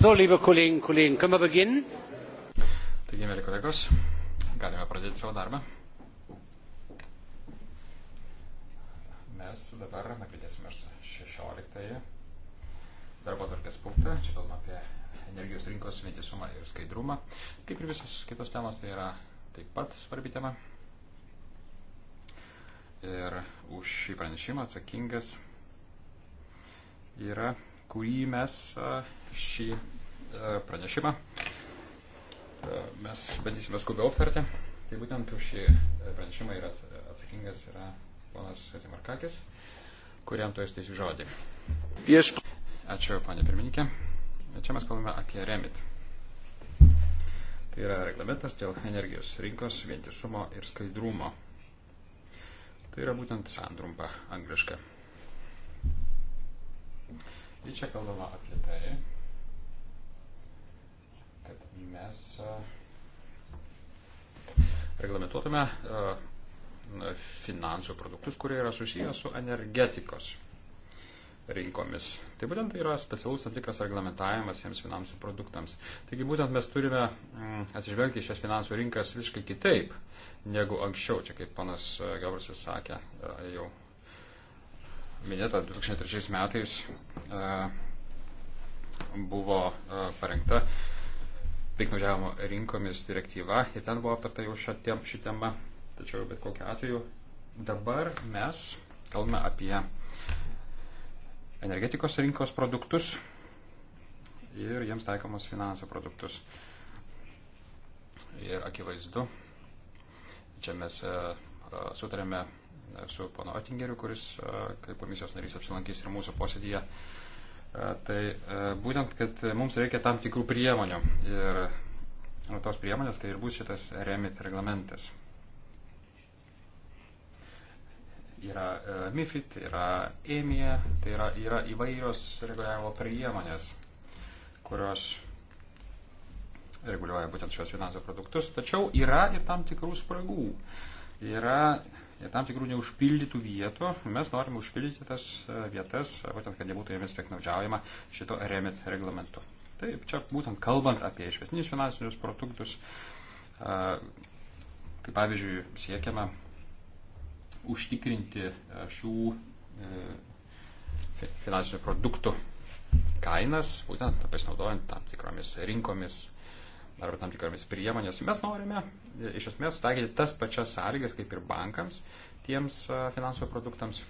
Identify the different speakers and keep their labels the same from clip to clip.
Speaker 1: So, liebe Kolleginnen und Kollegen, können wir beginnen?
Speaker 2: Taigi, mėly kolegos, galime pradėti savo darbą. Mes dabar nagrinėsime 16 darbo tvarkės punktą. Čia kalbame apie energijos rinkos vientisumą ir skaidrumą. Kaip ir visos kitos temos, tai yra taip pat svarbi tema. Ir už šį pranešimą atsakingas yra kurį mes e, šį e, pranešimą e, mes bandysime skubiau aptarti. Tai būtent už šį pranešimą yra atsakingas yra ponas Hazimarkakis, kuriam tu esi žodį. Iš... Ačiū, panė pirmininkė. Čia mes kalbame apie remit. Tai yra reglamentas dėl energijos rinkos vientisumo ir skaidrumo. Tai yra būtent sandrumpa angliška. Ir tai čia kalbama apie tai, kad mes e, reglamentuotume e, finansų produktus, kurie yra susijęs su energetikos rinkomis. Tai būtent tai yra specialus tam tikras reglamentavimas jiems finansų produktams. Taigi būtent mes turime mm, atsižvelgti šias finansų rinkas visiškai kitaip negu anksčiau, čia kaip panas e, Gabras ir sakė, jau minėta, 2003 metais e, buvo e, parengta piknaudžiavimo rinkomis direktyva ir ten buvo aptarta jau ši tema. Tačiau bet kokiu atveju dabar mes kalbame apie energetikos rinkos produktus ir jiems taikomus finansų produktus. Ir akivaizdu, čia mes e, sutarėme su pono Atingeriu, kuris e, kaip komisijos narys apsilankys ir mūsų posėdėje. E, tai e, būtent, kad mums reikia tam tikrų priemonių ir nu, tos priemonės tai ir bus šitas remit reglamentas. Yra MIFID, yra EMIA, tai yra, yra įvairios reguliavimo priemonės, kurios reguliuoja būtent šios finansų produktus, tačiau yra ir tam tikrų spragų. Yra tam tikrų neužpildytų vietų, mes norime užpildyti tas e, vietas, e, būtent, kad nebūtų jomis piknaudžiaujama šito remit reglamentu. Taip, čia būtent kalbant apie išvesnius finansinius produktus, e, kaip pavyzdžiui, siekiama užtikrinti šių finansinių produktų kainas, būtent pasinaudojant tam tikromis rinkomis arba tam tikromis priemonės. Mes norime iš esmės taikyti tas pačias sąlygas kaip ir bankams, tiems finansų produktams.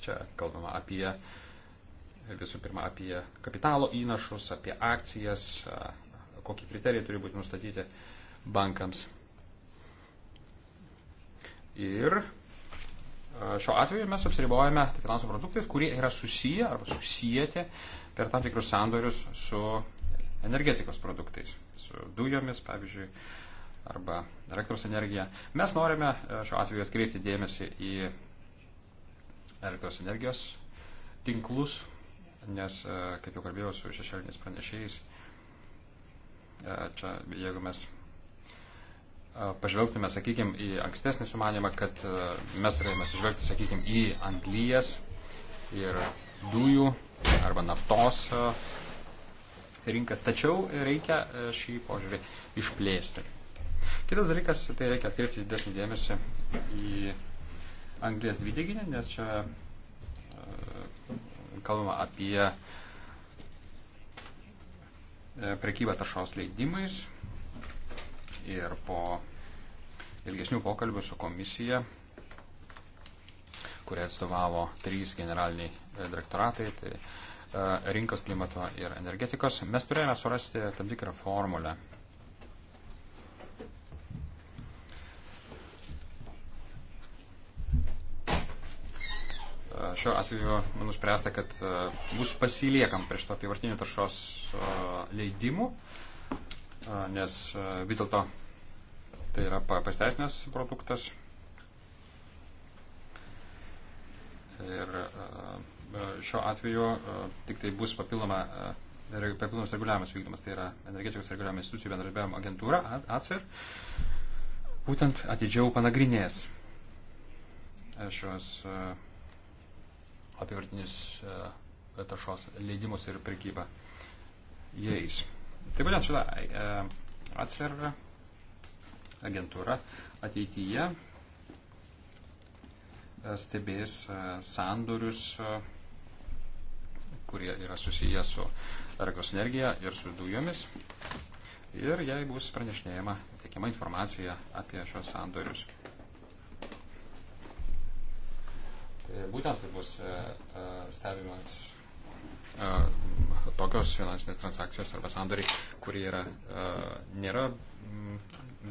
Speaker 2: Čia kalbama apie visų pirma apie kapitalo įnašus, apie akcijas, kokie kriterijai turi būti nustatyti bankams. Ir šiuo atveju mes apsiribojame finansų produktais, kurie yra susiję arba susijęti per tam tikrus sandorius su energetikos produktais, su dujomis, pavyzdžiui, arba elektros energija. Mes norime e, šiuo atveju atkreipti dėmesį į elektros energijos tinklus, nes, e, kaip jau kalbėjau su šešėliniais pranešėjais, e, čia jeigu mes pažvelgtume, sakykime, į ankstesnį sumanimą, kad mes turėjome sužvelgti, sakykime, į anglijas ir dujų arba naftos rinkas, tačiau reikia e, šį požiūrį išplėsti. Kitas dalykas, tai reikia atkreipti didesnį dėmesį į anglės dvideginį, nes čia e, kalbama apie e, prekybą taršos leidimais ir po ilgesnių pokalbių su komisija, kurie atstovavo trys generaliniai direktoratai, tai E, rinkos klimato ir energetikos, mes turėjome surasti tam tikrą formulę. E, šiuo atveju nuspręsta, kad e, bus pasiliekam prieš to apivartinių taršos leidimų, nes vis dėlto tai yra pasteisnės produktas. Ir uh, E, šiuo atveju e, tik tai bus papildoma, e, papildomas reguliavimas vykdomas, tai yra energetikos reguliavimo institucijų bendradarbiavimo agentūra, ACER, būtent atidžiau panagrinės šios apivartinius taršos leidimus ir prekybą jais. Taip pat šitą ACER agentūra ateityje stebės sandorius kurie yra susiję su elektros energija ir su dujomis. Ir jai bus pranešinėjama, teikiama informacija apie šios sandorius. E, būtent tai bus e, e, stebimas tokios finansinės transakcijos arba sandoriai, kurie yra, nėra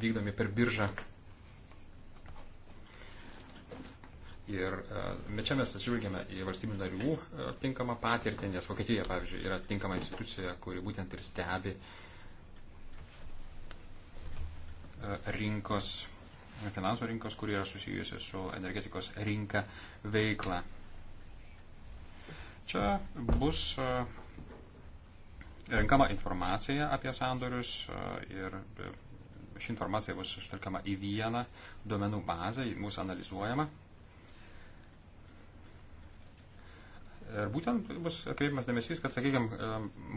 Speaker 2: vykdomi per biržą Ir e, čia mes atsižvelgiame į valstybių narių e, tinkamą patirtį, nes Vokietija, pavyzdžiui, yra tinkama institucija, kuri būtent ir stebi e, rinkos, finansų rinkos, kurie yra susijusi su energetikos rinka veikla. Čia bus renkama informacija apie sandorius ir ši informacija bus sutelkama į vieną duomenų bazę, mūsų analizuojama Ir e, būtent bus atkreipimas dėmesys, kad, sakykime,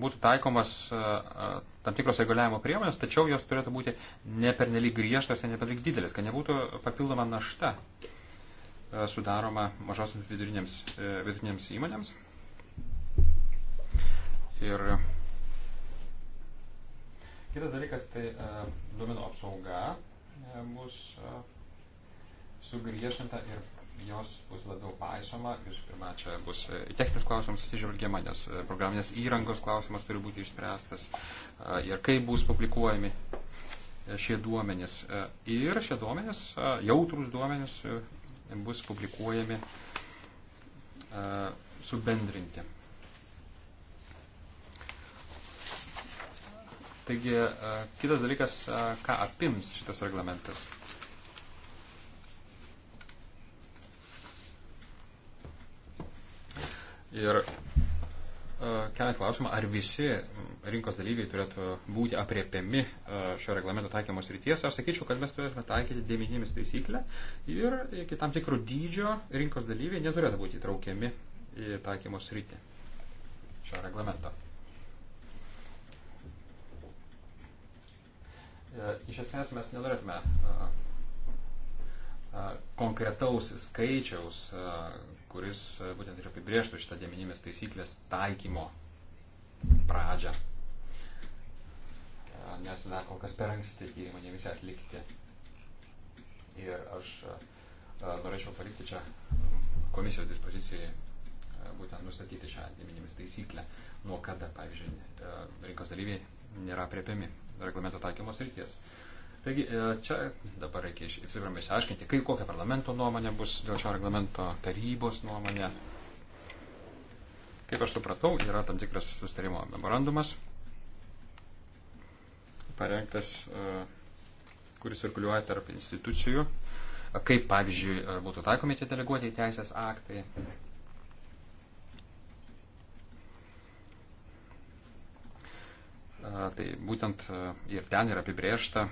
Speaker 2: būtų taikomas e, e, tam tikros reguliavimo priemonės, tačiau jos turėtų būti nepernelyg griežtos ir nepernelyg didelis, kad nebūtų papildoma našta sudaroma mažos vidurinėms, vidurinėms įmonėms. Ir kitas dalykas, tai duomenų apsauga bus sugriešinta ir jos bus labiau paaišoma. Visų pirma, čia bus e, į techninius klausimus susižvelgiama, nes e, programinės įrangos klausimas turi būti išspręstas e, ir kaip bus publikuojami šie duomenys. Ir šie duomenys, jautrus duomenys, bus publikuojami subendrinti. Taigi, kitas dalykas, ką apims šitas reglamentas. Ir e, keliant klausimą, ar visi rinkos dalyviai turėtų būti apriepiami e, šio reglamento taikymos ryties, aš sakyčiau, kad mes turėtume taikyti dėminimis taisyklę ir iki tam tikrų dydžio rinkos dalyviai neturėtų būti įtraukiami į taikymos rytį šio reglamento. E, iš esmės mes nenorėtume konkretaus skaičiaus, kuris e, būtent ir apibrėžtų šitą dėmenimis taisyklės taikymo pradžią. E, nes dar kol kas per anksti tyrimą ne visi atlikti. Ir aš e, norėčiau palikti čia komisijos dispozicijai būtent nustatyti šią dėmenimis taisyklę, nuo kada, pavyzdžiui, rinkos dalyviai nėra priepiami reglamento taikymos ryties. Taigi e, čia dabar reikia pirmiausia išsiaiškinti, kai kokia parlamento nuomonė bus dėl šio reglamento tarybos nuomonė. Kaip aš supratau, yra tam tikras sustarimo memorandumas, parengtas, e, kuris cirkuliuoja tarp institucijų, e, kaip pavyzdžiui būtų taikomi tie deleguotieji teisės aktai. Tai būtent ir ten yra apibriešta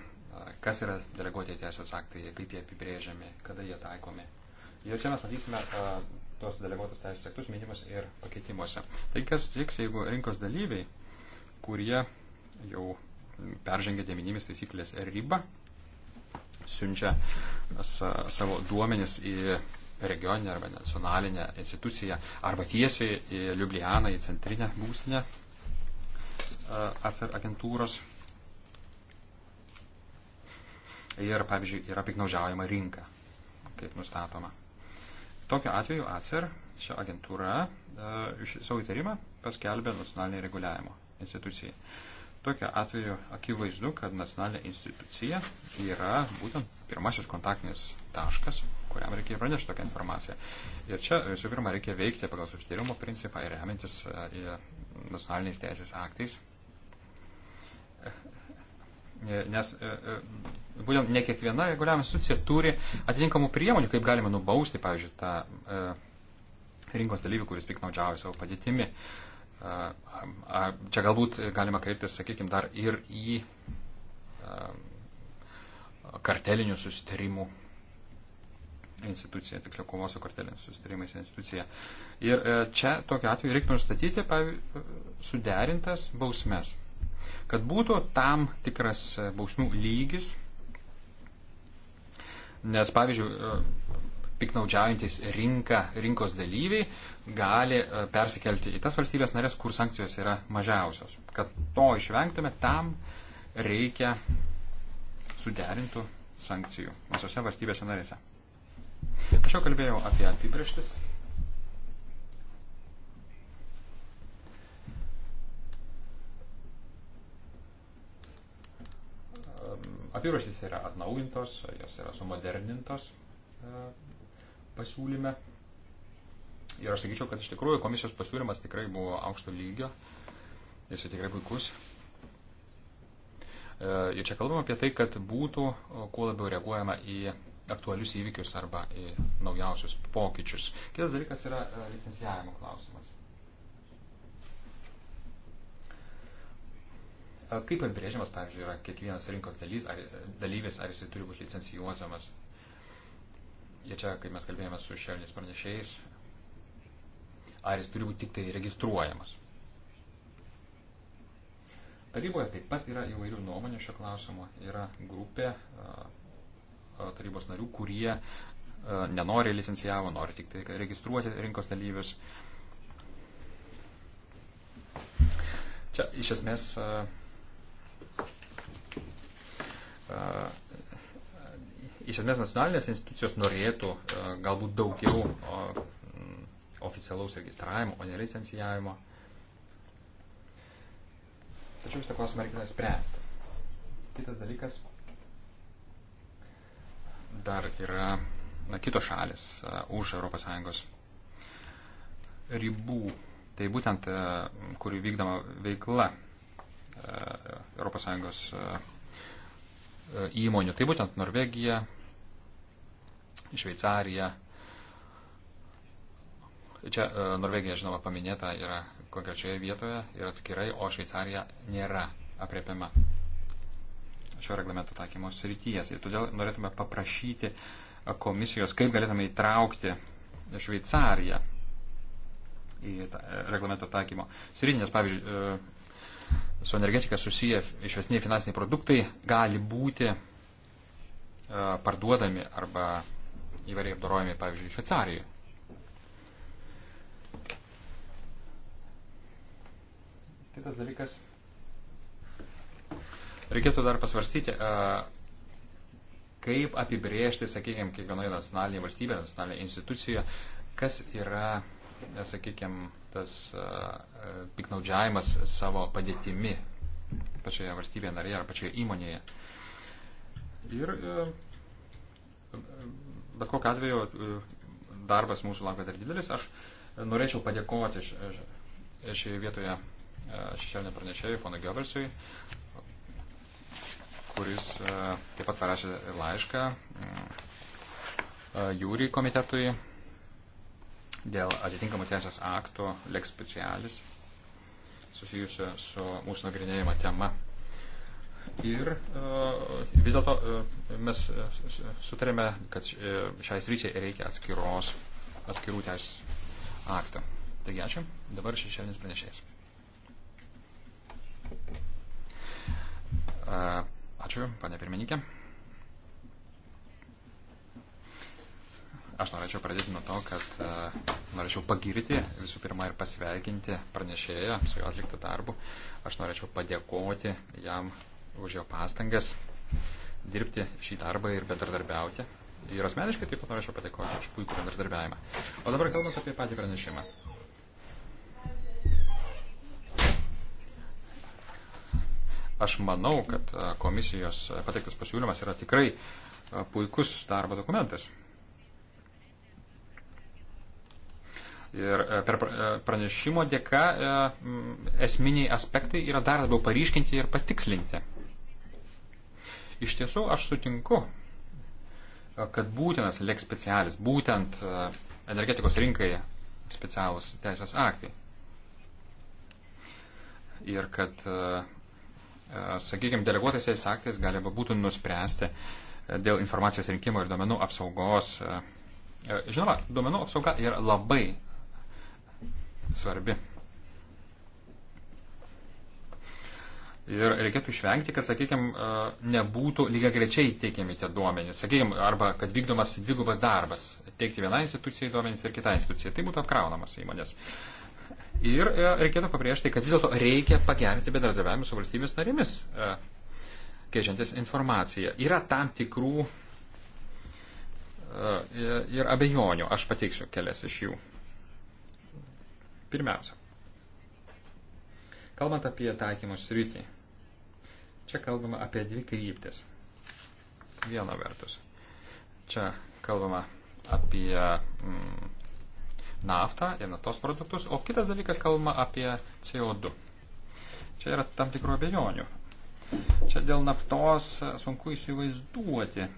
Speaker 2: kas yra deleguoti teisės aktai, kaip jie apibrėžiami, kada jie taikomi. Ir čia mes matysime tos deleguotos teisės aktus minimus ir pakeitimuose. Tai kas tiks, jeigu rinkos dalyviai, kurie jau peržengia deminimis taisyklės ribą, siunčia savo duomenis į regioninę arba nacionalinę instituciją arba tiesiai į Liublianą, į centrinę būstinę agentūros ir, pavyzdžiui, yra piknaužiaujama rinka, kaip nustatoma. Tokiu atveju ACER, šią agentūrą, iš e, savo įtarimą paskelbė nacionalinį reguliavimo institucijai. Tokiu atveju akivaizdu, kad nacionalinė institucija yra būtent pirmasis kontaktinis taškas, kuriam reikia pranešti tokią informaciją. Ir čia visų pirma reikia veikti pagal susitarimo principą ir remintis e, nacionaliniais teisės aktais E, nes e, e, būtent ne kiekviena reguliavimo institucija turi atitinkamų priemonių, kaip galima nubausti, pavyzdžiui, tą rinkos dalyvį, kuris piknaudžiauja savo padėtimi. Čia galbūt galima kreiptis, sakykime, dar ir į kartelinių susitarimų institucija, tiksliau kovos su kartelėmis susitarimais institucija. Ir čia tokiu atveju reiktų nustatyti, pavyzdžiui, suderintas bausmes kad būtų tam tikras e, bausmių lygis, nes pavyzdžiui, e, piknaudžiaujantis rinka, rinkos dalyviai gali e, persikelti į tas valstybės narės, kur sankcijos yra mažiausios. Kad to išvengtume, tam reikia suderintų sankcijų visose valstybėse narėse. Aš jau kalbėjau apie apibrieštis Apiruoštis yra atnaujintos, jos yra sumodernintos e, pasiūlyme. Ir aš sakyčiau, kad iš tikrųjų komisijos pasiūlymas tikrai buvo aukšto lygio. Jis tikrai puikus. E, ir čia kalbam apie tai, kad būtų kuo labiau reaguojama į aktualius įvykius arba į naujausius pokyčius. Kitas dalykas yra e, licencijavimo klausimas. Kaip apibrėžiamas, pavyzdžiui, yra kiekvienas rinkos dalys, ar, dalyvis, ar jisai turi būti licencijuojamas? Ir čia, kai mes kalbėjome su šelniais pranešėjais, ar jis turi būti tik tai registruojamas? Taryboje taip pat yra įvairių nuomonių šio klausimo. Yra grupė tarybos narių, kurie nenori licencijavo, nori tik tai registruoti rinkos dalyvius. Čia iš esmės iš esmės nacionalinės institucijos norėtų e, galbūt daugiau e, mm, oficialaus registravimo, o ne licencijavimo. Tačiau šitą klausimą reikia spręsti. Kitas dalykas. Dar yra na, kitos šalis e, už ES ribų. Tai būtent, kurių vykdoma veikla ES E, įmonių. Tai būtent Norvegija, Šveicarija. Čia e, Norvegija, žinoma, paminėta yra konkrečioje vietoje ir atskirai, o Šveicarija nėra apriepiama šio reglamento taikymo srities. Ir todėl norėtume paprašyti komisijos, kaip galėtume įtraukti Šveicariją į e, reglamento taikymo sritį, nes, pavyzdžiui, su energetika susiję išvesniai finansiniai produktai gali būti e, parduodami arba įvairiai apdorojami, pavyzdžiui, Šveicarijoje. Kitas dalykas. Reikėtų dar pasvarstyti, e, kaip apibriežti, sakykime, kiekvienoje nacionalinėje valstybėje, nacionalinėje institucijoje, kas yra sakykime, tas piknaudžiavimas savo padėtimi pačioje valstybėje narėje ar pačioje įmonėje. Ir bet kokiu atveju darbas mūsų laukia dar didelis. Aš norėčiau padėkoti šioje vietoje šešėlinio pranešėjui, ponui Goebbelsui, kuris taip pat parašė laišką jūrį komitetui dėl atitinkamų teisės aktų leks specialis susijusio su mūsų nagrinėjimo tema. Ir e, vis dėlto e, mes e, sutarėme, kad šiais ryčiai reikia atskiros, atskirų teisės aktą. Taigi ačiū. Dabar šešėlinis pranešėjas. Ačiū, pane pirmininkė. Aš norėčiau pradėti nuo to, kad e, norėčiau pagirti visų pirma ir pasveikinti pranešėją su jo atliktų darbu. Aš norėčiau padėkoti jam už jo pastangas dirbti šį darbą ir bendradarbiauti. Ir asmeniškai taip pat norėčiau padėkoti už puikų bendradarbiavimą. O dabar kalbant apie patį pranešimą. Aš manau, kad e, komisijos e, pateiktas pasiūlymas yra tikrai puikus darbo dokumentas. Ir e, per pranešimo dėka e, esminiai aspektai yra dar labiau paryškinti ir patikslinti. Iš tiesų, aš sutinku, e, kad būtinas leks specialis, būtent energetikos rinkai specialus teisės aktai. Ir kad, sakykime, deleguotais teisės aktais galima būtų nuspręsti dėl informacijos rinkimo ir domenų apsaugos Žinoma, duomenų apsauga yra labai svarbi. Ir reikėtų išvengti, kad, sakykime, nebūtų lygiai grečiai teikiami tie duomenys, sakykime, arba kad vykdomas dvigubas darbas - teikti vienai institucijai duomenys ir kitai institucijai. Tai būtų apkraunamas įmonės. Ir e, reikėtų pabrėžti, kad vis dėlto reikia pagerinti bendradarbiavimą su valstybės narimis, e, keičiantis informaciją. Yra tam tikrų e, ir abejonių, aš pateiksiu kelias iš jų. Pirmiausia, kalbant apie taikymo sritį, čia kalbama apie dvi kryptis. Viena vertus, čia kalbama apie mm, naftą ir naftos produktus, o kitas dalykas kalbama apie CO2. Čia yra tam tikrų abejonių. Čia dėl naftos sunku įsivaizduoti,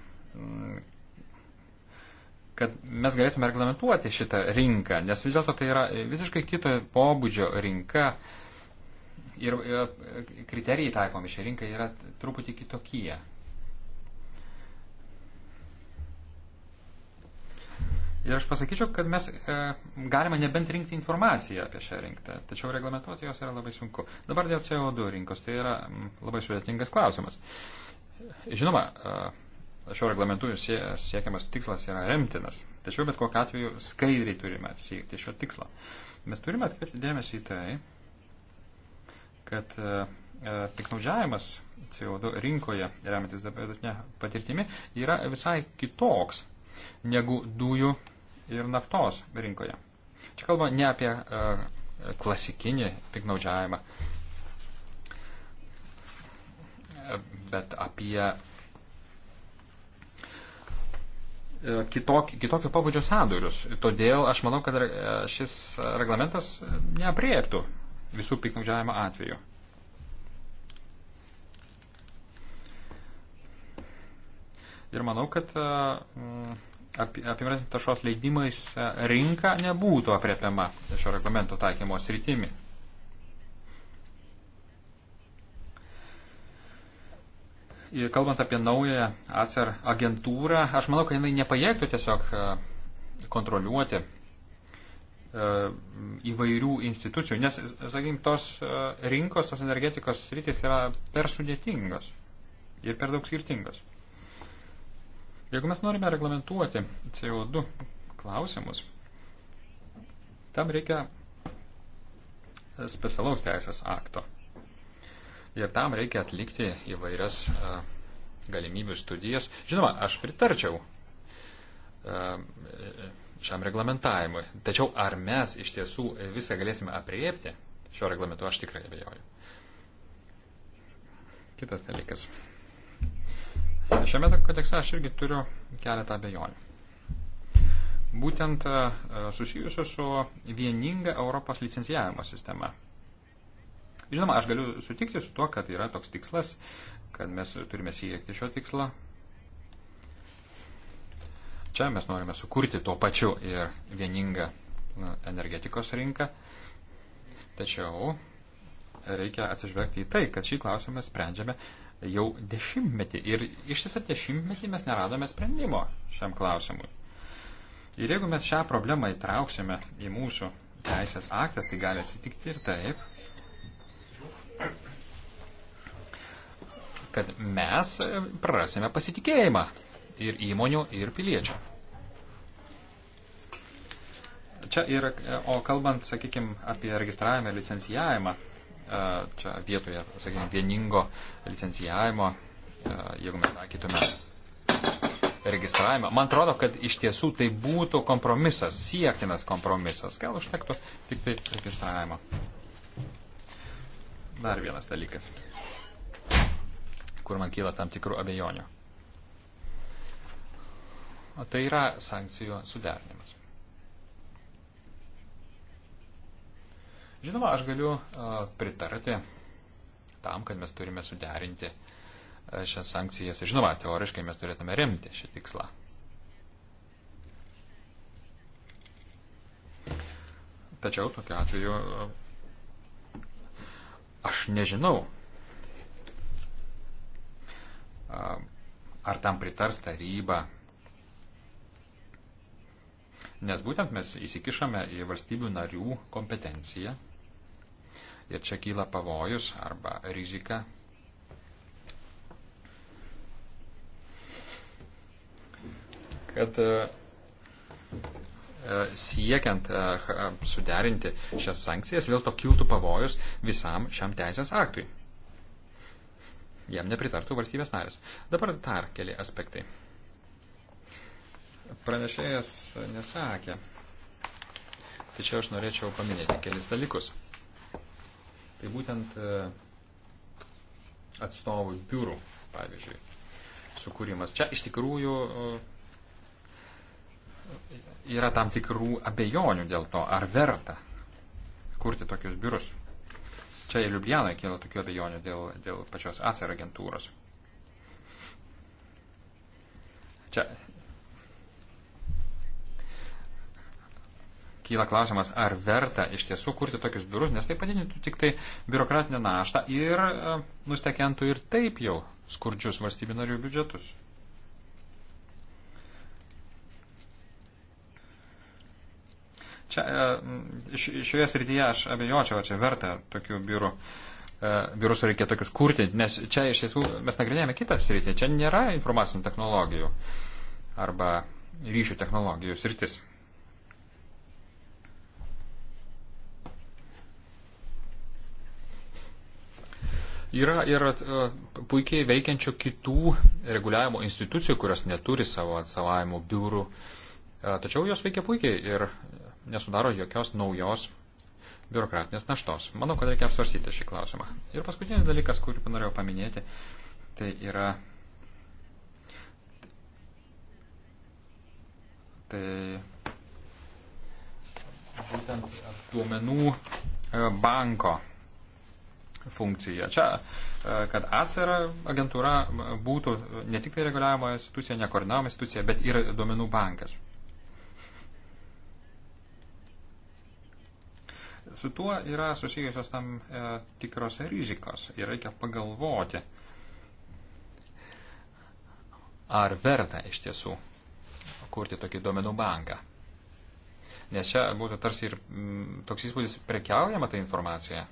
Speaker 2: mm, kad mes galėtume reglamentuoti šitą rinką, nes vis dėlto tai yra visiškai kito pobūdžio rinka ir kriterijai taikomi šią rinką yra truputį kitokie. Ir aš pasakyčiau, kad mes e, galime nebent rinkti informaciją apie šią rinką, tačiau reglamentuoti jos yra labai sunku. Dabar dėl CO2 rinkos tai yra m, labai sudėtingas klausimas. Žinoma, e, šio reglamentu ir siekiamas tikslas yra remtinas. Tačiau bet kokiu atveju skaidriai turime siekti šio tikslo. Mes turime atkreipti dėmesį į tai, kad e, e, piknaudžiavimas CO2 rinkoje, remiantis dabartinė patirtimi, yra visai kitoks negu dujų ir naftos rinkoje. Čia kalba ne apie uh, klasikinį piknaudžiavimą, bet apie E, kitokio, kitokio pabudžio sandorius. Todėl aš manau, kad e, šis e, reglamentas neapriektų visų piknaudžiavimo atvejų. Ir manau, kad apimirant taršos leidimais rinka nebūtų apriepiama šio reglamento taikymo sritimi. kalbant apie naują ACER agentūrą, aš manau, kad jinai nepajėgtų tiesiog e, kontroliuoti e, įvairių institucijų, nes, sakykime, tos e, rinkos, tos energetikos sritis yra per sudėtingos ir per daug skirtingos. Jeigu mes norime reglamentuoti CO2 klausimus, tam reikia specialaus teisės akto. Ir tam reikia atlikti įvairias e, galimybių studijas. Žinoma, aš pritarčiau e, šiam reglamentavimui. Tačiau ar mes iš tiesų viską galėsime apriepti šio reglamentu, aš tikrai abejoju. Kitas dalykas. Šiame kontekste aš irgi turiu keletą abejonių. Būtent e, susijusiu su vieninga Europos licencijavimo sistema. Žinoma, aš galiu sutikti su tuo, kad yra toks tikslas, kad mes turime siekti šio tikslo. Čia mes norime sukurti tuo pačiu ir vieningą energetikos rinką. Tačiau reikia atsižvelgti į tai, kad šį klausimą sprendžiame jau dešimtmetį. Ir ištisą dešimtmetį mes neradome sprendimo šiam klausimui. Ir jeigu mes šią problemą įtrauksime į mūsų teisės aktą, tai gali atsitikti ir taip, kad mes e, prarasime pasitikėjimą ir įmonių, ir piliečių. Čia ir, e, o kalbant, sakykime, apie registravimą ir licencijavimą, e, čia vietoje, sakykime, vieningo licencijavimo, jeigu mes sakytume registravimą, man atrodo, kad iš tiesų tai būtų kompromisas, siektinas kompromisas. Gal užtektų tik tai registravimo. Dar vienas dalykas kur man kyla tam tikrų abejonių. O tai yra sankcijų suderinimas. Žinoma, aš galiu pritarti tam, kad mes turime suderinti šias sankcijas. Žinoma, teoriškai mes turėtume remti šį tikslą. Tačiau tokiu atveju aš nežinau, Um, ar tam pritars taryba. Nes būtent mes įsikišame į valstybių narių kompetenciją ir čia kyla pavojus arba rizika. kad uh, uh, siekiant uh, suderinti šias sankcijas, vėl to kiltų pavojus visam šiam teisės aktui jam nepritartų valstybės narės. Dabar dar keli aspektai. Pranešėjas nesakė, tačiau aš norėčiau paminėti kelis dalykus. Tai būtent e, atstovų biurų, pavyzdžiui, sukūrimas. Čia iš tikrųjų e, yra tam tikrų abejonių dėl to, ar verta kurti tokius biurus. Čia ir Ljubljanoje kilo tokių abejonių dėl, dėl pačios ACER agentūros. Čia kyla klausimas, ar verta iš tiesų kurti tokius biurus, nes tai padidintų tik tai biurokratinę naštą ir e, nustekentų ir taip jau skurdžius valstybių narių biudžetus. Čia, e, šioje srityje aš abejočiau, ar čia verta tokių biurų. E, biurus reikia tokius kurti, nes čia iš tiesų mes nagrinėjame kitą sritį. Čia nėra informacinių technologijų arba ryšių technologijų sritis. Yra ir e, puikiai veikiančių kitų reguliavimo institucijų, kurios neturi savo atstovavimo biurų, tačiau jos veikia puikiai ir nesudaro jokios naujos biurokratinės naštos. Manau, kad reikia apsvarsyti šį klausimą. Ir paskutinis dalykas, kurį panorėjau paminėti, tai yra. Tai būtent duomenų e, banko funkcija. Čia, e, kad atsara agentūra būtų ne tik tai reguliavimo institucija, ne koordinavimo institucija, bet ir duomenų bankas. Su tuo yra susijusios tam e, tikros rizikos ir reikia pagalvoti, ar verta iš tiesų kurti tokį duomenų banką. Nes čia būtų tarsi ir m, mm, toks įspūdis prekiaujama tą informaciją.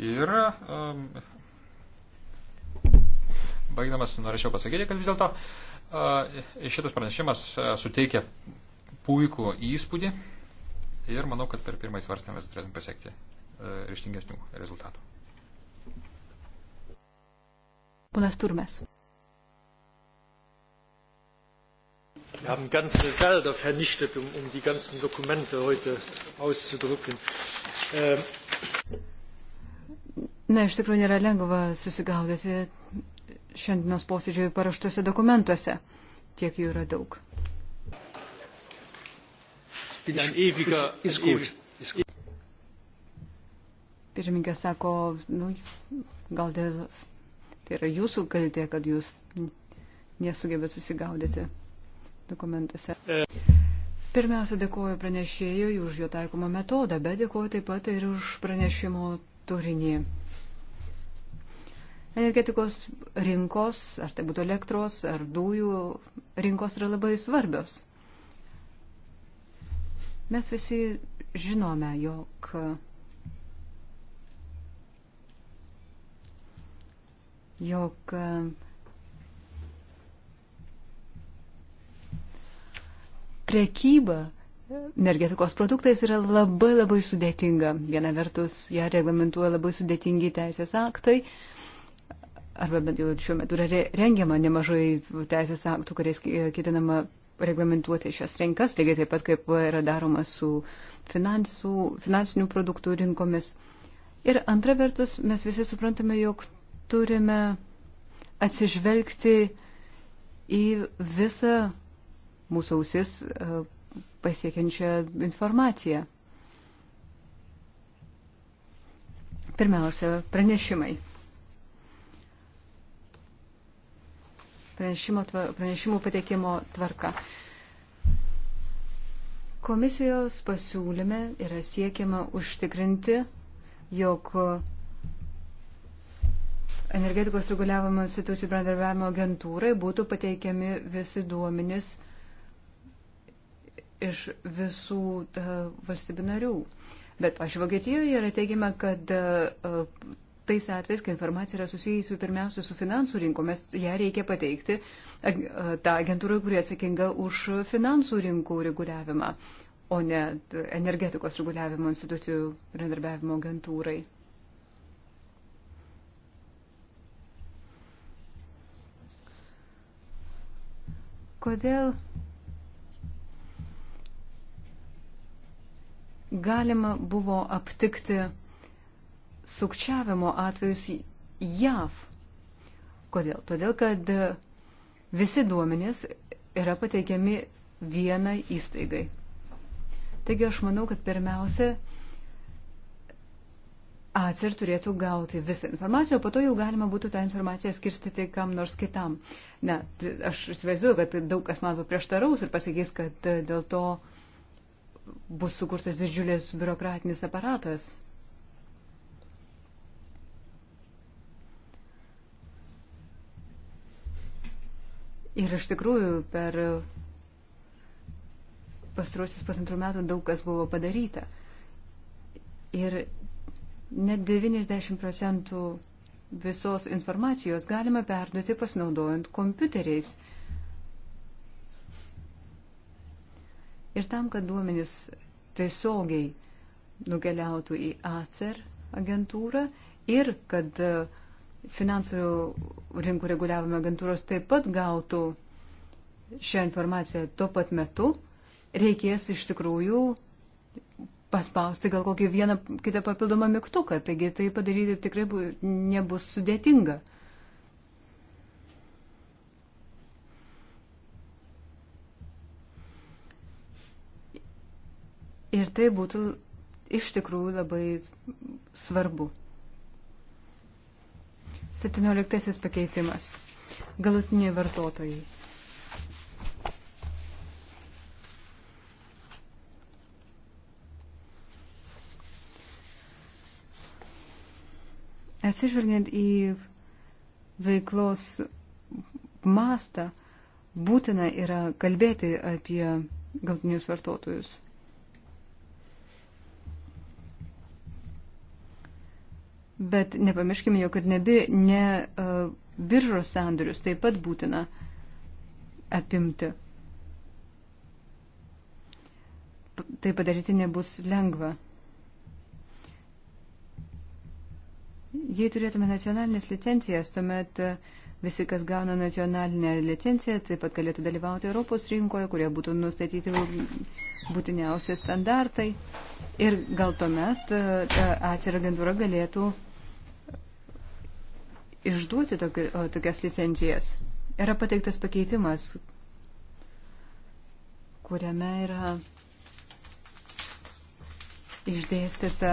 Speaker 2: Ir um, baigdamas norėčiau pasakyti, kad vis dėlto uh, šitas pranešimas uh, suteikia puikų įspūdį. Uh, ir manau, kad per pirmąjį svarstymą mes turėtum pasiekti e, ryštingesnių rezultatų.
Speaker 3: Ponas Turmes.
Speaker 1: Wir haben ganze Gelder vernichtet, um, um die ganzen Dokumente heute auszudrucken. Ähm.
Speaker 3: Na, iš tikrųjų nėra lengva susigaudyti šiandienos posėdžioje paraštuose dokumentuose. Tiek jų yra daug
Speaker 1: bin ein ewiger. Ist, ist ein gut. Ist gut.
Speaker 3: Pirmininkas sako, nu, gal dezas. Tai yra jūsų kaltė, kad jūs nesugebėt susigaudyti dokumentuose. E. Pirmiausia, dėkoju pranešėjui už jo taikomą metodą, bet dėkoju taip pat ir už pranešimo turinį. Energetikos rinkos, ar tai būtų elektros, ar dujų rinkos yra labai svarbios. Mes visi žinome, jog jog prekyba energetikos produktais yra labai labai sudėtinga. Viena vertus, ją reglamentuoja labai sudėtingi teisės aktai, arba bent jau šiuo metu yra rengiama nemažai teisės aktų, kuriais ketinama reglamentuoti šias rinkas, lygiai taip pat kaip yra daroma su finansų, finansinių produktų rinkomis. Ir antra vertus, mes visi suprantame, jog turime atsižvelgti į visą mūsų ausis e, pasiekiančią informaciją. Pirmiausia, pranešimai. pranešimų pateikimo tvarka. Komisijos pasiūlyme yra siekiama užtikrinti, jog energetikos reguliavimo institucijų bendradarbiavimo agentūrai būtų pateikiami visi duomenys iš visų e, valstybių narių. Bet, pažiūrėjau, Vokietijoje yra teigiama, kad e, tais atvejais, kai informacija yra susijusi pirmiausia su finansų rinkomis, ją reikia pateikti tą agentūrą, kurie atsakinga už finansų rinkų reguliavimą, o ne energetikos reguliavimo institucijų bendarbiavimo agentūrai. Kodėl galima buvo aptikti sukčiavimo atvejus JAV. Kodėl? Todėl, kad visi duomenys yra pateikiami vienai įstaigai. Taigi aš manau, kad pirmiausia, ACIR turėtų gauti visą informaciją, o po to jau galima būtų tą informaciją skirstyti kam nors kitam. Na, aš įsivaizduoju, kad daug kas man paprieštaraus ir pasakys, kad e, dėl to bus sukurtas didžiulis biurokratinis aparatas. Ir iš tikrųjų per pastaruosius pusantrų metų daug kas buvo padaryta. Ir net 90 procentų visos informacijos galima perduoti pasinaudojant kompiuteriais. Ir tam, kad duomenys tiesiogiai nukeliautų į ACER agentūrą ir kad uh, finansų rinkų reguliavimo agentūros taip pat gautų šią informaciją tuo pat metu, reikės iš tikrųjų paspausti gal kokį vieną kitą papildomą mygtuką, taigi tai padaryti tikrai bu, nebus sudėtinga. Ir tai būtų iš tikrųjų labai svarbu. 17 pakeitimas. Galutiniai vartotojai. Atsižvelgiant į veiklos mastą, būtina yra kalbėti apie galtinius vartotojus. Bet nepamirškime, jog ir nebi, ne uh, biržos sandorius taip pat būtina apimti. Tai padaryti nebus lengva. Jei turėtume nacionalinės licencijas, tuomet e, visi, kas gauna nacionalinę licenciją, taip pat galėtų dalyvauti Europos rinkoje, kurie būtų nustatyti būtiniausi standartai. Ir gal tuomet e, ACR agentūra galėtų išduoti tokias licencijas. Yra pateiktas pakeitimas, kuriame yra išdėstyta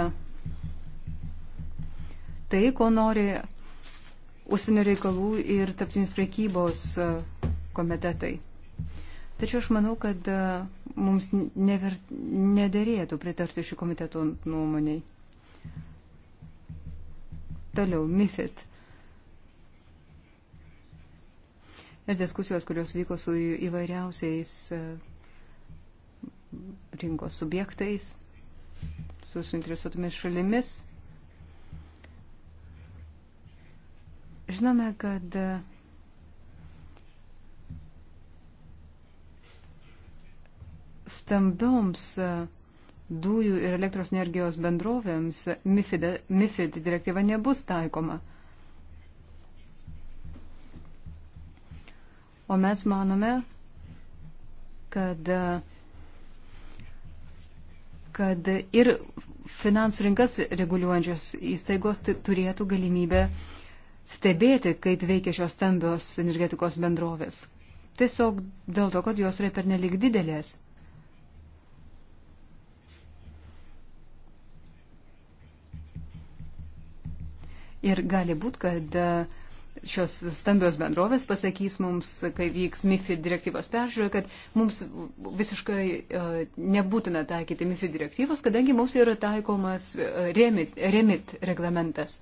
Speaker 3: tai, ko nori užsienio reikalų ir taptinis prekybos komitetai. Tačiau aš manau, kad mums never, nederėtų pritarti šių komitetų nuomoniai. Toliau, MIFID. ir diskusijos, kurios vyko su įvairiausiais e, rinkos subjektais, su suinteresuotomis šalimis. Žinome, kad e, stambioms e, dujų ir elektros energijos bendrovėms MIFID, MIFID direktyva nebus taikoma. O mes manome, kad, kad ir finansų rinkas reguliuojančios įstaigos turėtų galimybę stebėti, kaip veikia šios stambios energetikos bendrovės. Tiesiog dėl to, kad jos yra pernelik didelės. Ir gali būti, kad šios stambios bendrovės pasakys mums, kai vyks MIFID direktyvos peržiūrė, kad mums visiškai e, nebūtina taikyti MIFID direktyvos, kadangi mums yra taikomas e, remit, remit reglamentas.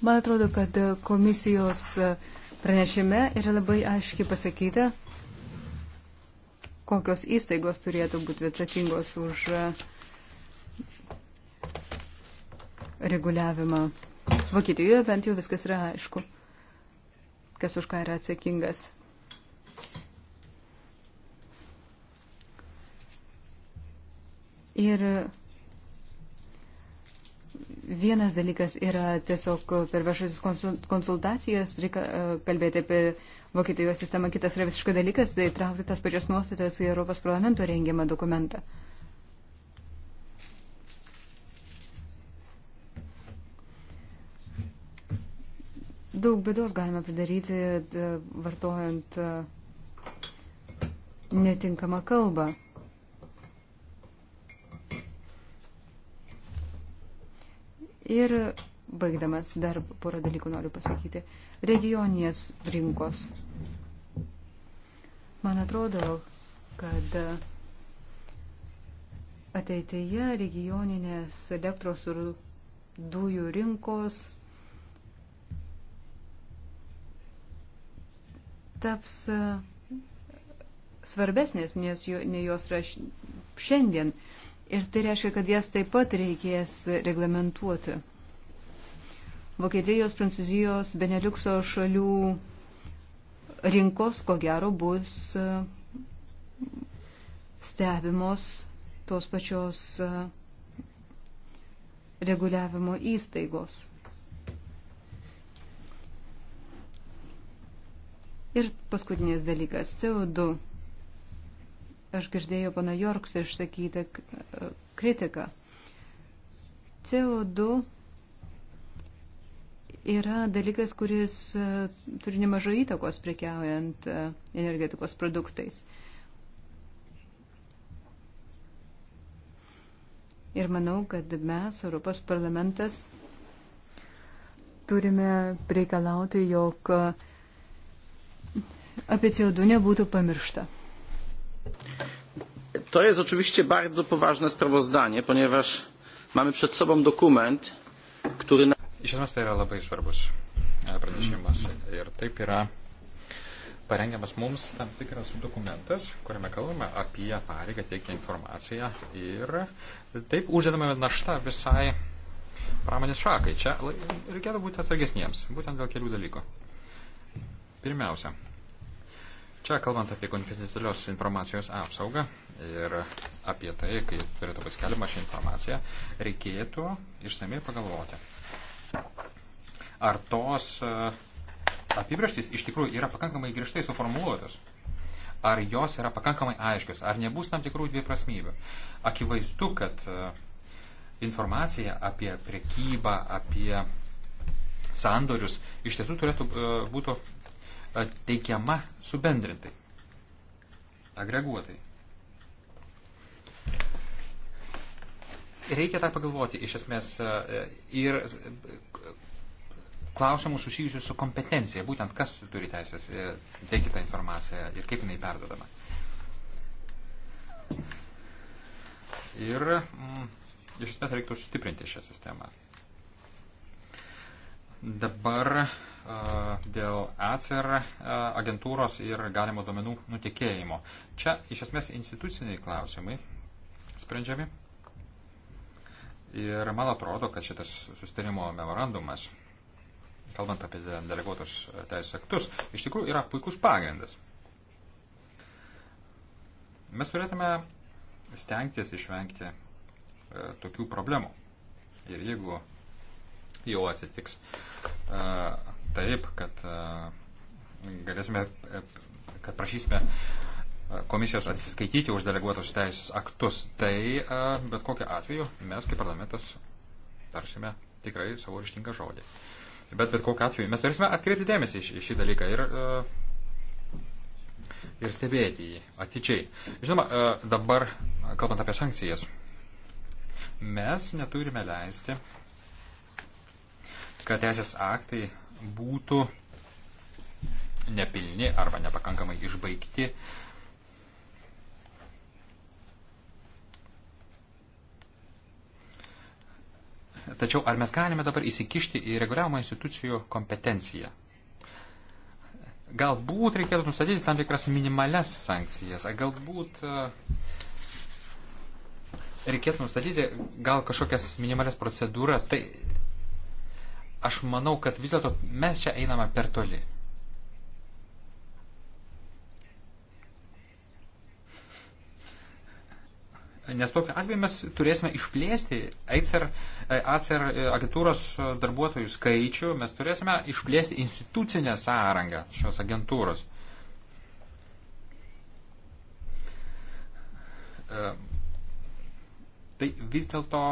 Speaker 3: Man atrodo, kad komisijos pranešime yra labai aiškiai pasakyta, kokios įstaigos turėtų būti atsakingos už e, reguliavimą. Vokietijoje bent jau viskas yra aišku, kas už ką yra atsakingas. Ir vienas dalykas yra tiesiog per viešasis konsultacijas reikia e, kalbėti apie Vokietijos sistema, kitas yra visiškai dalykas, tai traukti tas pačias nuostatas į Europos parlamento rengiamą dokumentą. Daug bėdos galima pridaryti e, vartojant e, netinkamą kalbą. Ir baigdamas dar porą dalykų noriu pasakyti. Regioninės rinkos. Man atrodo, kad ateityje regioninės elektros ir dujų rinkos taps svarbesnės, nes nei jos yra šiandien. Ir tai reiškia, kad jas taip pat reikės reglamentuoti. Vokietijos, Prancūzijos, Beneliukso šalių rinkos, ko gero, bus e, stebimos tos pačios e, reguliavimo įstaigos. Ir paskutinis dalykas - CO2. Aš girdėjau pana Jorks išsakytą e, kritiką. CO2 yra dalykas, kuris e, turi nemažai įtakos prekiaujant e, energetikos produktais. Ir manau, kad mes, Europos parlamentas, turime reikalauti, jog apie CO2 nebūtų pamiršta.
Speaker 4: To jest oczywiście bardzo poważne sprawozdanie, ponieważ mamy przed sobą dokument, który Iš esmės tai yra labai
Speaker 2: svarbus e, pranešimas ir taip yra parengiamas mums tam tikras dokumentas, kuriame kalbame apie pareigą teikti informaciją ir taip uždedame naštą visai pramonės šakai. Čia reikėtų būti atsargesniems, būtent dėl kelių dalykų. Pirmiausia, čia kalbant apie konfidencialios informacijos apsaugą ir apie tai, kaip turėtų būti skelbima ši informacija, reikėtų išsamei pagalvoti Ar tos e, apibrieštis iš tikrųjų yra pakankamai griežtai suformuoluotos? Ar jos yra pakankamai aiškios? Ar nebus tam tikrų dviprasmybių? Akivaizdu, kad e, informacija apie prekybą, apie sandorius iš tiesų turėtų e, būti teikiama subendrintai, agreguotai. Reikia dar pagalvoti iš esmės e, ir e, klausimų susijusių su kompetencija, būtent kas turi teisės e, teikti tą informaciją ir kaip jinai perdodama. Ir mm, iš esmės reiktų sustiprinti šią sistemą. Dabar a, dėl ACER agentūros ir galimo duomenų nutikėjimo. Čia iš esmės instituciniai klausimai sprendžiami. Ir man atrodo, kad šitas sustarimo memorandumas, kalbant apie deleguotus teisės aktus, iš tikrųjų yra puikus pagrindas. Mes turėtume stengtis išvengti e, tokių problemų. Ir jeigu jau atsitiks e, taip, kad e, galėsime, e, kad prašysime komisijos atsiskaityti už deleguotus teisės aktus, tai e, bet kokiu atveju mes kaip parlamentas tarsime tikrai savo ryštingą žodį. Bet bet kokiu atveju mes turėsime atkreipti dėmesį į šį dalyką ir, e, ir stebėti jį atidžiai. Žinoma, e, dabar, kalbant apie sankcijas, mes neturime leisti, kad teisės aktai būtų nepilni arba nepakankamai išbaigti uh, Tačiau ar mes galime dabar įsikišti į reguliavimo institucijų kompetenciją? Galbūt reikėtų nustatyti tam tikras minimales sankcijas, ar galbūt e, reikėtų nustatyti gal kažkokias minimales procedūras. Tai aš manau, kad vis dėlto mes čia einame per toli. Nes tokiu atveju mes turėsime išplėsti e, ACER, ACER agentūros e, darbuotojų skaičių, mes turėsime išplėsti institucinę sąrangą šios agentūros. E, tai vis dėlto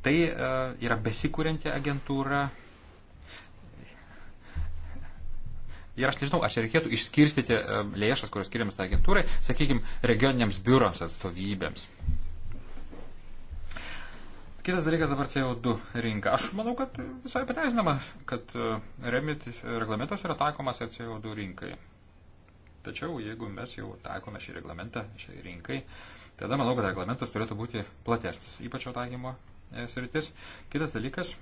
Speaker 2: tai yra besikūrinti agentūra, Ir aš nežinau, ar čia reikėtų išskirstyti e, lėšas, kurios skiriamas tai agentūrai, sakykime, regioniniams biurams atstovybėms. Kitas dalykas dabar CO2 rinka. Aš manau, kad visai pateisinama, kad e, remit reglamentas yra taikomas ir CO2 rinkai. Tačiau jeigu mes jau taikome šį reglamentą šiai rinkai, tada manau, kad reglamentas turėtų būti platesnis, ypač jo taikymo e, sritis. Kitas dalykas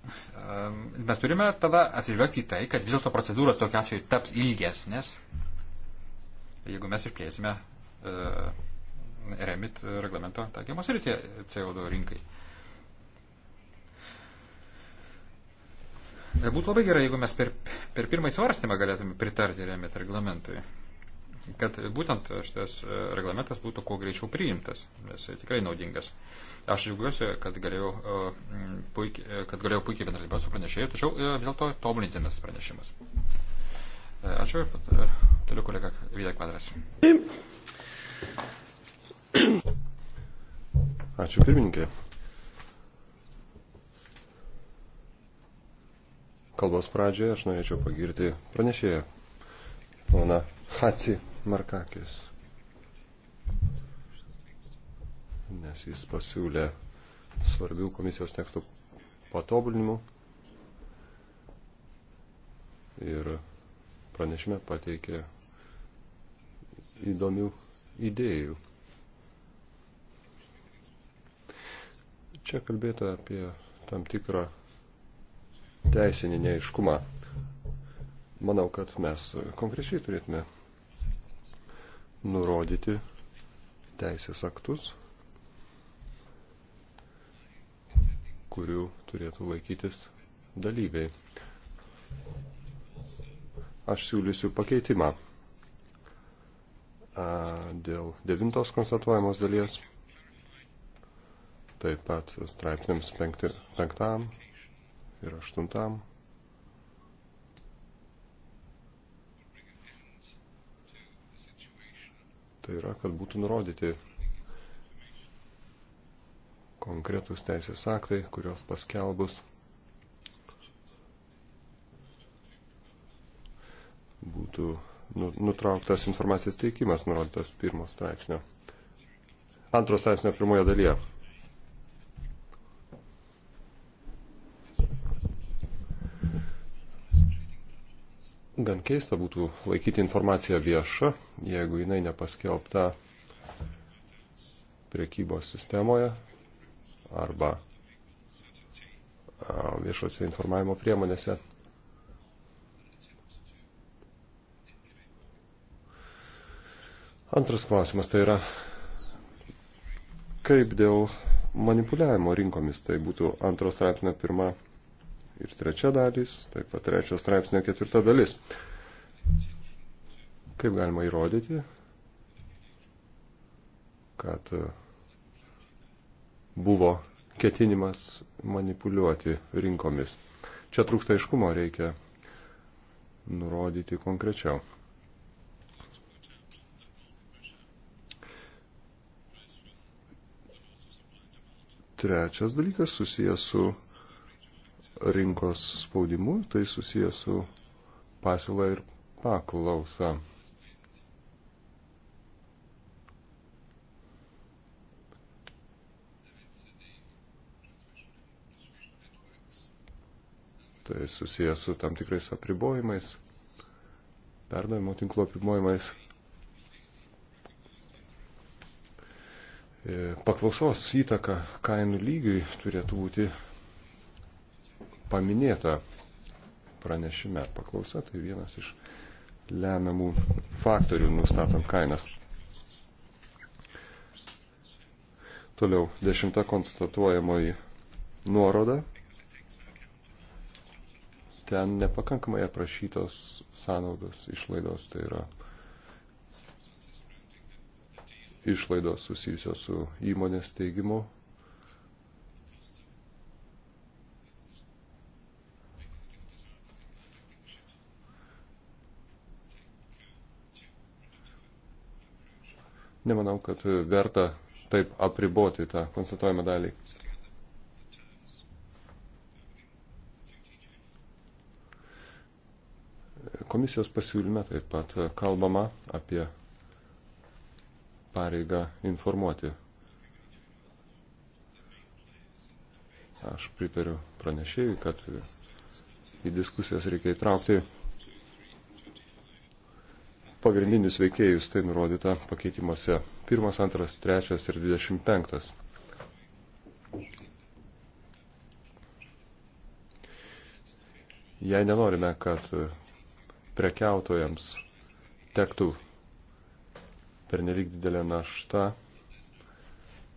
Speaker 2: Ehm, mes turime tada atsižvelgti į tai, kad vis dėlto procedūros tokia atveju taps ilgesnės, jeigu mes išplėsime ehm, remit reglamento taikymo sritį CO2 rinkai. Būtų labai gerai, jeigu mes per, per pirmąjį svarstymą galėtume pritarti remit reglamentui kad būtent šitas e, reglamentas būtų kuo greičiau priimtas, nes e, tikrai naudingas. Aš džiaugiuosi, kad galėjau e, puikiai, kad galėjau puikiai bendradarbiauti su pranešėju, tačiau dėl to tobulintinas pranešimas. Ačiū, toliau kolega Vydė Kvadras.
Speaker 5: Ačiū pirmininkė. Kalbos pradžioje aš norėčiau pagirti pranešėją, pana Hatsi, Markakis, nes jis pasiūlė svarbių komisijos tekstų patobulinimų ir pranešime pateikė įdomių idėjų. Čia kalbėta apie tam tikrą teisinį neiškumą. Manau, kad mes konkrečiai turėtume nurodyti teisės aktus, kurių turėtų laikytis dalyviai. Aš siūlysiu pakeitimą dėl devintos konstatuojamos dalies, taip pat straipsniams penkti, penktam ir aštuntam Tai yra, kad būtų nurodyti konkretus teisės aktai, kurios paskelbus būtų nu, nutrauktas informacijos teikimas nurodytas pirmo straipsnio. Antro straipsnio pirmoje dalyje. gan keista būtų laikyti informaciją viešą, jeigu jinai nepaskelbta priekybos sistemoje arba viešose informavimo priemonėse. Antras klausimas tai yra, kaip dėl manipuliavimo rinkomis, tai būtų antros straipsnio pirma ir trečia dalis, taip pat trečio straipsnio ketvirta dalis. Kaip galima įrodyti, kad e, buvo ketinimas manipuliuoti rinkomis. Čia trūksta aiškumo, reikia nurodyti konkrečiau. Trečias dalykas susijęs su rinkos spaudimu, tai susijęs su pasiūla ir paklausa. Tai susijęs su tam tikrais apribojimais, perdavimo tinklo apribojimais. E, paklausos įtaka kainų lygiui turėtų būti paminėta pranešime. Paklausa tai vienas iš lemiamų faktorių nustatant kainas. Toliau dešimta konstatuojamoji nuoroda. Ten nepakankamai aprašytos sąnaudos išlaidos, tai yra išlaidos susijusios su įmonės teigimu Nemanau, kad verta taip apriboti tą konstatuojamą dalį. Komisijos pasiūlyme taip pat kalbama apie pareigą informuoti. Aš pritariu pranešėjui, kad į diskusijas reikia įtraukti pagrindinius veikėjus, tai nurodyta pakeitimuose 1, 2, 3 ir 25. Jei nenorime, kad prekiautojams tektų pernelyg didelė našta,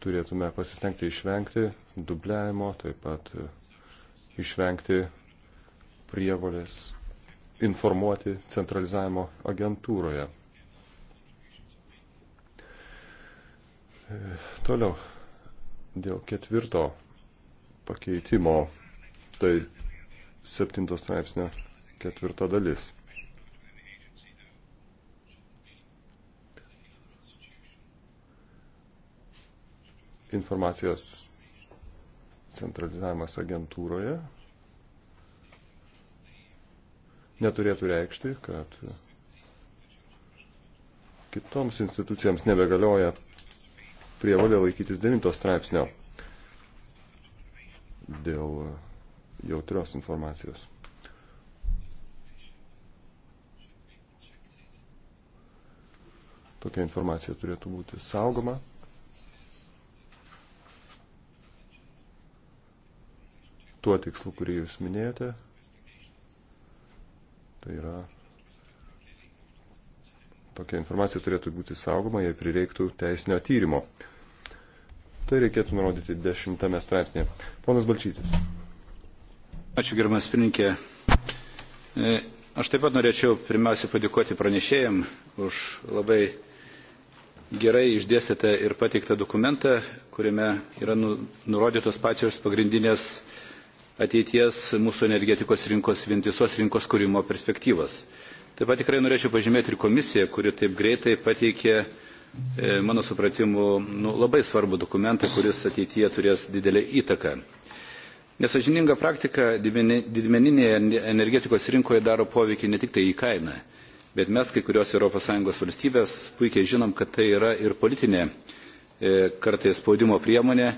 Speaker 5: turėtume pasistengti išvengti dubliavimo, taip pat išvengti prievolės informuoti centralizavimo agentūroje. Toliau, dėl ketvirto pakeitimo, tai septinto straipsnio ketvirta dalis. Informacijos centralizavimas agentūroje neturėtų reikšti, kad kitoms institucijams nebegalioja prievalė laikytis 9 straipsnio dėl jautrios informacijos. Tokia informacija turėtų būti saugoma. Tuo tikslu, kurį jūs minėjote, Tai yra, tokia informacija turėtų būti saugoma, jei prireiktų teisinio tyrimo. Tai reikėtų nurodyti dešimtame straipsnėje. Ponas Balčytis.
Speaker 4: Ačiū, gerbiamas pirmininkė. E, aš taip pat norėčiau pirmiausia padėkoti pranešėjim už labai gerai išdėstytą ir pateiktą dokumentą, kuriame yra nu, nurodytos pačios pagrindinės ateities mūsų energetikos rinkos, vientisos rinkos kūrimo perspektyvas. Taip pat tikrai norėčiau pažymėti ir komisiją, kuri taip greitai pateikė, e, mano supratimu, nu, labai svarbų dokumentą, kuris ateityje turės didelį įtaką. Nesažininga praktika didmeninėje energetikos rinkoje daro poveikį ne tik tai į kainą, bet mes kai kurios ES valstybės puikiai žinom, kad tai yra ir politinė e, kartais spaudimo priemonė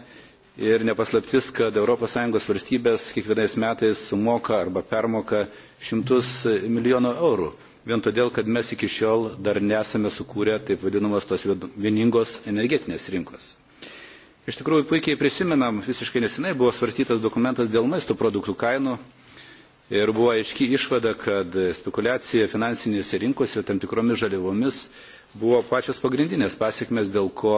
Speaker 4: Ir nepaslaptis, kad ES valstybės kiekvienais metais sumoka arba permoka šimtus milijonų eurų. Vien todėl, kad mes iki šiol dar nesame sukūrę taip vadinamos tos vieningos energetinės rinkos. Iš tikrųjų, puikiai prisimenam, visiškai nesinai buvo svarstytas dokumentas dėl maisto produktų kainų ir buvo aiški išvada, kad spekulacija finansinėse rinkose tam tikromis žaliavomis buvo pačios pagrindinės pasiekmes, dėl ko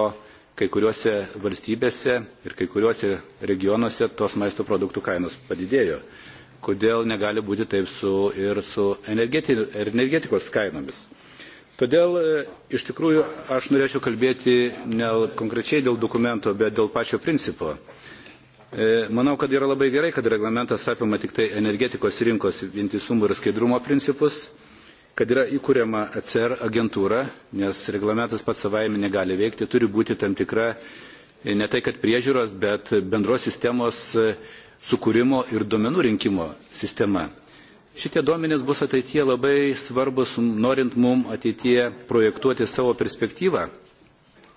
Speaker 4: kai kuriuose valstybėse ir kai kuriuose regionuose tos maisto produktų kainos padidėjo. Kodėl negali būti taip su, ir su energeti, energetikos kainomis? Todėl e, iš tikrųjų aš norėčiau kalbėti ne konkrečiai dėl dokumento, bet dėl pačio principo. E, manau, kad yra labai gerai, kad reglamentas apima tik tai energetikos rinkos vientisumų ir skaidrumo principus kad yra įkūriama ACR agentūra, nes reglamentas pats savaime negali veikti, turi būti tam tikra e, ne tai kad priežiūros, bet bendros sistemos e, sukūrimo ir duomenų rinkimo sistema. Šitie duomenys bus ateityje labai svarbus, norint mum ateityje projektuoti savo perspektyvą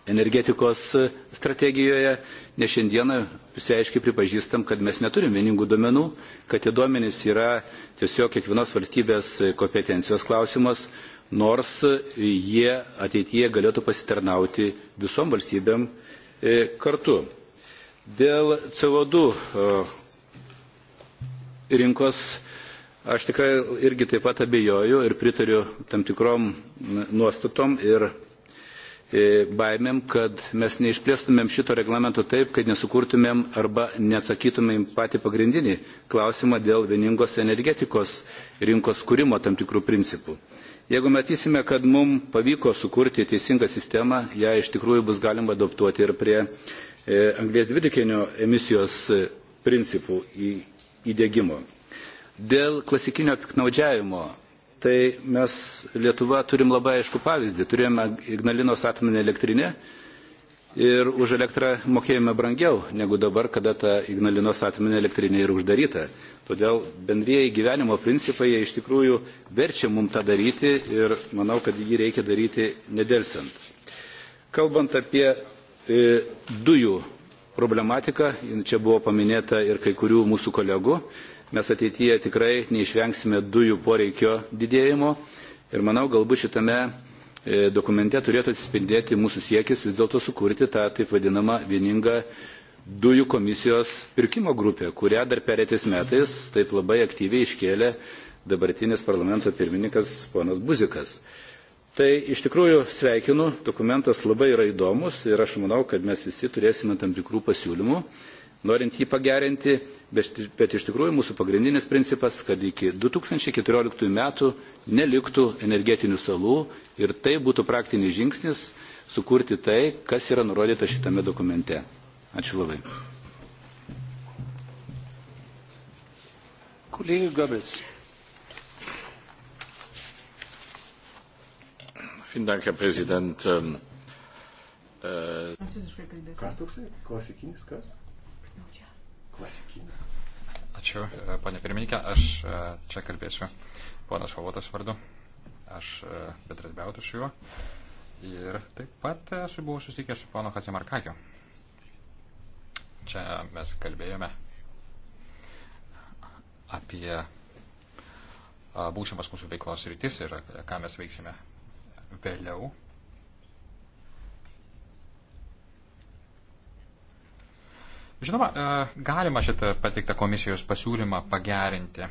Speaker 4: energetikos strategijoje, nes šiandieną visi aiškiai pripažįstam, kad mes neturim vieningų duomenų, kad tie duomenys yra tiesiog kiekvienos valstybės kompetencijos klausimas, nors jie ateityje galėtų pasitarnauti visom valstybėm e, kartu. Dėl CO2 e, rinkos aš tikrai irgi taip pat abejoju ir pritariu tam tikrom nuostatom ir E, baimėm, kad mes neišplėstumėm šito reglamento taip, kad nesukurtumėm arba neatsakytumėm patį pagrindinį klausimą dėl vieningos energetikos rinkos kūrimo tam tikrų principų. Jeigu matysime, kad mums pavyko sukurti teisingą sistemą, ją iš tikrųjų bus galima adaptuoti ir prie e, anglės dvideginio emisijos e, principų įdėgymo. Dėl klasikinio piknaudžiavimo tai mes Lietuva turim labai aišku pavyzdį. Turėjome Ignalinos atominę elektrinę ir už elektrą mokėjome brangiau negu dabar, kada ta Ignalinos atominė elektrinė yra uždaryta. Todėl bendrieji gyvenimo principai iš tikrųjų verčia mum tą daryti ir manau, kad jį reikia daryti nedelsant. Kalbant apie e, dujų problematiką, čia buvo paminėta ir kai kurių mūsų kolegų, mes ateityje tikrai neišvengsime dujų poreikio didėjimo ir manau galbūt šitame e, dokumente turėtų atsispindėti mūsų siekis vis dėlto sukurti tą taip vadinamą vieningą dujų komisijos pirkimo grupė, kurią dar perėtis metais taip labai aktyviai iškėlė dabartinis parlamento pirmininkas ponas Buzikas. Tai iš tikrųjų sveikinu, dokumentas labai yra įdomus ir aš manau, kad mes visi turėsime tam tikrų pasiūlymų norint jį pagerinti, bet, bet iš tikrųjų mūsų pagrindinis principas, kad iki 2014 metų neliktų energetinių salų ir tai būtų praktinis žingsnis sukurti tai, kas yra nurodyta šitame dokumente. Ačiū labai.
Speaker 5: Kollege Goebbels.
Speaker 4: Vielen Dank, Herr Präsident. Ähm, äh,
Speaker 5: kas toksai? Klasikinis kas?
Speaker 2: klasikinę. Ačiū, e, ponė pirmininkė, aš e, čia kalbėsiu ponas Favotas vardu. Aš e, bendradarbiauju su juo. Ir taip pat esu buvau susitikęs su pono Hatsimarkakiu. Čia mes kalbėjome apie būsimas mūsų veiklos rytis ir ką mes veiksime vėliau Žinoma, e, galima šitą patiktą komisijos pasiūlymą pagerinti.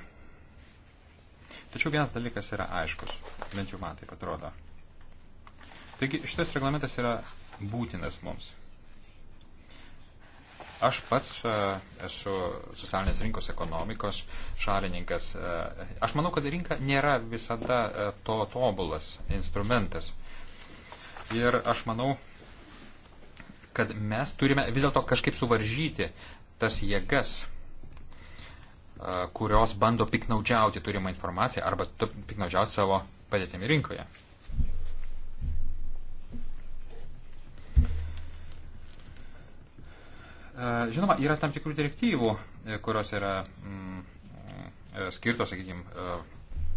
Speaker 2: Tačiau vienas dalykas yra aiškus, bent jau man taip atrodo. Taigi šitas reglamentas yra būtinas mums. Aš pats e, esu socialinės rinkos ekonomikos šalininkas. E, aš manau, kad rinka nėra visada to tobulas instrumentas. Ir aš manau, kad mes turime vis dėlto kažkaip suvaržyti tas jėgas, kurios bando piknaudžiauti turimą informaciją arba piknaudžiauti savo padėtimi rinkoje. Žinoma, yra tam tikrų direktyvų, e, kurios yra mm, e, skirtos, sakykime,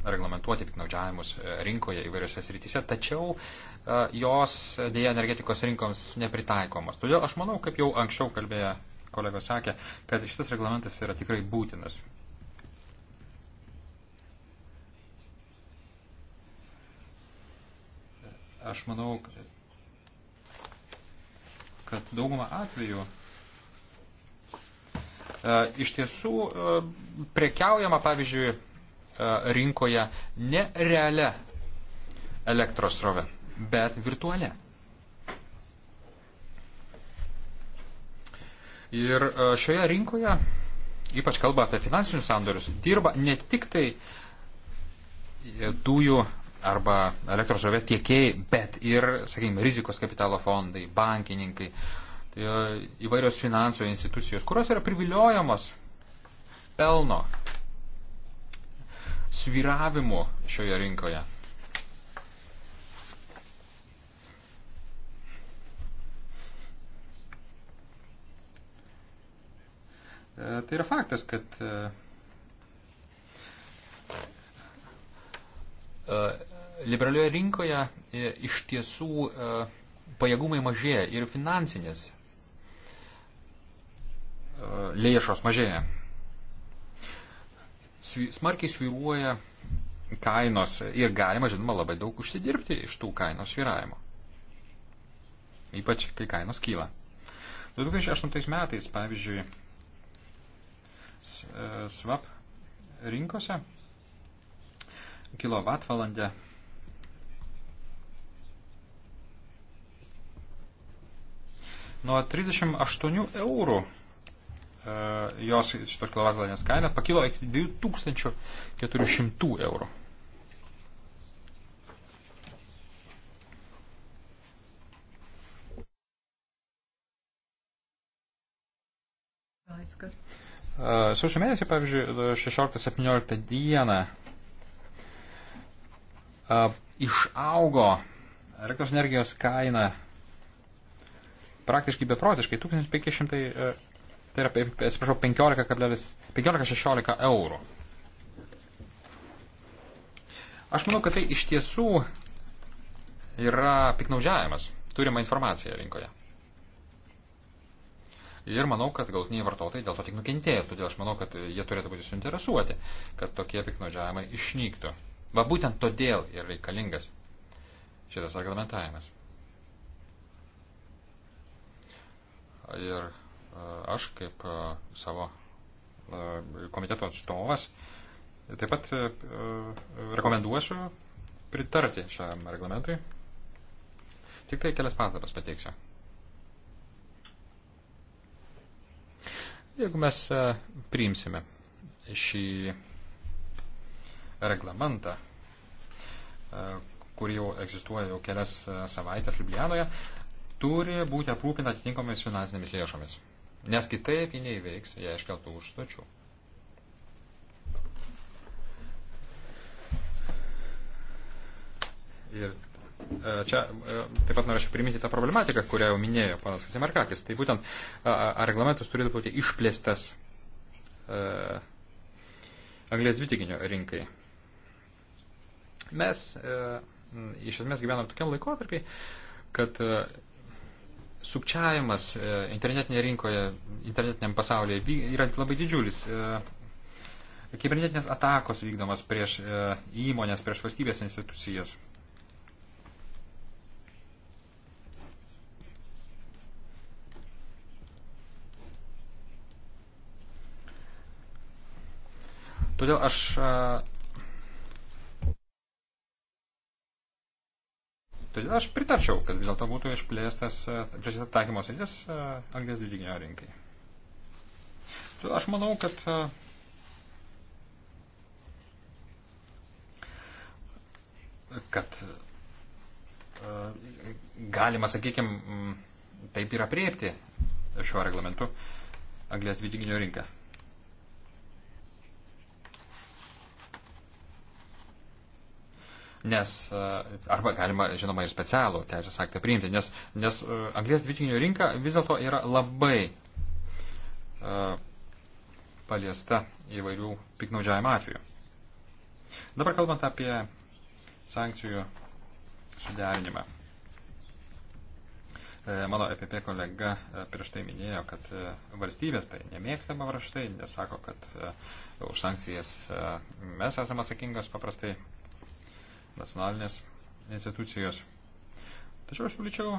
Speaker 2: reglamentuoti piknaudžiavimus e, rinkoje įvairiose srityse, tačiau e, jos dėja energetikos rinkoms nepritaikomos. Todėl aš manau, kaip jau anksčiau kalbėję kolegos sakė, kad šitas reglamentas yra tikrai būtinas. Aš manau, kad daugumą atvejų e, iš tiesų prekiaujama, pavyzdžiui, E, rinkoje ne realia elektros srove, bet virtualia. Ir e, šioje rinkoje, ypač kalba apie finansinius sandorius, dirba ne tik tai e, dujų arba elektros žavė tiekėjai, bet ir, sakykime, rizikos kapitalo fondai, bankininkai, tai įvairios finansų institucijos, kurios yra priviliojamos pelno sviravimų šioje rinkoje. E, tai yra faktas, kad e, e, liberalioje rinkoje iš tiesų pajėgumai mažėja ir finansinės lėšos mažėja smarkiai sviruoja kainos ir galima, žinoma, labai daug užsidirbti iš tų kainos sviravimo. Ypač, kai kainos kyla. 2008 metais, pavyzdžiui, e, swap rinkose kilovatvalandė nuo 38 eurų E, jos šitos kilovatvalandės kaina pakilo iki 2400 eurų.
Speaker 3: E,
Speaker 2: sausio mėnesį, pavyzdžiui, 16-17 e, dieną išaugo elektros energijos kaina praktiškai beprotiškai 1500 tai yra, atsiprašau, 15,16 eurų. Aš manau, kad tai iš tiesų yra piknaudžiavimas turima informacija rinkoje. Ir manau, kad galutiniai vartotojai dėl to tik nukentėjo, todėl aš manau, kad jie turėtų būti suinteresuoti, kad tokie piknaudžiavimai išnyktų. Va būtent todėl ir reikalingas šitas reglamentavimas. Ir aš kaip savo komiteto atstovas taip pat e, e, rekomenduosiu pritarti šiam reglamentui. Tik tai kelias pastabas pateiksiu. Jeigu mes e, priimsime šį reglamentą, kur jau egzistuoja jau kelias savaitės Liublianoje, turi būti aprūpinta atitinkomis finansinėmis lėšomis. Nes kitaip ji neįveiks, jei iškeltų užduočių. Ir e, čia e, taip pat norėčiau priminti tą problematiką, kurią jau minėjo panas Kasimarkakis. Tai būtent, ar reglamentas turėtų būti išplėstas uh, anglės dviteginio rinkai. Mes uh, iš esmės gyvenam tokiam laikotarpį, kad uh, sukčiavimas e, internetinėje rinkoje, internetiniam pasaulyje yra labai didžiulis. E, kibernetinės atakos vykdomas prieš e, įmonės, prieš valstybės institucijas. Todėl aš Todėl aš pritarčiau, kad vis dėlto būtų išplėstas e, taikymo sritis e, anglės dvideginio rinkai. Aš manau, kad e, kad galima, sakykime, taip ir apriepti šiuo reglamentu anglės dvideginio rinką. nes, e, arba galima, žinoma, ir specialų teisės aktą priimti, nes, nes e, anglės dvideginio rinka vis dėlto yra labai uh, paliesta įvairių piknaudžiavimo atvejų. Dabar kalbant apie sankcijų suderinimą. Mano EPP kolega prieš tai minėjo, kad valstybės tai nemėgstama raštai, nesako, kad už sankcijas mes esame atsakingos paprastai nacionalinės institucijos. Tačiau aš siūlyčiau,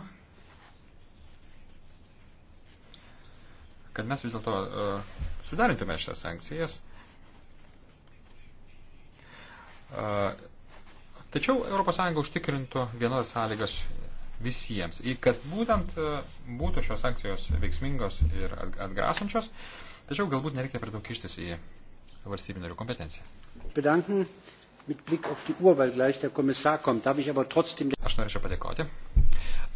Speaker 2: kad mes vis dėlto uh, e, sudarintume šitas sankcijas. Uh, tačiau ES užtikrintų vienodas sąlygas visiems. Ir kad būtent e, būtų šios sankcijos veiksmingos ir atgrasančios, tačiau galbūt nereikia per daug kištis į valstybinarių kompetenciją.
Speaker 1: Bedanken mit Blick auf
Speaker 2: die Uhr, weil gleich der Kommissar kommt. Darf ich aber trotzdem. Aš norėčiau padėkoti.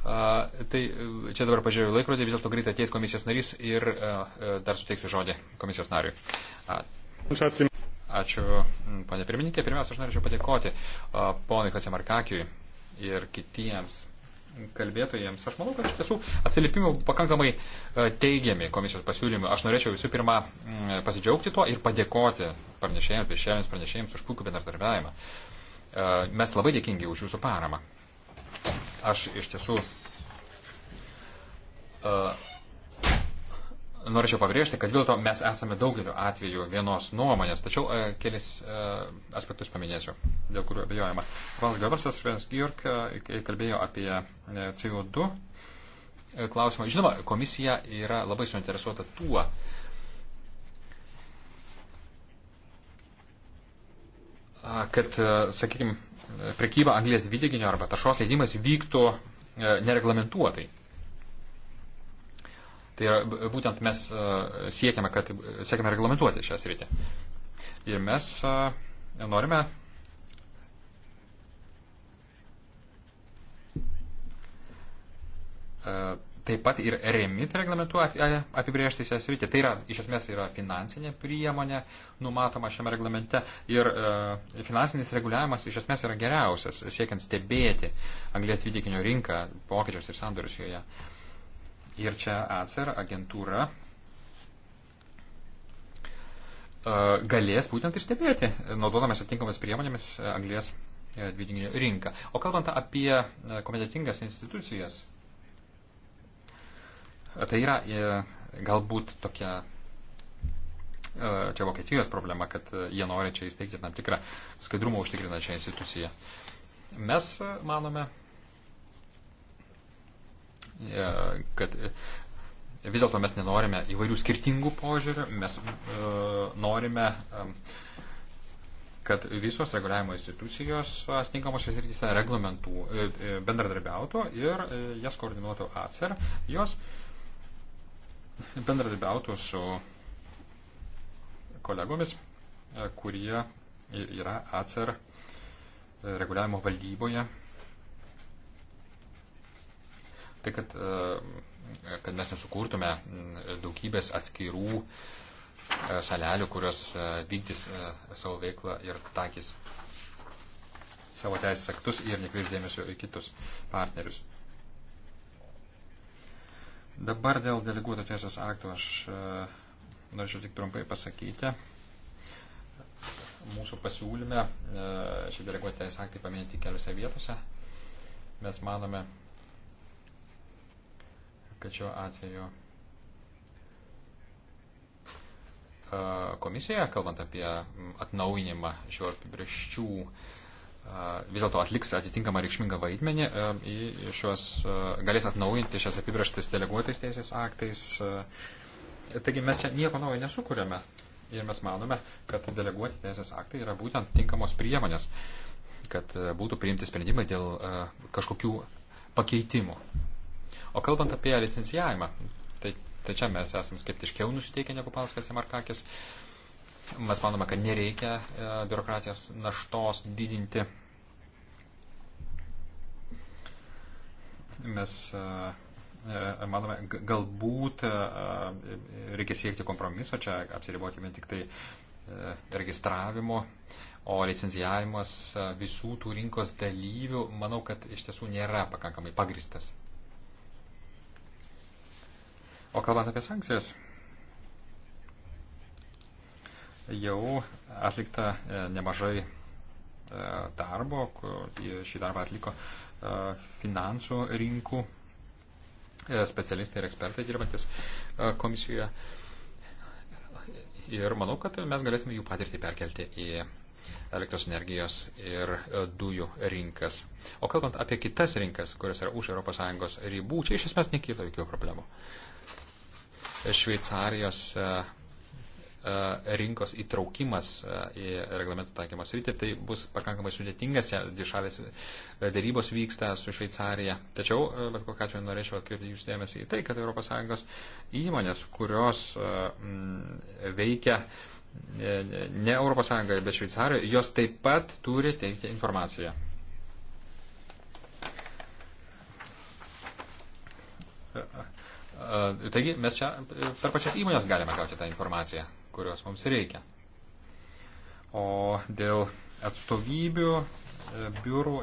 Speaker 2: A, tai e, čia dabar pažiūrėjau laikrodį, vis dėlto greitai ateis komisijos narys ir a, e, a, e, dar suteiksiu žodį komisijos nariui. A, ačiū, ponė pirmininkė. Pirmiausia, aš norėčiau padėkoti a, ponui Kacemarkakiui ir kitiems kalbėtojams. Aš manau, kad iš tiesų atsiliepimų pakankamai e, teigiami komisijos pasiūlymai. Aš norėčiau visų pirma mm, pasidžiaugti tuo ir padėkoti pranešėjams, viršėjams pranešėjams už puikų bendradarbiavimą. E, mes labai dėkingi už jūsų paramą. Aš iš tiesų e, norėčiau pabrėžti, kad dėl to mes esame daugeliu atveju vienos nuomonės, tačiau e, kelis e, aspektus paminėsiu, dėl kurių abejojama. Valas Gabarsas Giorg e, e, kalbėjo apie e, CO2 e, klausimą. Žinoma, komisija yra labai suinteresuota tuo, kad, sakykime, prekyba anglės dvideginio arba taršos leidimais vyktų nereglamentuotai. Tai yra, būtent mes e, siekiame, kad, siekiame reglamentuoti šią sritį. Ir mes e, norime e, taip pat ir remit reglamentuoja apibriežtai šią sritį. Tai yra, iš esmės, yra finansinė priemonė numatoma šiame reglamente ir e, finansinis reguliavimas iš esmės yra geriausias, siekiant stebėti anglės dvideginio rinką, pokyčius ir sandorius joje. E, Ir čia ACER agentūra e, galės būtent ir stebėti, naudodamas atinkamas priemonėmis e, anglės e, dvideginio rinką. O kalbant apie kompetitingas institucijas, tai yra galbūt tokia čia Vokietijos problema, kad jie nori čia įsteigti tam tikrą skaidrumą užtikrinančią instituciją. Mes manome, E, kad e, vis dėlto mes nenorime įvairių skirtingų požiūrių, mes e, norime, kad visos reguliavimo institucijos atitinkamose srityse reglamentų bendradarbiautų ir jas koordinuotų ACER, jos bendradarbiautų su kolegomis, kurie yra ACER reguliavimo valdyboje tai kad, e, kad mes nesukurtume mm, daugybės atskirų e, salelių, kurios e, vykdys savo veiklą ir takys savo teisės aktus ir nekreips dėmesio į kitus partnerius. Dabar dėl deleguoto teisės aktų aš norėčiau tik trumpai pasakyti. Mūsų pasiūlyme šį deleguotą teisės aktą paminėti keliose vietose. Mes manome, kad šiuo atveju komisija, kalbant apie atnaujinimą šio apibrieščių, vis dėlto atliks atitinkamą reikšmingą vaidmenį, šios, galės atnaujinti šias apibrieštis deleguotais teisės aktais. Taigi mes čia nieko naujo nesukūrėme ir mes manome, kad deleguoti teisės aktai yra būtent tinkamos priemonės, kad būtų priimti sprendimai dėl kažkokių pakeitimų O kalbant apie licencijavimą, tai, tai čia mes esame skeptiškiau nusiteikę negu Panskas ir Markakis. Mes manome, kad nereikia e, biurokratijos naštos didinti. Mes e, e manome, galbūt e, e, reikia siekti kompromiso, čia apsiribokime tik tai registravimo, o licencijavimas visų tų rinkos dalyvių, manau, kad iš tiesų nėra pakankamai pagristas. O kalbant apie sankcijas, jau atlikta e, nemažai e, darbo, šį darbą atliko e, finansų rinkų specialistai ir ekspertai dirbantis komisijoje. Ir manau, kad mes galėtume jų patirtį perkelti į elektros energijos ir dujų rinkas. O kalbant apie kitas rinkas, kurios yra už ES ribų, čia iš esmės nekyla jokių problemų. Uh, Šveicarijos e, e, rinkos įtraukimas e, į reglamentų taikymo sritį, tai bus pakankamai sudėtingas, dišalės dėrybos vyksta su Šveicarija. Tačiau, bet kokią atveju, norėčiau atkreipti jūsų dėmesį į tai, kad ES įmonės, kurios m, veikia ne ES, bet Šveicarijoje, jos taip pat turi teikti informaciją. Uh-uh. E, taigi mes čia e, per pačias įmonės galime gauti tą informaciją, kurios mums reikia. O dėl atstovybių, e, biurų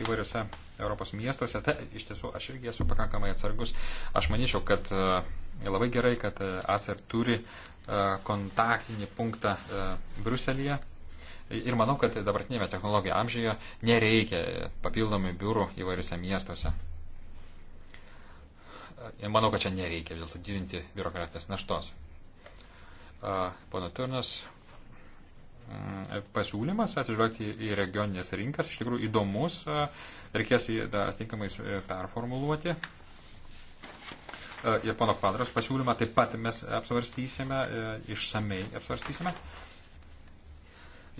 Speaker 2: įvairiose Europos miestuose, tai iš tiesų aš irgi esu pakankamai atsargus. Aš manyčiau, kad labai gerai, kad ASER turi kontaktinį punktą Bruselėje. Ir manau, kad dabartinėme technologijų amžiuje nereikia papildomų biurų įvairiose miestuose manau, kad čia nereikia vis dėlto didinti biurokratinės naštos. Pono Turnas mm, pasiūlymas atsižvelgti į regioninės rinkas iš tikrųjų įdomus, reikės jį atitinkamai e, performuluoti. Ir pono kvadros pasiūlymą taip pat mes apsvarstysime, e, išsamei apsvarstysime.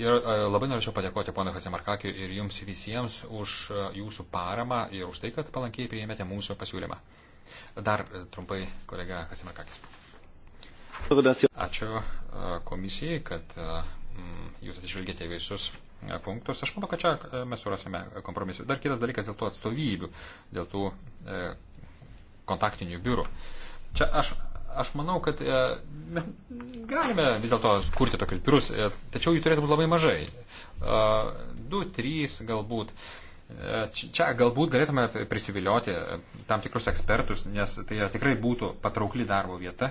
Speaker 2: Ir e, labai norėčiau padėkoti ponui Hasemarkakiu ir jums visiems už jūsų paramą ir už tai, kad palankiai priėmėte mūsų pasiūlymą. Dar e, trumpai kolega Hasimakakis. Ačiū e, komisijai, kad e, jūs atsižvelgėte į visus punktus. Aš manau, kad čia mes surasime kompromisų. Dar kitas dalykas dėl tų atstovybių, dėl tų kontaktinių biurų. Čia aš aš manau, kad e, mes galime vis dėlto kurti tokius biurus, e, tačiau jų turėtų būti labai mažai. E, du, trys galbūt. E, E, čia galbūt galėtume prisivilioti e, tam tikrus ekspertus, nes tai e, tikrai būtų patraukli darbo vieta.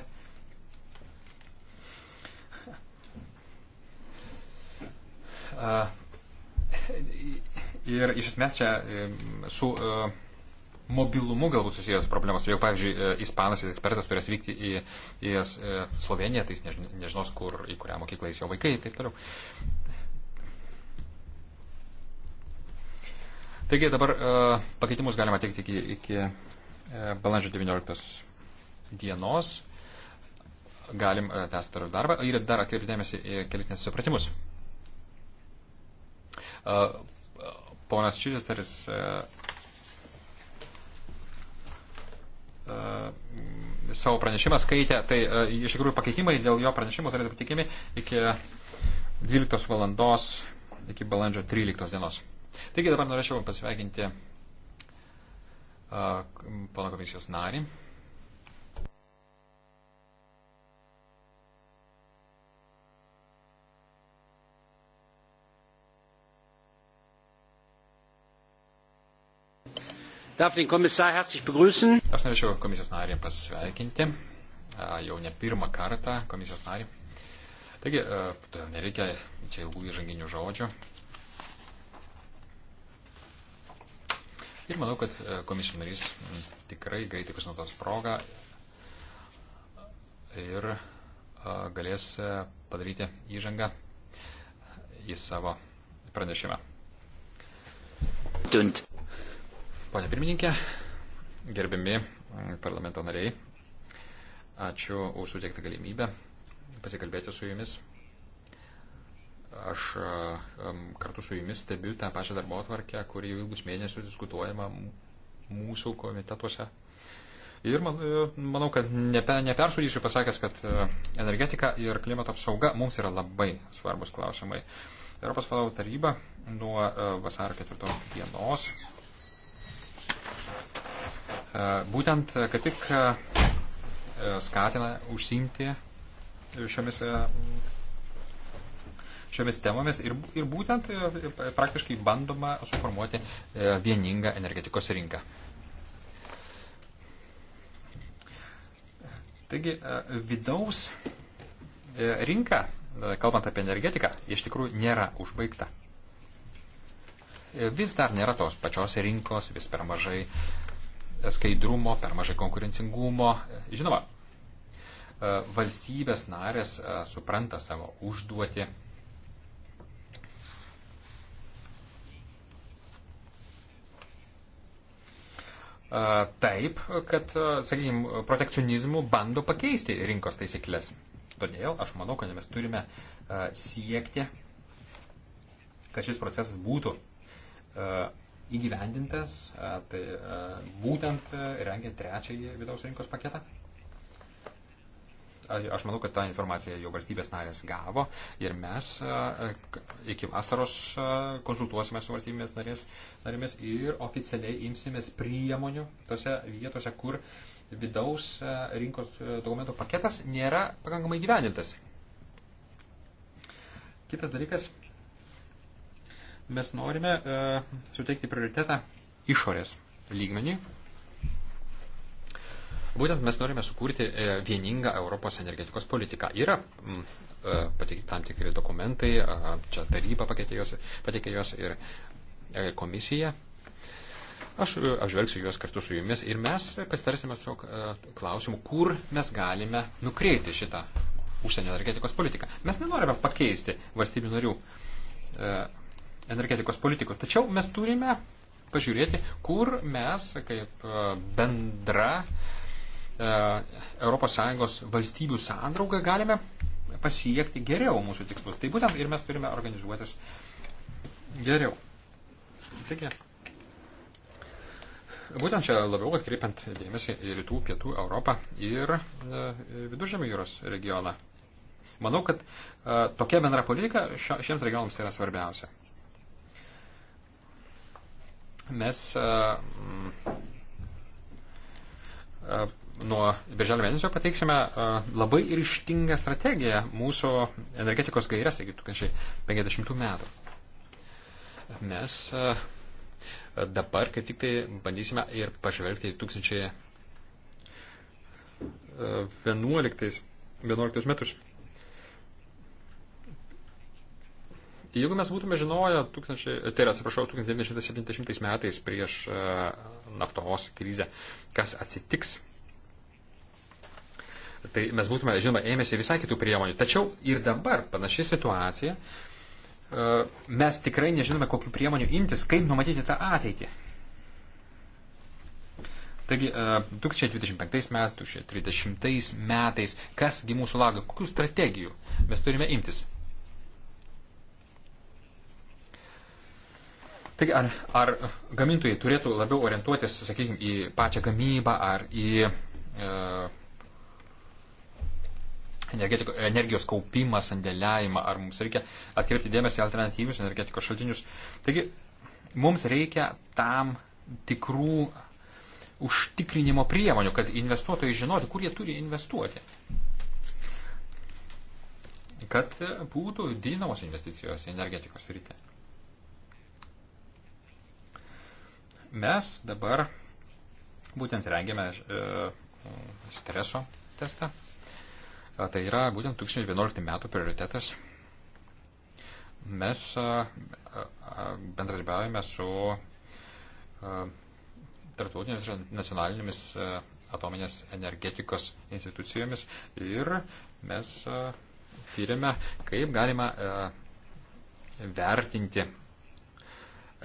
Speaker 2: Ir iš esmės čia su mobilumu galbūt susijęs problemas. Jeigu, pavyzdžiui, ispanas ekspertas turės vykti į, į Sloveniją, tai jis nežinos, kur, į kurią mokyklą jis jo vaikai ir taip toliau. Taigi dabar e, pakeitimus galima teikti iki, iki e, balandžio 19 dienos. Galim e, tęsti toliau darbą ir dar atkreipdėmėsi į kelis nesusipratimus. Ponas Čičesteris savo pranešimą skaitė, tai iš tikrųjų pakeitimai dėl jo pranešimo turėtų patikimi iki 12 valandos, iki balandžio 13 dienos. Taigi dabar norėčiau pasveikinti uh, pono komisijos narį. Darf den Kommissar herzlich begrüßen. Aš norėčiau komisijos narį pasveikinti. Jau ne pirmą kartą komisijos narį. Taigi, nereikia čia ilgų įžanginių žodžių. Ir manau, kad e, komisijų narys tikrai greitai pasinaudos progą ir e, galės e, padaryti įžangą į savo pranešimą. Tunt. Pone pirmininkė, gerbiami parlamento nariai, ačiū už suteiktą galimybę pasikalbėti su jumis. Aš kartu su jumis stebiu tą pačią darbo atvarkę, kuri jau ilgus mėnesius diskutuojama mūsų komitetuose. Ir man, e, manau, kad nepe, nepersudysiu pasakęs, kad e, energetika ir klimato apsauga mums yra labai svarbus klausimai. Europos vadovų taryba nuo e, vasaro 4 dienos. Būtent, kad tik skatina užsimti šiomis šiomis temomis ir, ir būtent e, e, praktiškai bandoma suformuoti e, vieningą energetikos rinką. Taigi vidaus rinka, kalbant apie energetiką, iš tikrųjų nėra užbaigta. Vis dar nėra tos pačios rinkos, vis per mažai skaidrumo, per mažai konkurencingumo. Žinoma, valstybės narės supranta savo užduoti taip, kad, sakykime, protekcionizmu bando pakeisti rinkos taisyklės. Todėl aš manau, kad mes turime siekti, kad šis procesas būtų įgyvendintas, tai būtent rengiant trečiąjį vidaus rinkos paketą aš manau, kad tą informaciją jau valstybės narės gavo ir mes e, e, iki vasaros e, konsultuosime su valstybės narės, narėmis ir oficialiai imsimės priemonių tose vietose, kur vidaus rinkos dokumento paketas nėra pakankamai gyvenintas. Kitas dalykas, mes norime suteikti prioritetą išorės lygmenį Būtent mes norime sukurti e, vieningą Europos energetikos politiką. Yra mm, e, pateikti tam tikri dokumentai, čia taryba pateikė juos ir e, komisija. Aš apžvelgsiu juos kartu su jumis ir mes pasitarsime su klausimu, kur mes galime nukreipti šitą užsienio energetikos politiką. Mes nenorime pakeisti valstybių narių energetikos politikos, tačiau mes turime pažiūrėti, kur mes kaip bendra uh, ES valstybių sąndraugą galime pasiekti geriau mūsų tikslus. Tai būtent ir mes turime organizuotis geriau. Taigi, būtent čia labiau atkreipiant dėmesį į rytų, pietų Europą ir e, viduržėmio jūros regioną. Manau, kad e, tokia bendra politika šia, šiems regionams yra svarbiausia. Mes e, e nuo birželio mėnesio pateiksime e, labai ryštingą strategiją mūsų energetikos gairias iki 2050 metų. Mes e, dabar kaip tik tai bandysime ir pažvelgti į 2011, 2011 e, metus. Jeigu mes būtume žinoję, 1000, tai yra, atsiprašau, 1970 metais prieš naftos krizę, kas atsitiks tai mes būtume, žinoma, ėmėsi visai kitų priemonių. Tačiau ir dabar panaši situacija, e, mes tikrai nežinome, kokiu priemonių imtis, kaip numatyti tą ateitį. Taigi 2025 e, metais, 2030 metais, kasgi mūsų laukia, kokių strategijų mes turime imtis. Taigi, ar, ar gamintojai turėtų labiau orientuotis, sakykime, į pačią gamybą ar į e, energijos kaupimą, sandėliavimą, ar mums reikia atkreipti dėmesį į alternatyvius energetikos šaltinius. Taigi, mums reikia tam tikrų užtikrinimo priemonių, kad investuotojai žinotų, kur jie turi investuoti. Kad būtų didinamos investicijos į energetikos rytį. Mes dabar būtent rengiame e, streso testą Tai yra būtent 2011 metų prioritetas. Mes bendradarbiavame su tarptautinėmis ir nacionalinėmis atominės energetikos institucijomis ir mes tyrėme, kaip galima vertinti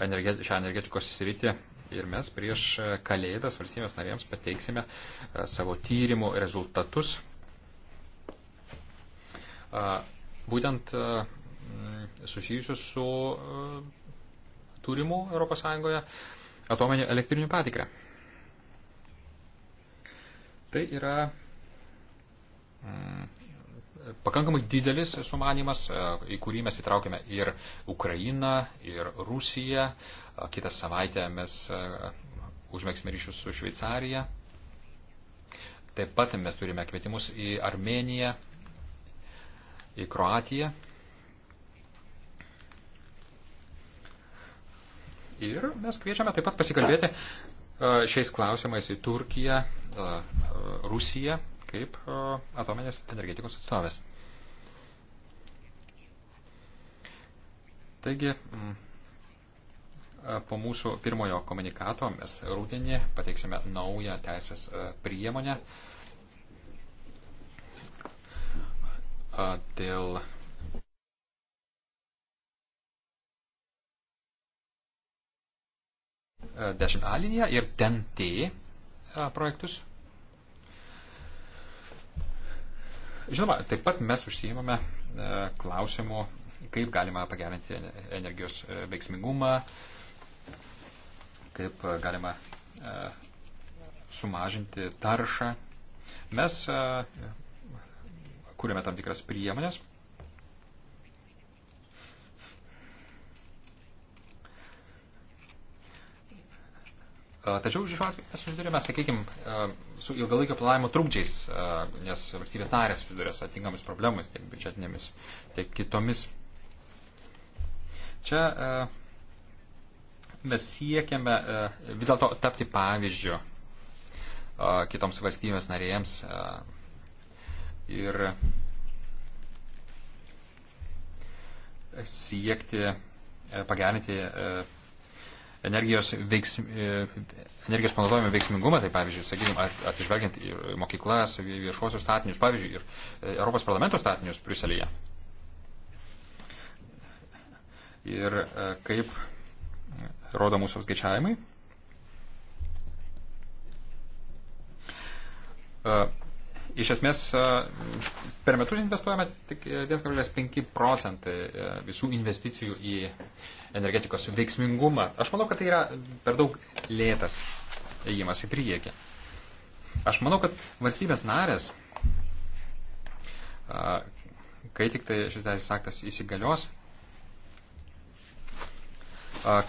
Speaker 2: energet, šią energetikos sritį ir mes prieš kalėdas valstybės narėms pateiksime savo tyrimų rezultatus būtent susijusius su turimų ES atominių elektrinių patikrę. Tai yra pakankamai didelis sumanimas, į kurį mes įtraukėme ir Ukrainą, ir Rusiją. Kitą savaitę mes užmėgsime ryšius su Šveicarija. Taip pat mes turime kvietimus į Armeniją, į Kroatiją. Ir mes kviečiame taip pat pasikalbėti e, šiais klausimais į Turkiją, e, e, Rusiją kaip atomenės energetikos atstovės. Taigi, po mūsų pirmojo komunikato mes rūdienį pateiksime naują teisės priemonę dėl dešimt A liniją ir ten T projektus. Žinoma, taip pat mes užsijimame e, klausimu, kaip galima pagerinti energijos e, veiksmingumą, kaip galima e, sumažinti taršą. Mes kuriame tam tikras priemonės. Tačiau šiuo atveju mes susidurėme, sakykime, su ilgalaikio planavimo trukdžiais, nes valstybės narės susidurė su atinkamis problemais, tiek biudžetinėmis, tiek kitomis. Čia mes siekiame vis dėlto tapti pavyzdžiu kitoms valstybės narėjams ir siekti e, pagerinti e, energijos, veiksm, e, energijos panaudojimo veiksmingumą, tai pavyzdžiui, sakykime, atsižvelgiant į mokyklas, viešuosius statinius, pavyzdžiui, ir Europos parlamento statinius Bruselėje. Ir kaip rodo mūsų skaičiavimai, Iš esmės, per metus investuojame tik 1,5 e, procentai e, visų investicijų į energetikos veiksmingumą. Aš manau, kad tai yra per daug lėtas ėjimas į priekį. Aš manau, kad valstybės narės, kai tik tai šis teisės aktas įsigalios,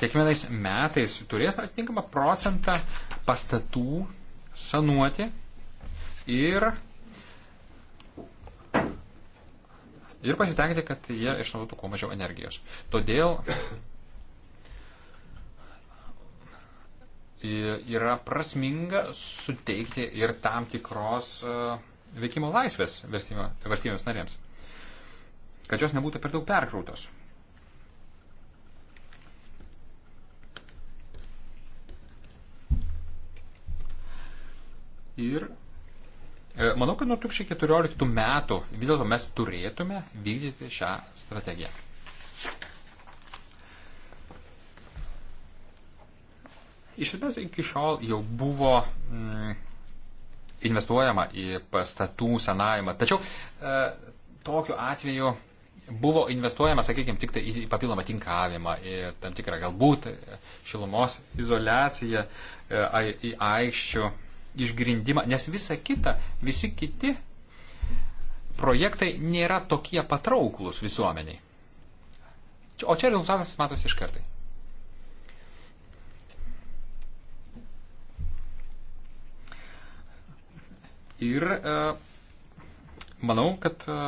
Speaker 2: kiekvienais metais turės atitinkamą procentą pastatų sanuoti ir ir pasistengti, kad jie išnaudotų kuo mažiau energijos. Todėl yra prasminga suteikti ir tam tikros e, veikimo laisvės valstybėms narėms, kad jos nebūtų per daug perkrautos. Ir E, manau, kad nuo 2014 metų vis dėlto mes turėtume vykdyti šią strategiją. Iš esmės iki šiol jau buvo mm, investuojama į pastatų senavimą. Tačiau e, tokiu atveju buvo investuojama, sakykime, tik tai į papildomą tinkavimą, į tam tikrą galbūt šilumos izolaciją, e, į aikščių išgrindimą, nes visa kita, visi kiti projektai nėra tokie patrauklus visuomeniai. O čia rezultatas matosi iš kartai. Ir e, manau, kad e,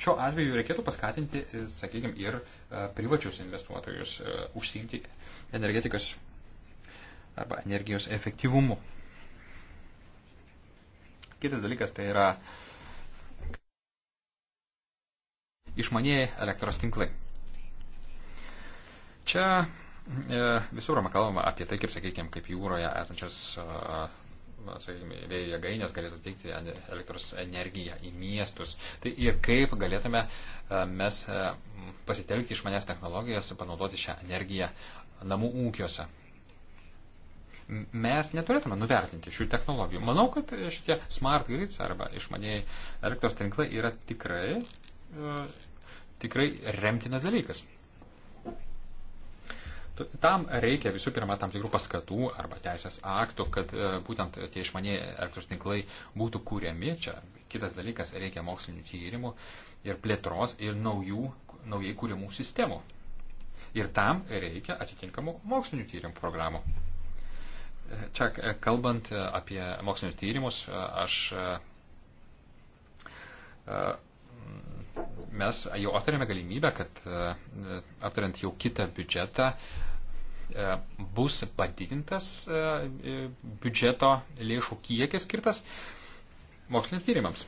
Speaker 2: šiuo atveju reikėtų paskatinti, e, sakykime, ir e, privačius investuotojus e, užsiimti energetikos arba energijos efektyvumu. Kitas dalykas tai yra išmanieji elektros tinklai. Čia e, visur man kalbama apie tai, kaip, sakykime, kaip jūroje esančias, e, sakykime, vėjo jėgainės galėtų teikti elektros energiją į miestus. Tai ir kaip galėtume e, mes pasitelkti išmanės technologijas, panaudoti šią energiją namų ūkiuose mes neturėtume nuvertinti šių technologijų. Manau, kad šitie smart grids arba išmaniai elektros tinklai yra tikrai,
Speaker 1: e,
Speaker 2: tikrai remtinas dalykas. Tam reikia visų pirma tam tikrų paskatų arba teisės aktų, kad e, būtent tie išmaniai elektros tinklai būtų kūriami. Čia kitas dalykas reikia mokslinių tyrimų ir plėtros ir naujų, naujai kūrimų sistemų. Ir tam reikia atitinkamų mokslinių tyrimų programų čia e, kalbant e, apie mokslinius tyrimus, e, aš mes jau aptarėme galimybę, kad aptariant jau kitą biudžetą bus padidintas biudžeto lėšų kiekis skirtas moksliniams tyrimams.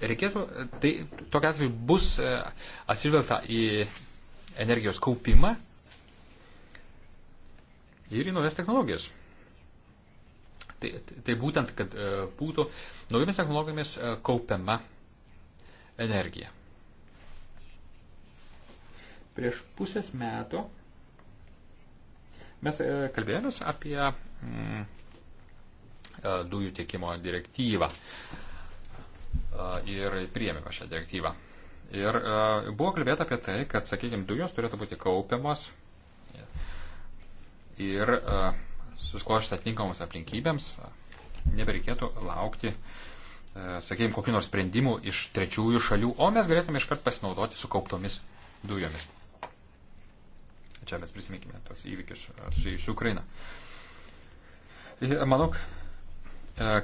Speaker 2: Reikėtų, tai tokia atveju bus atsižvelgta į energijos kaupimą ir į naujas technologijas. Tai, tai būtent, kad e, būtų naujomis technologijomis e, kaupiama energija. Prieš pusės metų mes e, kalbėjomės apie mm, dujų tiekimo direktyvą ir priėmėme šią direktyvą. Ir buvo kalbėta apie tai, kad, sakykime, dujos turėtų būti kaupiamas ir e, susiklošti atitinkamus aplinkybėms nebereikėtų laukti, e, sakėjim, kokiu nors sprendimu iš trečiųjų šalių, o mes galėtume iškart pasinaudoti sukauptomis dujomis. Čia mes prisiminkime tos įvykius e, susijusius su Ukraina. Manau,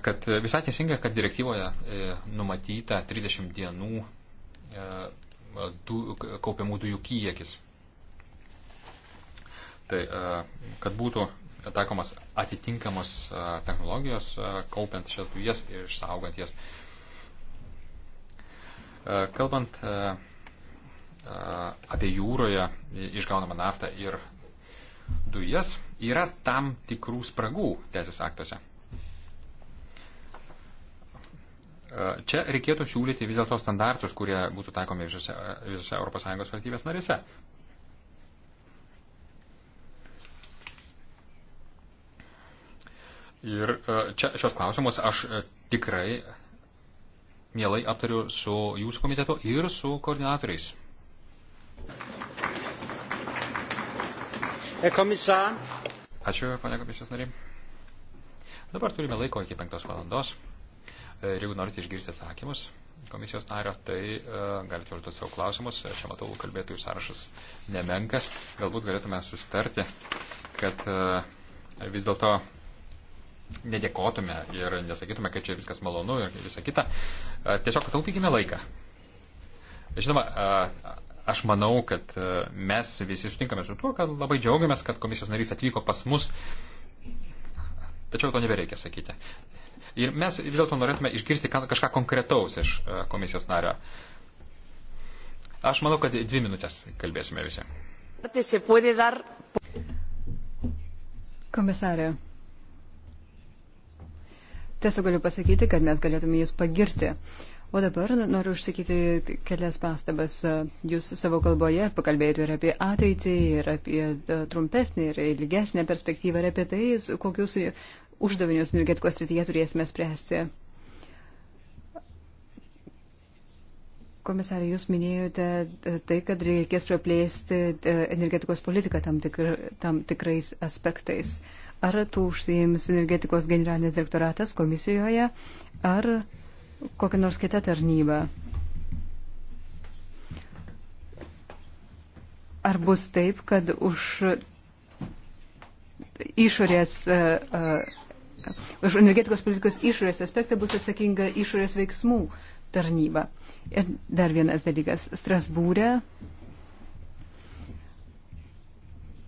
Speaker 2: kad visai teisinga, kad direktyvoje numatyta 30 dienų du, kaupiamų dujų kiekis tai e, kad būtų taikomas atitinkamos e, technologijos, e, kaupiant šias dujas ir išsaugant jas. Kalbant apie jūroje išgaunamą naftą ir dujas, yra tam tikrų spragų teisės aktuose. Čia reikėtų siūlyti vis dėlto standartus, kurie būtų taikomi visose, visose ES valstybės narise. Ir e, čia šios klausimus aš e, tikrai mielai aptariu su jūsų komitetu ir su koordinatoriais. Komisar. Ačiū, pane komisijos nariai. Dabar turime laiko iki penktos valandos. E, ir jeigu norite išgirsti atsakymus komisijos nario, tai uh, galite užduoti savo klausimus. Čia matau, kalbėtojų sąrašas nemenkas. Galbūt galėtume sustarti, kad uh, vis dėlto nedėkotume ir nesakytume, kad čia viskas malonu ir visa kita. Tiesiog taupykime laiką. Žinoma, aš manau, kad mes visi sutinkame su tuo, kad labai džiaugiamės, kad komisijos narys atvyko pas mus. Tačiau to nebereikia sakyti. Ir mes vis dėlto norėtume išgirsti kažką konkretaus iš komisijos nario. Aš manau, kad dvi minutės kalbėsime visi.
Speaker 3: Komisarė, Tiesiog galiu pasakyti, kad mes galėtume jis pagirti. O dabar noriu užsakyti kelias pastabas. Jūs savo kalboje pakalbėjote ir apie ateitį, ir apie e, trumpesnį, ir ilgesnę perspektyvą, ir apie tai, kokius uždavinius energetikos srityje turėsime spręsti. Komisarė, jūs minėjote e, tai, kad reikės praplėsti e, energetikos politiką tam, tikr, tam tikrais aspektais. Mm. Ar tu užsijims energetikos generalinis direktoratas komisijoje, ar kokia nors kita tarnyba? Ar bus taip, kad už išorės, uh, uh, už energetikos politikos išorės aspektą bus atsakinga išorės veiksmų tarnyba. Ir dar vienas dalykas. Strasbūrė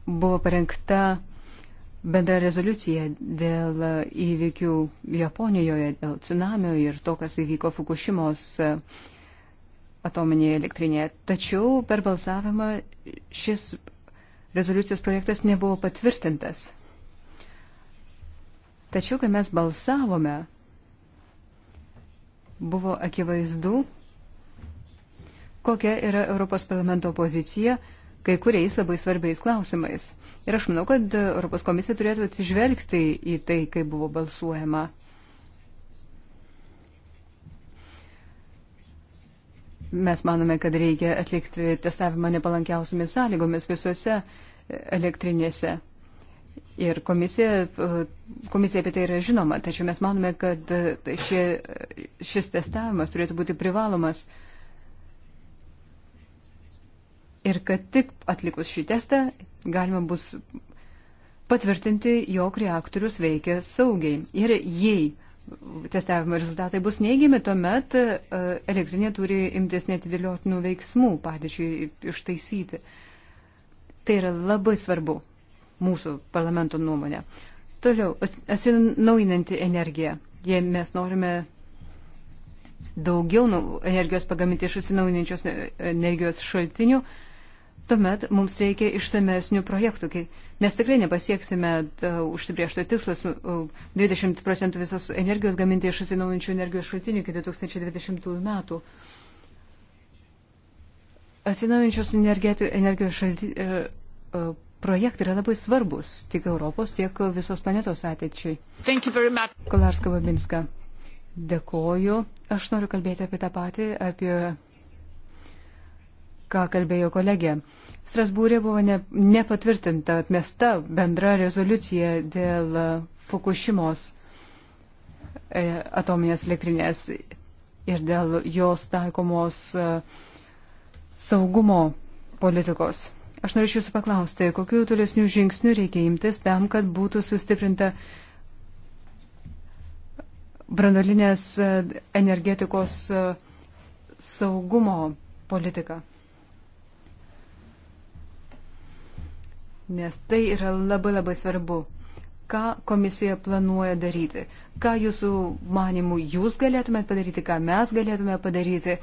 Speaker 3: buvo parengta uh, bendra rezoliucija dėl įvykių Japonijoje, dėl tsunamio ir to, kas įvyko Fukushimos e, atominėje elektrinėje. Tačiau per balsavimą šis rezoliucijos projektas nebuvo patvirtintas. Tačiau, kai mes balsavome, buvo akivaizdu, kokia yra Europos parlamento pozicija kai kuriais labai svarbiais klausimais. Ir aš manau, kad Europos komisija turėtų atsižvelgti į tai, kaip buvo balsuojama. Mes manome, kad reikia atlikti testavimą nepalankiausiamis sąlygomis visuose elektrinėse. Ir komisija, komisija apie tai yra žinoma, tačiau mes manome, kad šie, šis testavimas turėtų būti privalomas. Ir kad tik atlikus šį testą galima bus patvirtinti, jog reaktorius veikia saugiai. Ir jei testavimo rezultatai bus neigiami, tuomet e, elektrinė turi imtis netidėliotinų veiksmų padėčiai ištaisyti. Tai yra labai svarbu mūsų parlamento nuomonė. Toliau, atsinaujinanti energija. Jei mes norime daugiau nu, energijos pagaminti iš atsinaujinančios energijos šaltinių, tuomet mums reikia išsamesnių projektų, nes tikrai nepasieksime uh, e, užsibriešto tikslas uh, e, 20 procentų visos energijos gaminti iš atsinaujančių energijos šaltinių iki 2020 metų. Atsinaujančios energijos šalti, uh, projektai yra labai svarbus tiek Europos, tiek visos planetos ateičiai. Kolarska Babinska. Dėkoju. Aš noriu kalbėti apie tą patį, apie ką kalbėjo kolegė. Strasbūrė buvo ne, nepatvirtinta, atmesta bendra rezoliucija dėl Fukushimos e, atominės elektrinės ir dėl jos taikomos e, saugumo politikos. Aš norėčiau jūsų paklausti, kokiu tolesnių žingsnių reikia imtis tam, kad būtų sustiprinta brandolinės e, energetikos saugumo politika. nes tai yra labai labai svarbu. Ką komisija planuoja daryti? Ką jūsų manimų jūs galėtumėte padaryti, ką mes galėtume padaryti?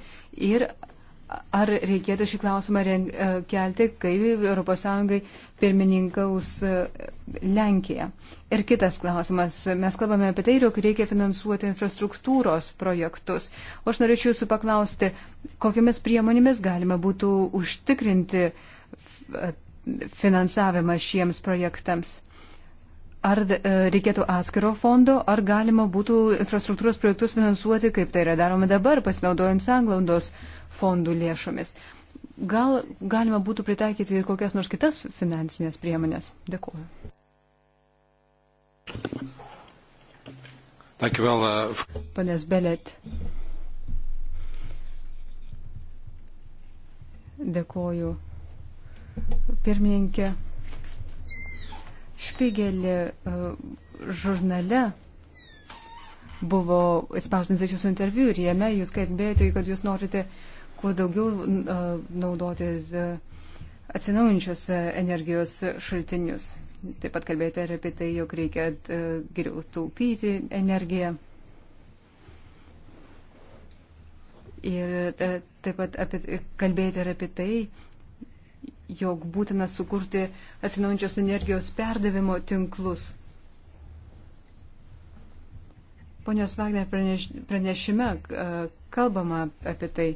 Speaker 3: Ir ar reikėtų šį klausimą e, kelti, kai ES pirmininkaus e, Lenkija? Ir kitas klausimas. Mes kalbame apie tai, jog reikia finansuoti infrastruktūros projektus. O aš norėčiau jūsų paklausti, kokiamis priemonėmis galima būtų užtikrinti finansavimas šiems projektams? Ar e, reikėtų atskiro fondo, ar galima būtų infrastruktūros projektus finansuoti, kaip tai yra daroma dabar, pasinaudojant sanglaudos fondų lėšomis? Gal galima būtų pritaikyti ir kokias nors kitas finansinės priemonės? Dėkuoju.
Speaker 2: Dankjewel. Uh...
Speaker 3: Panas Belet. Dėkuoju Pirmininkė Špigelė e, žurnale buvo spausdintas jūsų interviu ir jame jūs kalbėjote, kad jūs norite kuo daugiau e, naudoti e, atsinaujančios energijos šaltinius. Taip pat kalbėjote ir apie tai, jog reikia geriau taupyti energiją. Ir taip pat apie, kalbėjote ir apie tai, jog būtina sukurti atsinaujančios energijos perdavimo tinklus. Ponios Wagner pranešime kalbama apie tai.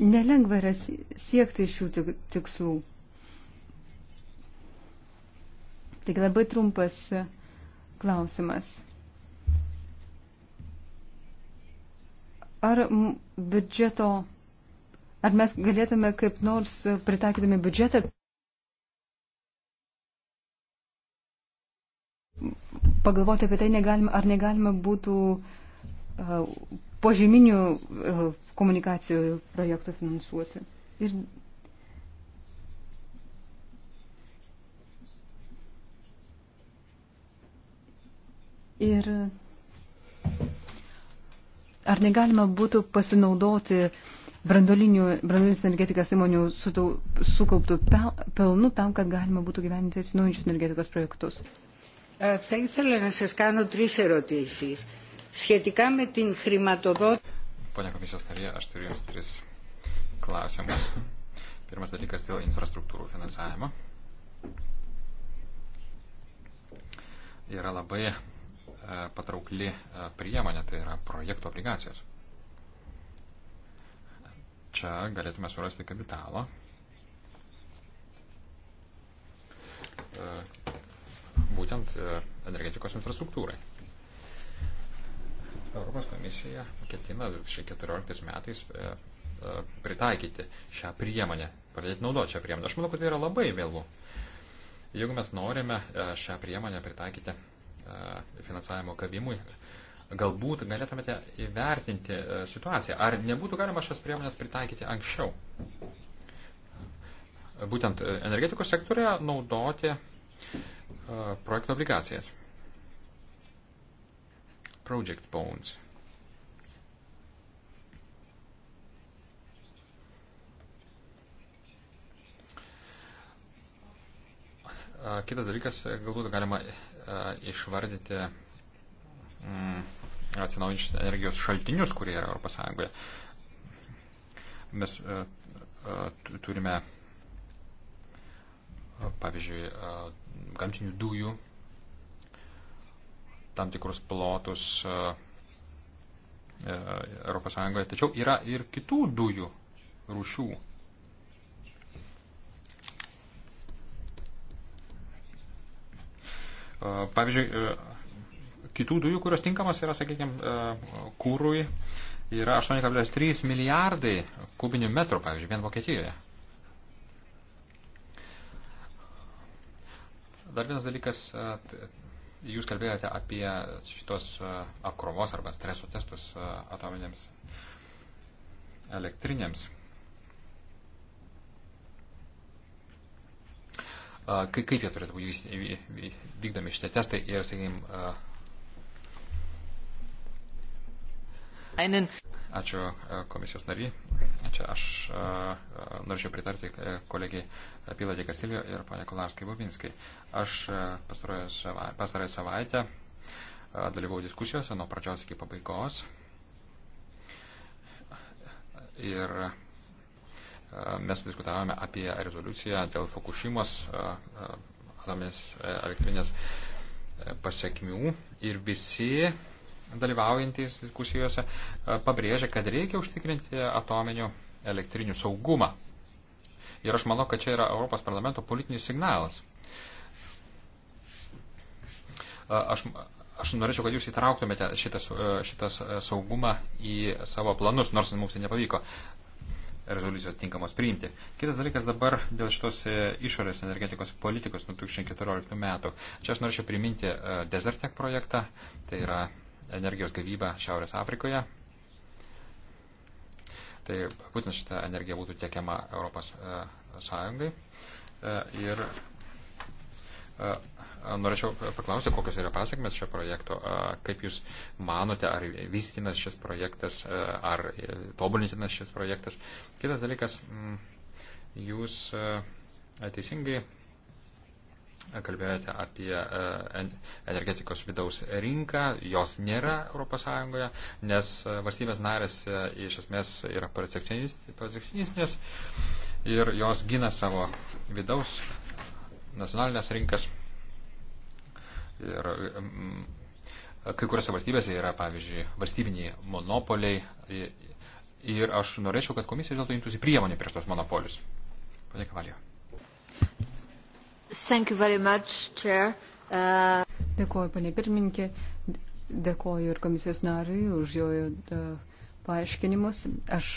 Speaker 3: Nelengva yra siekti šių tikslų. Tik labai trumpas klausimas. Ar biudžeto, ar mes galėtume kaip nors pritaikydami biudžetą pagalvoti apie tai, negalime, ar negalime būtų uh, požeminių uh, komunikacijų projektų finansuoti. Ir Ir Ar negalima būtų pasinaudoti brandolinės energetikos įmonių sutau, sukauptų pel, pelnų tam, kad galima būtų gyventi atsinaujančius energetikos projektus? Θα ήθελα να σας κάνω τρεις ερωτήσεις. Σχετικά με την χρηματοδότηση... Pone komisijos narė,
Speaker 2: aš turiu Jums tris klausimus. Pirmas dalykas dėl infrastruktūrų finansavimo. Yra labai E, patraukli e, priemonė, tai yra projektų obligacijos. Čia galėtume surasti kapitalą. E, būtent energetikos infrastruktūrai. Europos komisija ketina 2014 metais pritaikyti šią priemonę, pradėti naudoti šią priemonę. Aš manau, kad tai yra labai vėlų. Jeigu mes norime šią priemonę pritaikyti E, finansavimo gavimui. Galbūt galėtumėte įvertinti e, situaciją. Ar nebūtų galima šias priemonės pritaikyti anksčiau? Būtent e, energetikos sektorėje naudoti projekto obligacijas. Project Bonds. Kitas dalykas, galbūt galima E, išvardyti mm, atsinaujinčius energijos šaltinius, kurie yra Europos Sąjungoje. Mes a, e, a, e, turime, a, pavyzdžiui, a, gamtinių dujų, tam tikrus plotus a, a, Europos Sąjungoje, tačiau yra ir kitų dujų rūšių Pavyzdžiui, e, kitų dujų, kurios tinkamos yra, sakykime, e, kūrui, yra 8,3 milijardai kubinių metrų, pavyzdžiui, vien Vokietijoje. Dar vienas dalykas, e, jūs kalbėjote apie šitos apkrovos arba streso testus atominėms elektrinėms. Kaip, kaip jie turėtų būti vykdomi šitie testai ir, sakykime, Ačiū komisijos nariai. Čia aš norėčiau pritarti kolegiai Piladė Kasilio ir ponė Kolarskai Bobinskai. Aš pastarąją savaitę dalyvau diskusijose nuo pradžios iki pabaigos. Ir mes diskutavome apie rezoliuciją dėl Fukushimos atominės elektrinės pasiekmių ir visi dalyvaujantys diskusijose pabrėžia, kad reikia užtikrinti atominių elektrinių saugumą. Ir aš manau, kad čia yra Europos parlamento politinis signalas. Aš, aš norėčiau, kad jūs įtrauktumėte šitas, šitas saugumą į savo planus, nors mums tai nepavyko rezoliucijos tinkamos priimti. Kitas dalykas dabar dėl šitos e, išorės energetikos politikos nuo 2014 metų. Čia aš norėčiau priminti e, Desertec projektą, tai yra energijos gavyba Šiaurės Afrikoje. Tai būtent šita energija būtų tiekiama Europos e, Sąjungai. Ir norėčiau paklausti, kokios yra pasiekmes šio projekto, kaip Jūs manote, ar vystinas šis projektas, ar tobulintinas šis projektas. Kitas dalykas, Jūs teisingai kalbėjote apie energetikos vidaus rinką, jos nėra ES, nes valstybės narės iš esmės yra protekcionistinės ir jos gina savo vidaus nacionalinės rinkas. Ir kai kuriuose valstybėse yra, pavyzdžiui, valstybiniai monopoliai. Ir aš norėčiau, kad komisija dėl to imtųsi priemonė prieš tos monopolius. Pane Kavalio.
Speaker 3: Uh... Dėkuoju, pane pirmininkė. Dėkuoju ir komisijos nariui už jo e, paaiškinimus. Aš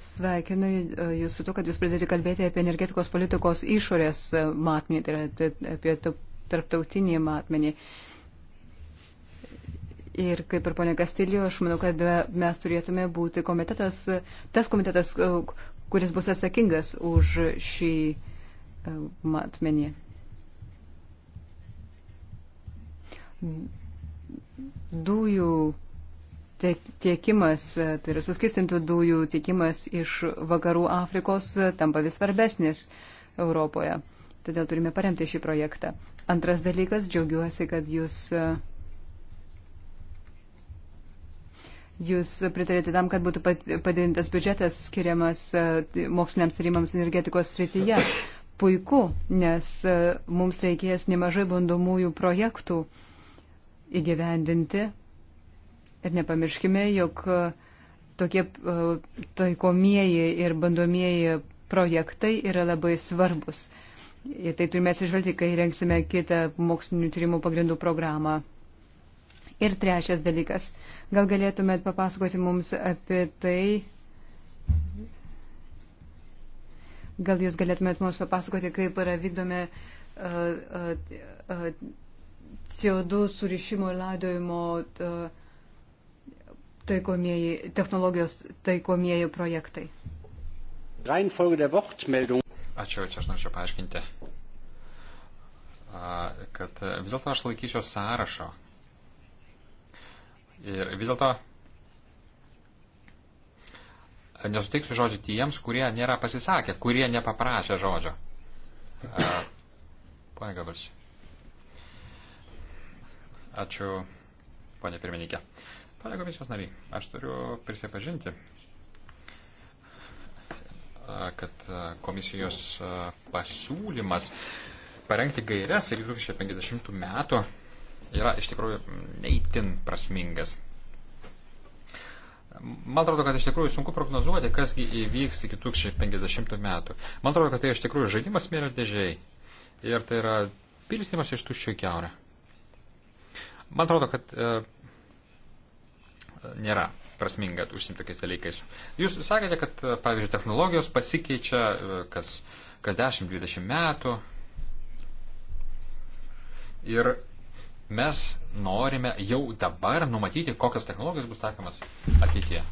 Speaker 3: sveikinu e, jūs su to, kad jūs pradėjote kalbėti apie energetikos politikos išorės e, matmenį, tai yra tai, apie tarptautinį matmenį. Ir kaip ir ponė Kastilijo, aš manau, kad mes turėtume būti komitetas, tas komitetas, kuris bus atsakingas už šį e, matmenį. Dujų tiekimas, e, tai yra suskistintų dujų tiekimas iš vakarų Afrikos tampa vis svarbesnis Europoje. Todėl turime paremti šį projektą. Antras dalykas, džiaugiuosi, kad jūs, jūs pritarėte tam, kad būtų padidintas biudžetas skiriamas e, moksliniams tyrimams energetikos srityje. Puiku, nes e, mums reikės nemažai bandomųjų projektų įgyvendinti. Ir nepamirškime, jog e, tokie taikomieji ir bandomieji projektai yra labai svarbus. Ir tai turime atsižvelgti, kai rengsime kitą mokslinių tyrimų pagrindų programą. Ir trečias dalykas. Gal galėtumėt papasakoti mums apie tai, gal jūs galėtumėt mums papasakoti, kaip yra vykdomi uh, uh, uh, CO2 surišimo ir laidojimo taikomieji, technologijos taikomieji projektai.
Speaker 2: Reihenfolge der Wortmeldung Ačiū, čia aš norėčiau paaiškinti, kad vis dėlto aš laikyčiau sąrašo. Ir vis dėlto nesuteiksiu žodžio tiems, kurie nėra pasisakę, kurie nepaprašė žodžio. Pane Gabričiai. Ačiū, ponė pirmininkė. Pane komisijos nariai, aš turiu prisipažinti, kad komisijos pasiūlymas parengti gairias iki 2050 metų yra iš tikrųjų neįtin prasmingas. Man atrodo, kad iš tikrųjų sunku prognozuoti, kasgi įvyks iki 2050 metų. Man atrodo, kad tai iš tikrųjų žaidimas mėlio dėžiai. Ir tai yra pilstimas iš tuščio į keurę. Man atrodo, kad e, nėra prasminga užsimti tokiais dalykais. Jūs sakėte, kad, pavyzdžiui, technologijos pasikeičia e, kas, kas 10-20 metų. Ir mes norime jau dabar numatyti, kokios technologijos bus taikomas ateityje.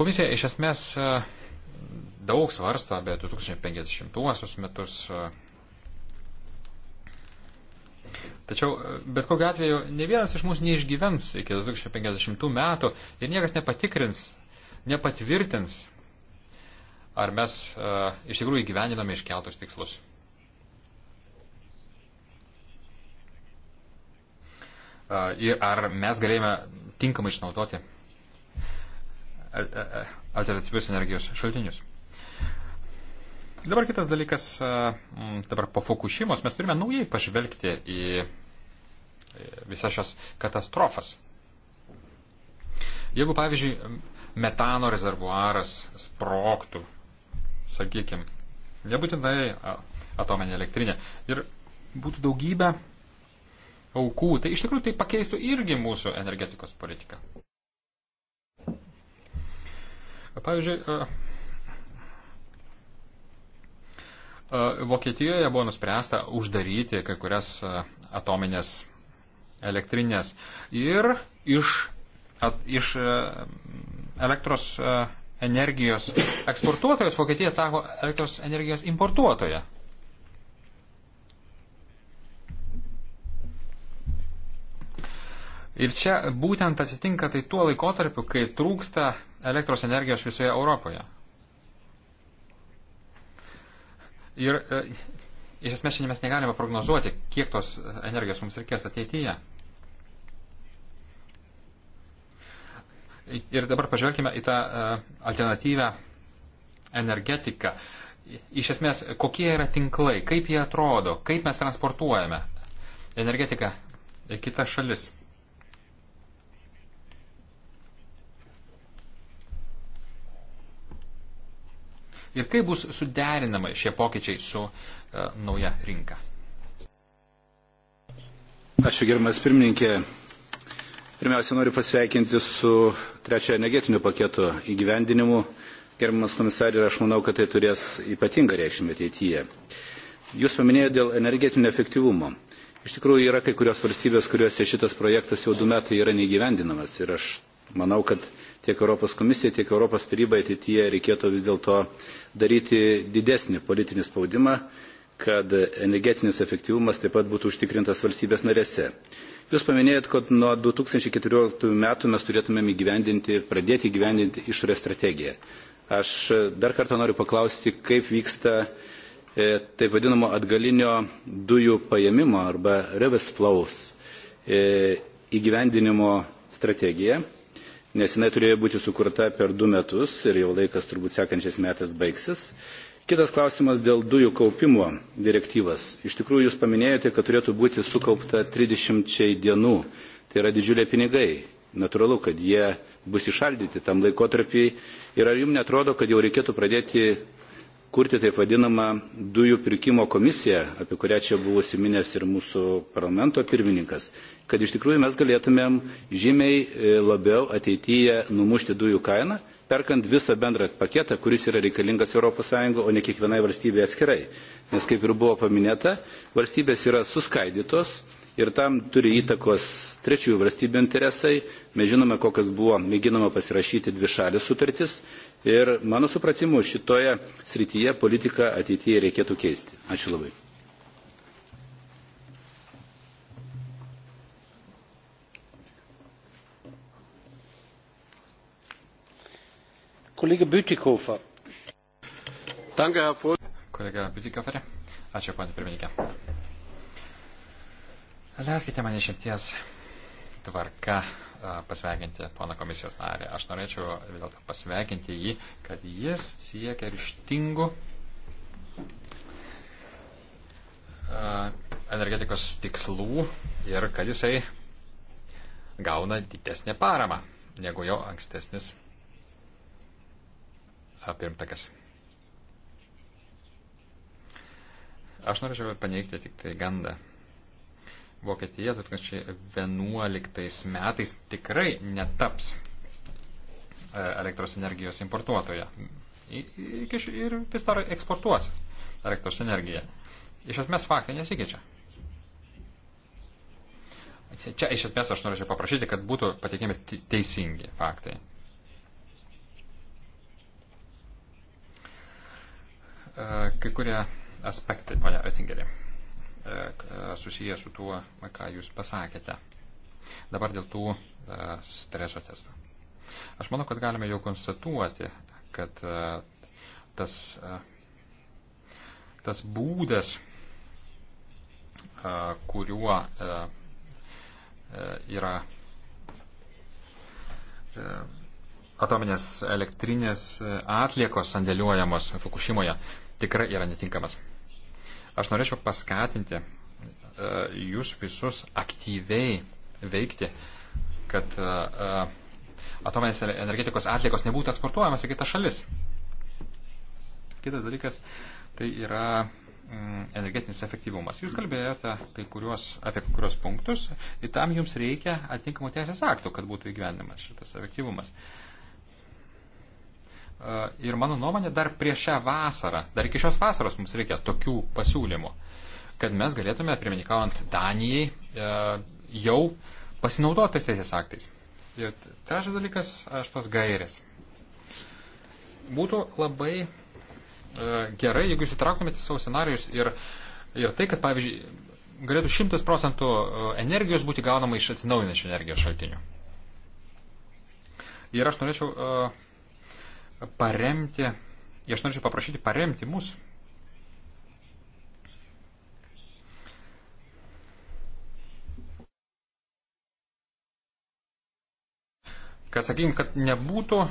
Speaker 2: Komisija iš esmės e, daug svarsto apie 2050 metus e, Tačiau e, bet kokiu atveju ne vienas iš mūsų neišgyvens iki 2050 metų ir niekas nepatikrins, nepatvirtins, ar mes uh, iš tikrųjų gyveniname iškeltus tikslus. Uh, ir ar mes galėjome tinkamai išnaudoti alternatyvius energijos šaltinius. Dabar kitas dalykas, e, dabar po Fukushimos mes turime naujai pažvelgti į e, visas šias katastrofas. Jeigu, pavyzdžiui, metano rezervuaras sproktų, sakykime, nebūtinai atominė elektrinė, ir būtų daugybė aukų, tai iš tikrųjų tai pakeistų irgi mūsų energetikos politiką. Pavyzdžiui, E, Vokietijoje buvo nuspręsta uždaryti kai kurias e, atominės elektrinės ir iš, at, iš e, elektros energijos eksportuotojas Vokietija tapo elektros energijos importuotoja. Ir čia būtent atsitinka tai tuo laikotarpiu, kai trūksta elektros energijos visoje Europoje. Ir e, iš esmės šiandien mes negalime prognozuoti, kiek tos energijos mums reikės ateityje. Ir dabar pažvelkime į tą e, alternatyvę energetiką. Iš esmės, kokie yra tinklai, kaip jie atrodo, kaip mes transportuojame energetiką į kitas šalis. ir kaip bus suderinama
Speaker 4: šie pokyčiai su e, nauja rinka. Ačiū gerbiamas pirmininkė. Pirmiausia, noriu pasveikinti su trečiojo energetinio paketo įgyvendinimu. Gerbiamas komisarė, aš manau, kad tai turės ypatingą reikšmę ateityje. Jūs paminėjote dėl energetinio efektyvumo. Iš tikrųjų yra kai kurios valstybės, kuriuose šitas projektas jau du metai yra neįgyvendinamas ir aš manau, kad tiek Europos komisijai, tiek Europos tarybai ateityje reikėtų vis dėlto daryti didesnį politinį spaudimą, kad energetinis efektyvumas taip pat būtų užtikrintas valstybės narėse. Jūs paminėjot, kad nuo 2014 metų mes turėtumėm įgyvendinti, pradėti įgyvendinti išorės strategiją. Aš dar kartą noriu paklausti, kaip vyksta e, taip vadinamo atgalinio dujų paėmimo arba reverse flows e, įgyvendinimo strategija nes jinai turėjo būti sukurta per du metus ir jau laikas turbūt sekančiais metais baigsis. Kitas klausimas dėl dujų kaupimo direktyvas. Iš tikrųjų, jūs paminėjote, kad turėtų būti sukaupta 30 dienų. Tai yra didžiulė pinigai. Natūralu, kad jie bus išaldyti tam laikotarpį. Ir ar jums netrodo, kad jau reikėtų pradėti kurti taip vadinamą dujų pirkimo komisiją, apie kurią čia buvo siminęs ir mūsų parlamento pirmininkas kad iš tikrųjų mes galėtumėm žymiai e, labiau ateityje numušti dujų kainą, perkant visą bendrą paketą, kuris yra reikalingas ES, o ne kiekvienai valstybei atskirai. Nes kaip ir buvo paminėta, valstybės yra suskaidytos ir tam turi įtakos trečiųjų valstybių interesai. Mes žinome, kokias buvo mėginama pasirašyti dvi šalis sutartis. Ir mano supratimu, šitoje srityje politiką ateityje reikėtų keisti. Ačiū labai. Kolega Bütikofer.
Speaker 2: Kolega Bütikofer. Ačiū, ponė pirmininkė. Leiskite mane šimties tvarka pasveikinti poną komisijos narį. Aš norėčiau vis dėlto pasveikinti jį, kad jis siekia ryštingų energetikos tikslų ir kad jisai gauna didesnę paramą negu jo ankstesnis apimtakas. Aš norėčiau paneigti tik tai gandą. Vokietija 2011 metais tikrai netaps e, elektros energijos importuotoja. Ir vis dar eksportuos elektros energiją. Iš esmės faktai nesikeičia. Čia iš esmės aš norėčiau paprašyti, kad būtų pateikiami teisingi faktai. E, kai kurie aspektai, ponia Oettingeri, e, e, susiję su tuo, ką jūs pasakėte. Dabar dėl tų streso testų. Aš manau, kad galime jau konstatuoti, kad tas, tas būdas, kuriuo yra atominės elektrinės atliekos sandėliuojamos Fukushimoje, tikrai yra netinkamas. Aš norėčiau paskatinti e, jūs visus aktyviai veikti, kad e, e atominės energetikos atliekos nebūtų eksportuojamas į kitas šalis. Kitas dalykas tai yra mm, energetinis efektyvumas. Jūs kalbėjote kai kuriuos, apie kai kurios punktus ir tam jums reikia atitinkamų teisės aktų, kad būtų įgyvendimas šitas efektyvumas. Uh, E, ir mano nuomonė, dar prieš šią vasarą, dar iki šios vasaros mums reikia tokių pasiūlymų, kad mes galėtume, pirmininkaujant Danijai, e, jau pasinaudoti tais teisės aktais. Ir trečias dalykas, aš pas gairės. Būtų labai e, gerai, jeigu jūs įtrauktumėte savo scenarius ir, ir tai, kad, pavyzdžiui, galėtų 100 procentų energijos būti gaunama iš atsinaujinančių energijos šaltinių. Ir aš norėčiau uh, paremti, aš norėčiau paprašyti paremti mus. Kad, sakykim, kad nebūtų e,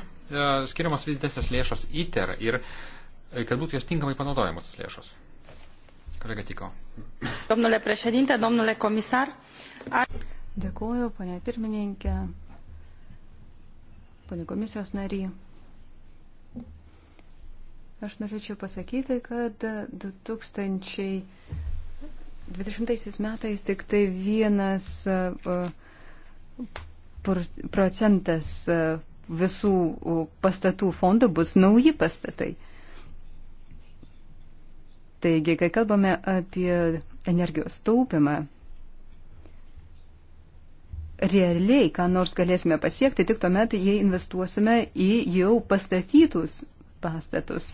Speaker 2: skiriamos vis didesnės lėšos įter ir e, kad būtų jos tinkamai panaudojamos tos lėšos. Kolega Tiko.
Speaker 3: Domnule prešedinte, domnule komisar. Ar... Dėkuoju, ponia pirmininkė, ponia komisijos nariai. Aš norėčiau pasakyti, kad 2020 metais tik tai vienas e, e, procentas e, visų pastatų fondo bus nauji pastatai. Taigi, kai kalbame apie energijos taupimą, realiai, ką nors galėsime pasiekti tik tuomet, jei investuosime į jau pastatytus pastatus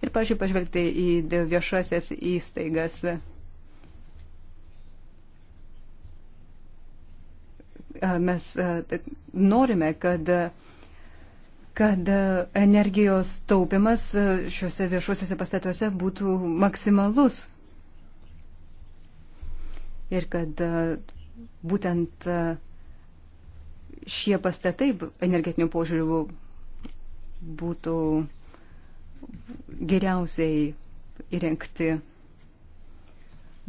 Speaker 3: ir, pažiūrėjau, pažvelgti į viešasias įstaigas. Mes norime, kad kad energijos taupimas šiuose viešuosiuose pastatuose būtų maksimalus. Ir kad būtent šie pastatai energetinių požiūrių būtų geriausiai įrengti.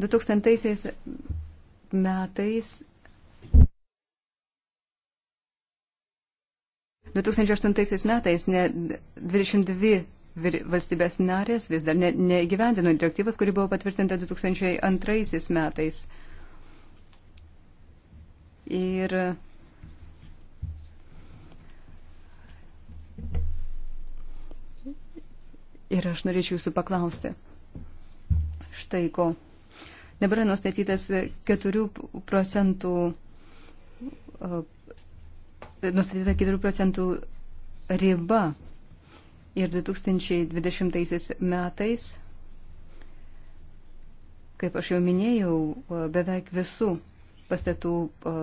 Speaker 3: 2000 metais 2008 metais ne 22 valstybės narės vis dar neįgyvendino ne direktyvas, kuri buvo patvirtinta 2002 metais. Ir Ir aš norėčiau jūsų paklausti. Štai ko. Dabar nustatytas 4 procentų, e, nustatyta 4 procentų riba. Ir 2020 metais, kaip aš jau minėjau, e, beveik visų pastatų e,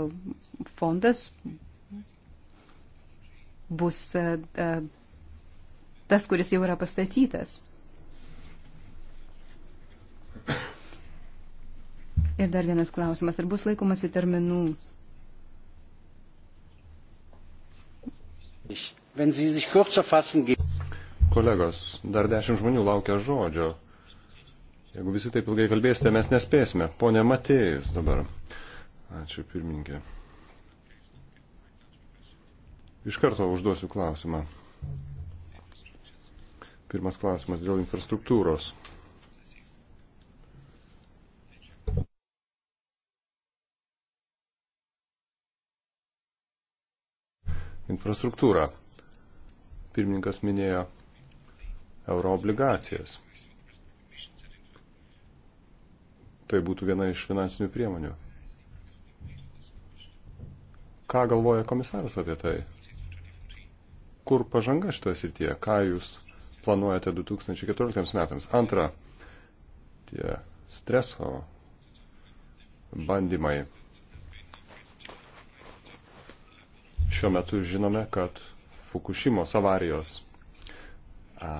Speaker 3: fondas bus tas, kuris jau yra pastatytas. Ir dar vienas klausimas, ar bus laikomasi terminų?
Speaker 5: Kolegos, dar dešimt žmonių laukia žodžio. Jeigu visi taip ilgai kalbėsite, mes nespėsime. Pone Matėjus dabar. Ačiū pirmininkė. Iš karto užduosiu klausimą. Pirmas klausimas dėl infrastruktūros. Infrastruktūra. Pirmininkas minėjo euroobligacijas. Tai būtų viena iš finansinių priemonių. Ką galvoja komisaras apie tai? Kur pažanga šitoje srityje? Ką jūs planuojate 2014 metams? Antra, tie streso bandymai. Šiuo metu žinome, kad Fukushimos avarijos a,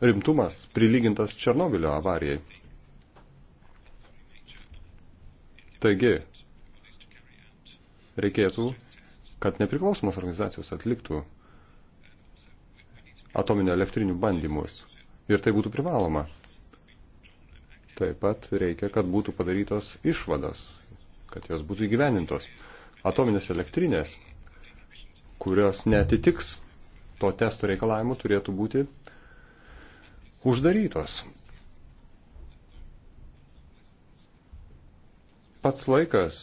Speaker 5: rimtumas prilygintas Černobilio avarijai. Taigi, reikėtų, kad nepriklausomos organizacijos atliktų atominio elektrinių bandymus. Ir tai būtų privaloma. Taip pat reikia, kad būtų padarytos išvados, kad jos būtų įgyvenintos. Atominės elektrinės, kurios netitiks to testo reikalavimų, turėtų būti uždarytos. Pats laikas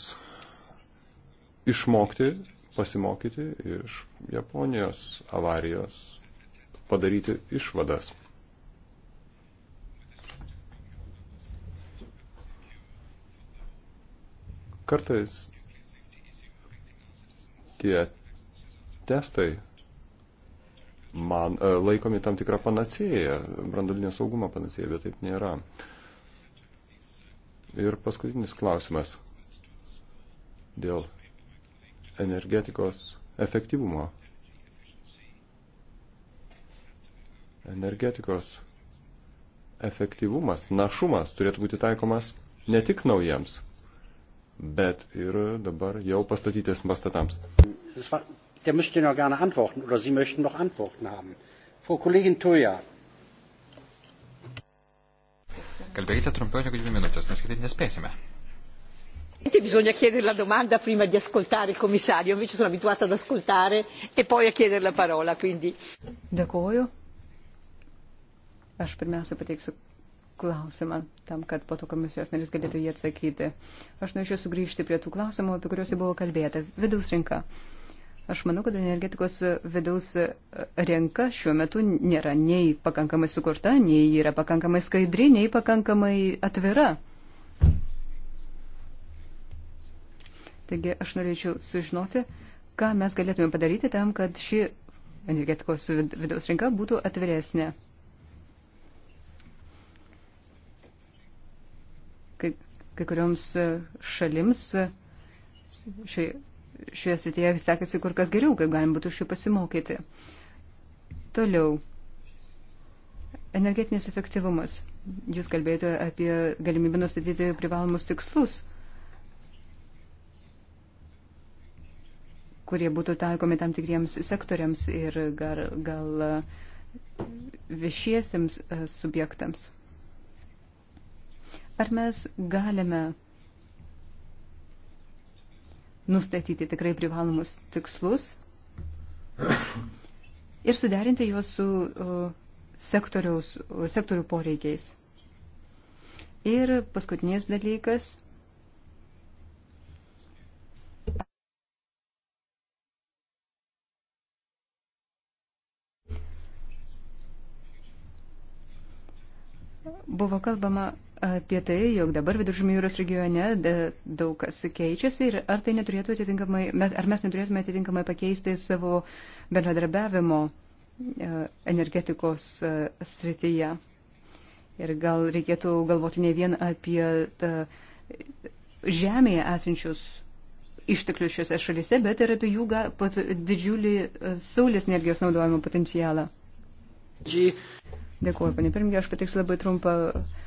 Speaker 5: išmokti, pasimokyti iš Japonijos avarijos padaryti išvadas. Kartais tie testai man e, laikomi tam tikrą panacėją, brandalinio saugumo panacėją, bet taip nėra. Ir paskutinis klausimas dėl energetikos efektyvumo energetikos efektyvumas, našumas turėtų būti taikomas ne tik naujiems, bet ir dabar jau pastatytis pastatams.
Speaker 2: Der möchte noch gerne antworten oder Sie möchten noch antworten haben. Frau Kollegin Toja. Kalbėkite trumpiau negu dvi minutės, nes kitaip nespėsime.
Speaker 3: Bisogna chiedere la domanda prima di ascoltare il commissario, invece sono abituata ad ascoltare e poi a chiedere la parola. Quindi. Dėkuoju. Aš pirmiausia pateiksiu klausimą tam, kad po to komisijos narys galėtų jį atsakyti. Aš norėčiau sugrįžti prie tų klausimų, apie kuriuos jau buvo kalbėta. Vidaus rinka. Aš manau, kad energetikos vidaus rinka šiuo metu nėra nei pakankamai sukurta, nei yra pakankamai skaidri, nei pakankamai atvira. Taigi aš norėčiau sužinoti, ką mes galėtume padaryti tam, kad ši energetikos vidaus rinka būtų atviresnė. kai kurioms e, šalims e, šioje, šioje srityje sekasi kur kas geriau, kaip galim būtų iš jų pasimokyti. Toliau. Energetinis efektyvumas. Jūs kalbėjote apie galimybę nustatyti privalomus tikslus, kurie būtų taikomi tam tikriems sektoriams ir gal, gal e, viešiesiems subjektams. Ar mes galime nustatyti tikrai privalomus tikslus ir suderinti juos su sektorių poreikiais? Ir paskutinis dalykas buvo kalbama apie tai, jog dabar Viduržymio jūros regione daug kas keičiasi ir ar, tai neturėtų atitinkamai, mes, ar mes neturėtume atitinkamai pakeisti savo bendradarbiavimo e, energetikos e, srityje. Ir gal reikėtų galvoti ne vien apie e, žemėje esančius išteklius šiuose šalyse, bet ir apie jų pat didžiulį saulės energijos naudojimo potencialą. Dėkuoju, panė pirmininkė, aš pateiksiu labai trumpą uh,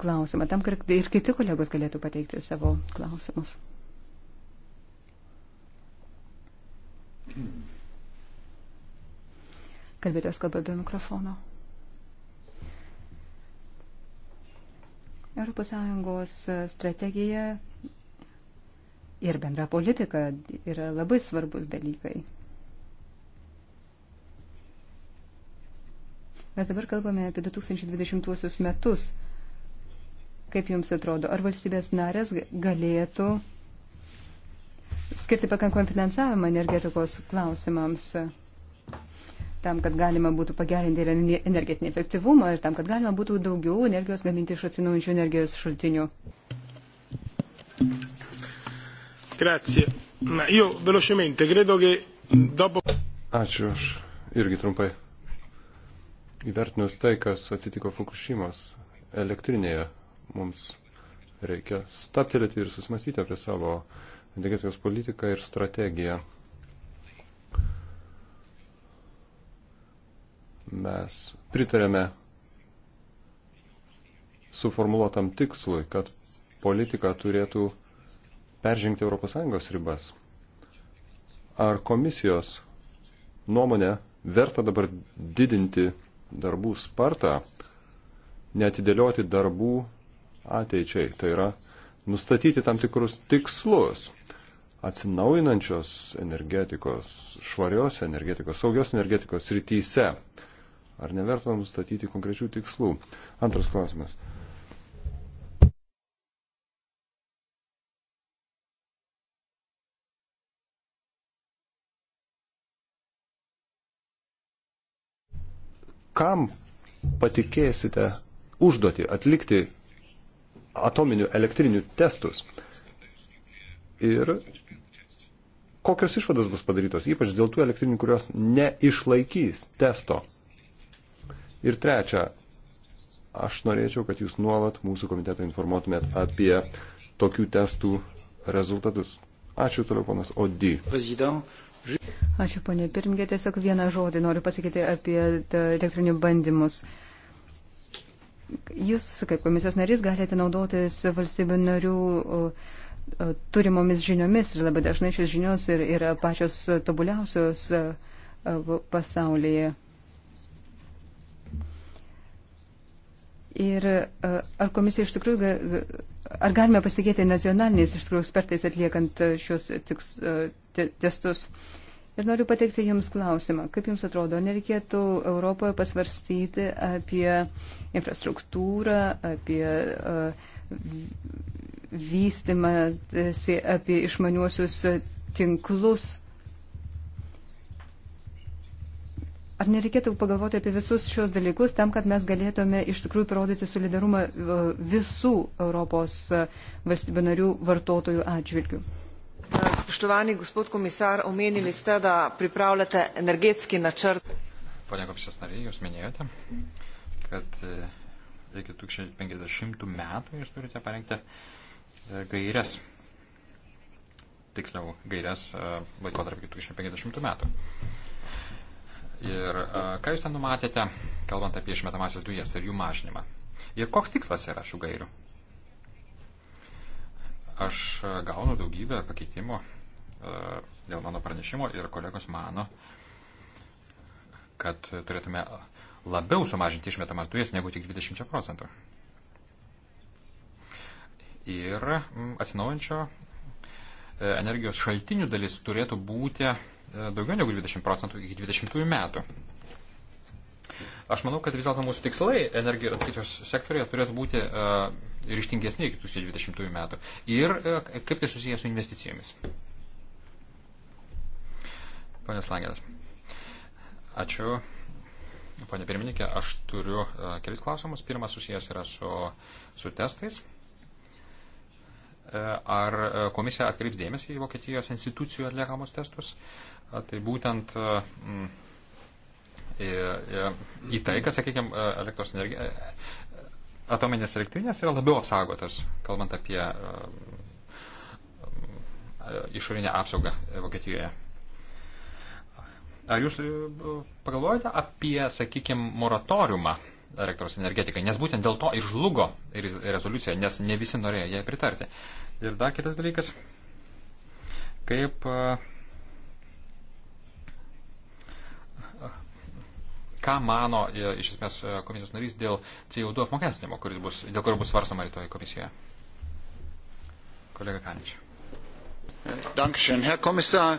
Speaker 3: klausimą, tam, kad ir kiti kolegos galėtų pateikti savo klausimus. Kalbėtos kalba be mikrofono. ES strategija ir bendra politika yra labai svarbus dalykai. Mes dabar kalbame apie 2020 metus. Kaip Jums atrodo, ar valstybės narės galėtų skirti pakankamą finansavimą energetikos klausimams? tam, kad galima būtų pagerinti ir energetinį efektyvumą ir tam, kad galima būtų daugiau energijos gaminti iš atsinaujančių energijos šaltinių.
Speaker 5: Grazie. Na, io velocemente credo che dopo. Ačiū, aš irgi trumpai. Įvertinus tai, kas atsitiko Fukushimos elektrinėje, mums reikia staptelėti ir susimastyti apie savo integracijos politiką ir strategiją. Mes pritarėme suformuoluotam tikslui, kad politika turėtų peržengti ES ribas. Ar komisijos nuomonė verta dabar didinti darbų spartą, netidėlioti darbų ateičiai. Tai yra nustatyti tam tikrus tikslus atsinaujinančios energetikos, švarios energetikos, saugios energetikos rytyse. Ar neverta nustatyti konkrečių tikslų? Antras klausimas. Kam patikėsite užduoti atlikti atominių elektrinių testus. Ir kokios išvados bus padarytos, ypač dėl tų elektrinių, kurios neišlaikys testo. Ir trečia, aš norėčiau, kad jūs nuolat mūsų komitetą informuotumėt apie tokių testų rezultatus. Ačiū toliau, ponas Odi.
Speaker 3: Ačiū, ponė Pirmgė, tiesiog vieną žodį noriu pasakyti apie elektrinių bandymus. Uh, jūs, kaip komisijos narys, galite naudotis valstybių narių turimomis žiniomis ir labai dažnai šios žinios ir, yra pačios tobuliausios e, e, pasaulyje. Ir e, ar komisija iš tikrųjų, ar galime pasitikėti nacionaliniais iš tikrųjų ekspertais atliekant šios tiks, testus? Te, Ir noriu pateikti Jums klausimą. Kaip Jums atrodo, nereikėtų Europoje pasvarstyti apie infrastruktūrą, apie e, vystimą, apie išmaniuosius tinklus Ar nereikėtų pagalvoti apie visus šios dalykus tam, kad mes galėtume iš tikrųjų parodyti solidarumą e, visų Europos e, valstybių narių vartotojų atžvilgių? Eh, spoštovani gospod komisar, omenili ste, da pripravljate energetski načrt.
Speaker 2: Pane komisijos nariai, jūs minėjote, kad iki 2050 metų jūs turite parengti gairias, tiksliau gairias laikotarpį 2050 metų. Ir ką jūs ten numatėte, kalbant apie išmetamasias dujas ir jų mažinimą? Ir koks tikslas yra šių gairių? Aš e, gaunu daugybę pakeitimų e, dėl mano pranešimo ir kolegos mano, kad turėtume labiau sumažinti išmetamas dujas negu tik 20 procentų. Ir atsinaujančio e, energijos šaltinių dalis turėtų būti daugiau negu 20 procentų iki 20 metų. Aš manau, kad vis dėlto mūsų tikslai energetikos sektorija turėtų būti uh, e, ryštingesni iki 2020 metų. Ir uh, kaip tai susijęs su investicijomis? Ponas Langelas. Ačiū. Pone pirmininkė, aš turiu uh, kelis klausimus. Pirmas susijęs yra su, su testais. Ar komisija atkreips dėmesį į Vokietijos institucijų atliekamus testus? Tai būtent mm, į, į tai, kad, sakykime, elektros energija, e, atominės elektrinės yra labiau apsaugotas, kalbant apie e, e, išorinę apsaugą Vokietijoje. Ar jūs pagalvojate apie, sakykime, moratoriumą elektros energetikai, nes būtent dėl to ir žlugo rezoliucija, nes ne visi norėjo jai pritarti. Ir dar kitas dalykas, kaip uh, ką mano e, iš esmės e, komisijos narys dėl CO2 apmokestinimo, bus, dėl kurio bus svarstama rytoj komisijoje. Kolega Kanič. Dankšin, herr komisar.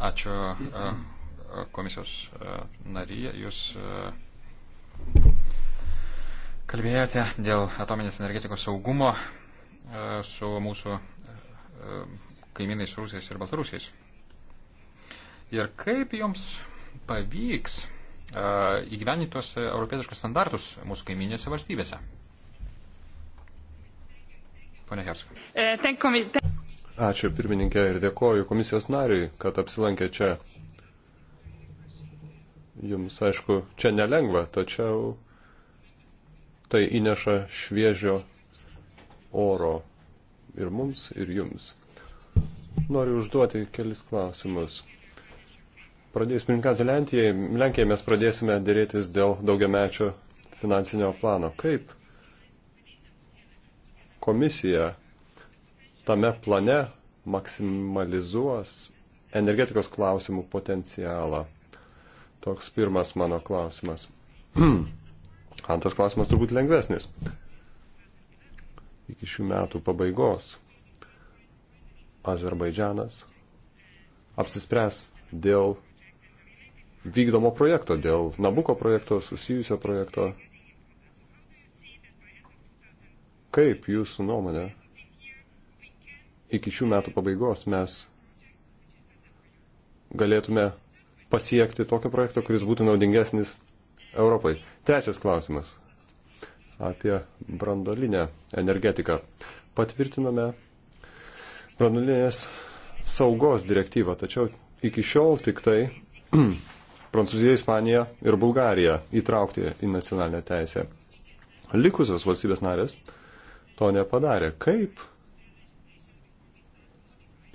Speaker 2: Ačiū e, komisijos narį. Jūs kalbėjote dėl atominės energetikos saugumo su mūsų kaimynais rusais ir baltarusiais. Ir kaip joms pavyks įgyvenintos europietiškus standartus mūsų kaiminėse valstybėse. Pone Herska. E,
Speaker 5: Ačiū pirmininkė ir dėkoju komisijos nariui, kad apsilankė čia. Jums, aišku, čia nelengva, tačiau tai įneša šviežio oro ir mums, ir jums. Noriu užduoti kelis klausimus. Pradėjus pirminkantį Lenkijai, Lenkijai mes pradėsime dėrėtis dėl daugiamečio finansinio plano. Kaip komisija tame plane maksimalizuos energetikos klausimų potencialą? Toks pirmas mano klausimas. Antras klausimas turbūt lengvesnis. Iki šių metų pabaigos Azerbaidžianas apsispręs dėl vykdomo projekto, dėl Nabuko projekto, susijusio projekto. Kaip jūsų nuomonė iki šių metų pabaigos mes galėtume pasiekti tokio projekto, kuris būtų naudingesnis Europai? Trečias klausimas apie brandolinę energetiką. Patvirtinome brandolinės saugos direktyvą, tačiau iki šiol tik tai Prancūziją, Ispaniją ir Bulgariją įtraukti į nacionalinę teisę. Likusios valstybės narės to nepadarė. Kaip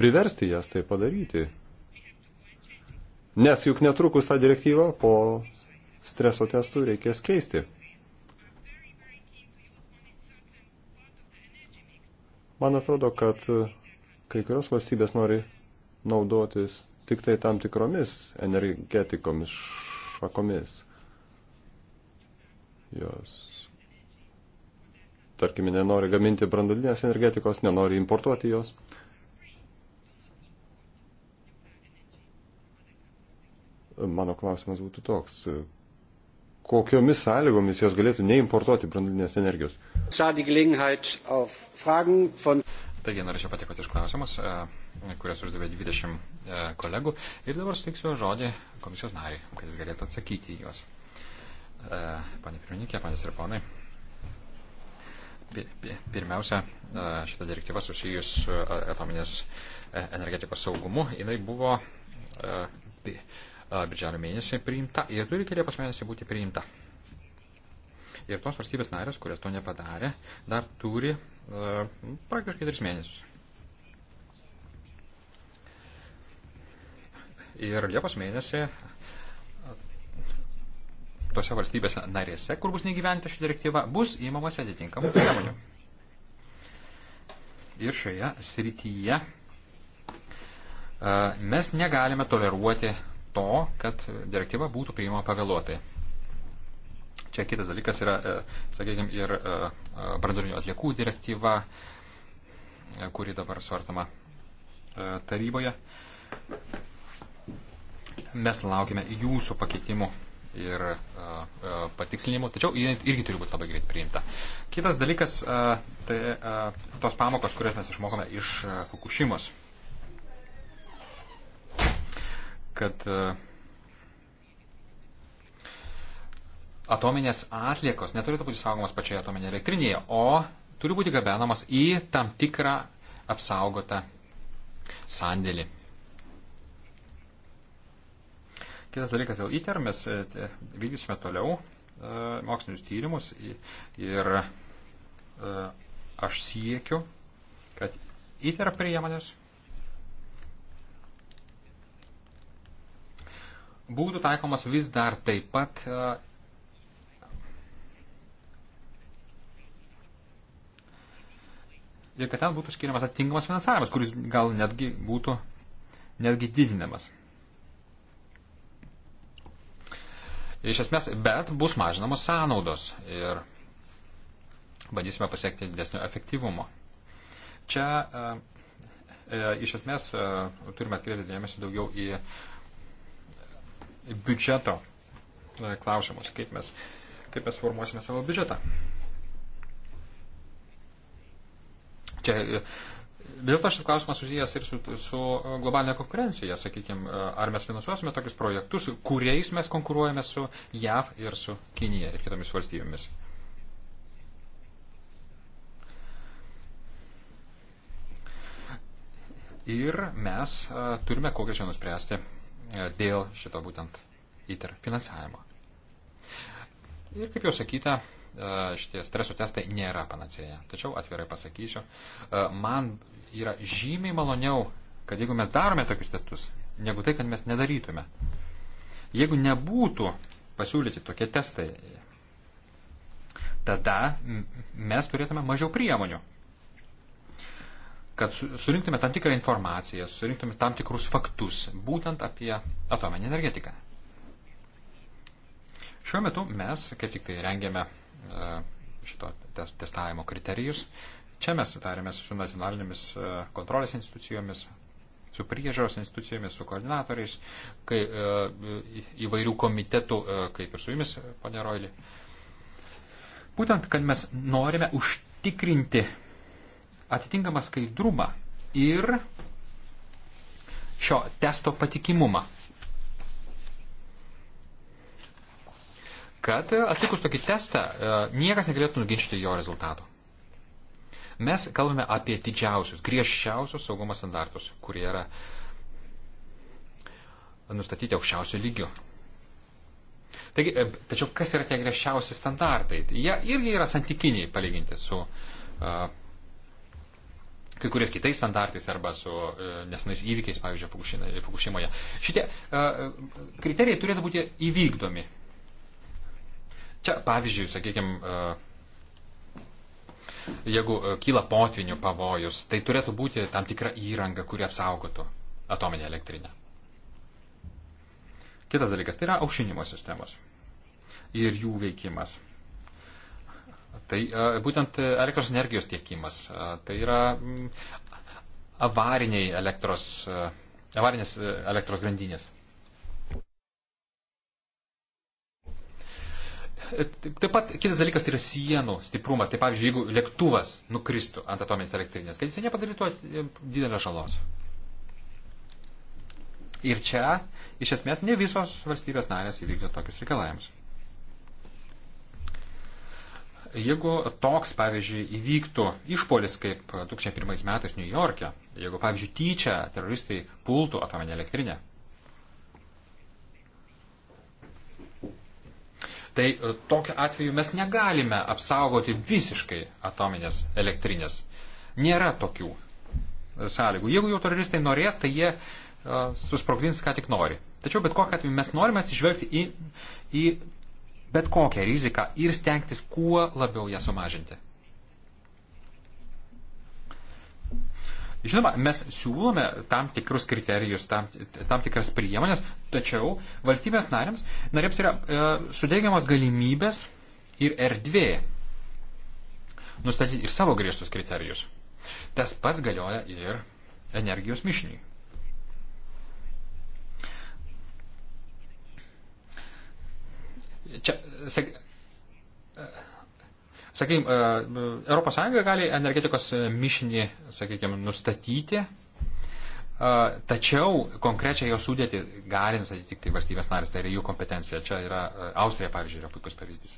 Speaker 5: priversti jas tai padaryti? Nes juk netrukus tą direktyvą po streso testų reikės keisti. Man atrodo, kad kai kurios valstybės nori naudotis tik tai tam tikromis energetikomis šakomis. Jos, tarkime, nenori gaminti brandulinės energetikos, nenori importuoti jos. Mano klausimas būtų toks. Kokiomis sąlygomis jos galėtų neimportuoti brandulinės energijos?
Speaker 2: Schade Gelegenheit auf Fragen von Taigi norėčiau patikoti iš klausimus, e, kurias uždavė 20 e, kolegų. Ir dabar suteiksiu žodį komisijos nariai, kad jis galėtų atsakyti į juos. E, Pane pirmininkė, panės ir ponai. Pirmiausia, šita direktyva susijus su atominės energetikos saugumu. Jis buvo birželio mėnesį priimta ir turi keliapos mėnesį būti priimta. Ir tos valstybės narės, kurios to nepadarė, dar turi praktiškai tris mėnesius. Ir Liepos mėnesį tose valstybėse narėse, kur bus negyventa ši direktyva, bus įmamas atitinkamų priemonių. Ir šioje srityje mes negalime toleruoti to, kad direktyva būtų priimama pavėluotai. Čia kitas dalykas yra, e, sakykime, ir e, e, brandurinių atliekų direktyva, kuri dabar svartama taryboje. Mes laukime jūsų pakeitimų ir patikslinimų, tačiau jie irgi turi būti labai greit priimta. Kitas dalykas, tai tos pamokos, kurias mes išmokome iš Fukushimos. Kad atominės atliekos neturėtų būti saugomas pačioje atominėje elektrinėje, o turi būti gabenamas į tam tikrą apsaugotą sandėlį. Kitas dalykas dėl ITER, mes e, vykdysime toliau e, mokslinius tyrimus ir e, aš siekiu, kad ITER priemonės būtų taikomas vis dar taip pat ir kad ten būtų skiriamas atitinkamas finansavimas, kuris gal netgi būtų netgi didinamas. Iš esmės, bet bus mažinamos sąnaudos ir bandysime pasiekti didesnio efektyvumo. Čia e, e, iš esmės e, turime atkreipti dėmesį daugiau į biudžeto e, klausimus, kaip mes, kaip mes formuosime savo biudžetą. čia Dėl to šis klausimas susijęs ir su, su globalinė konkurencija, sakykime, ar mes finansuosime tokius projektus, kuriais mes konkuruojame su JAV ir su Kinija ir kitomis valstybėmis. Ir mes a, turime kokią čia nuspręsti a, dėl šito būtent įter finansavimo. Ir kaip jau sakyta, E, šitie streso testai nėra panacėja. Tačiau atvirai pasakysiu, e, man yra žymiai maloniau, kad jeigu mes darome tokius testus, negu tai, kad mes nedarytume. Jeigu nebūtų pasiūlyti tokie testai, tada mes turėtume mažiau priemonių kad surinktume tam tikrą informaciją, surinktume tam tikrus faktus, būtent apie atominę energetiką. Šiuo metu mes kaip tik tai rengiame E, šito testavimo kriterijus. Čia mes tarėmės su nacionalinėmis e, kontrolės institucijomis, su priežiūros institucijomis, su koordinatoriais, kai, e, įvairių komitetų, kaip ir su jumis, ponė Roilį. Būtent, kad mes norime užtikrinti atitinkamą skaidrumą ir šio testo patikimumą. kad e, atlikus tokį testą e, niekas negalėtų nuginčyti jo rezultatų. Mes kalbame apie didžiausius, griežčiausius saugumo standartus, kurie yra nustatyti aukščiausio lygio. Taigi, e, tačiau kas yra tie griežčiausi standartai? Tai jie irgi yra santykiniai palyginti su uh, kai kuriais kitais standartais arba su uh, nesenais įvykiais, pavyzdžiui, Fukushimoje. Šitie uh, kriterijai turėtų būti įvykdomi Čia, pavyzdžiui, sakykime, jeigu e, kyla potvinių pavojus, tai turėtų būti tam tikra įranga, kuri apsaugotų atominę elektrinę. Kitas dalykas tai yra aušinimo sistemos ir jų veikimas. Tai e, būtent elektros energijos tiekimas. E, tai yra mm, avariniai elektros, avarinės elektros grandinės. taip pat kitas dalykas tai yra sienų stiprumas. Tai pavyzdžiui, jeigu lėktuvas nukristų ant atominės elektrinės, kad jis nepadarytų e, didelę žalos. Ir čia, iš esmės, ne visos valstybės narės įvykdė tokius reikalavimus. Jeigu toks, pavyzdžiui, įvyktų išpolis kaip 2001 metais New York'e, jeigu, pavyzdžiui, tyčia teroristai pultų atominę elektrinę, tai e, tokiu atveju mes negalime apsaugoti visiškai atominės elektrinės. Nėra tokių e, sąlygų. Jeigu jau teroristai norės, tai jie e, susprogdins, ką tik nori. Tačiau bet kokiu atveju mes norime atsižvelgti į, į bet kokią riziką ir stengtis kuo labiau ją sumažinti. Žinoma, mes siūlome tam tikrus kriterijus, tam, tam tikras priemonės, tačiau valstybės narėms, narėms yra e, sudėgiamas galimybės ir erdvė nustatyti ir savo griežtus kriterijus. Tas pats galioja ir energijos mišiniui. Čia Sakykime, ES gali energetikos mišinį, sakykime, nustatyti, e, tačiau konkrečiai jo sudėti gali nustatyti tik tai valstybės narės, tai yra jų kompetencija. Čia yra e, Austrija, pavyzdžiui, yra puikus pavyzdys.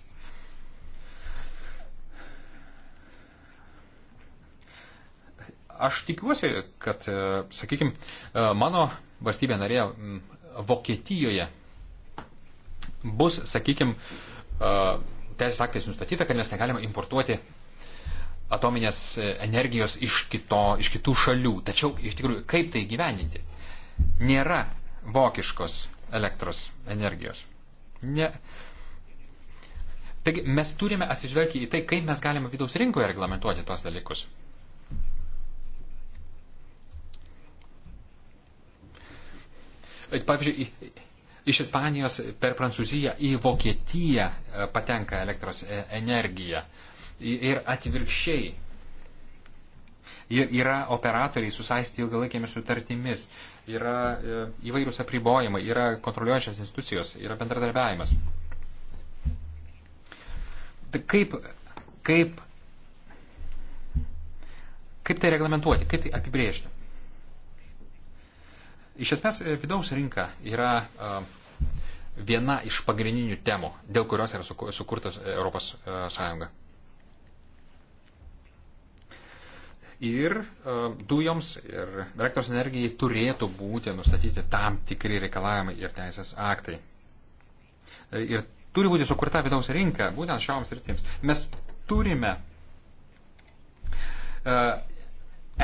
Speaker 2: Aš tikiuosi, kad, e, sakykime, mano valstybė narė Vokietijoje bus, sakykime, teisės aktais nustatyta, kad mes negalime importuoti atominės e, energijos iš, kito, iš kitų šalių. Tačiau iš tikrųjų, kaip tai gyveninti? Nėra vokiškos elektros energijos. Ne. Taigi mes turime atsižvelgti į tai, kaip mes galime vidaus rinkoje reglamentuoti tuos dalykus. Pavyzdžiui, iš Ispanijos per Prancūziją į Vokietiją e, patenka elektros e, energija. Ir atvirkščiai. Ir yra operatoriai susaisti ilgalaikėmis sutartimis, yra e, įvairūs apribojimai, yra kontroliuojančios institucijos, yra bendradarbiavimas. Tai kaip, kaip, kaip tai reglamentuoti, kaip tai apibrėžti? Iš esmės, e, vidaus rinka yra e, viena iš pagrindinių temų, dėl kurios yra sukurtas Europos e, Sąjunga. Ir dujoms ir elektros energijai turėtų būti nustatyti tam tikri reikalavimai ir teisės aktai. Ir turi būti sukurta vidaus rinka būtent šioms rytims. Mes turime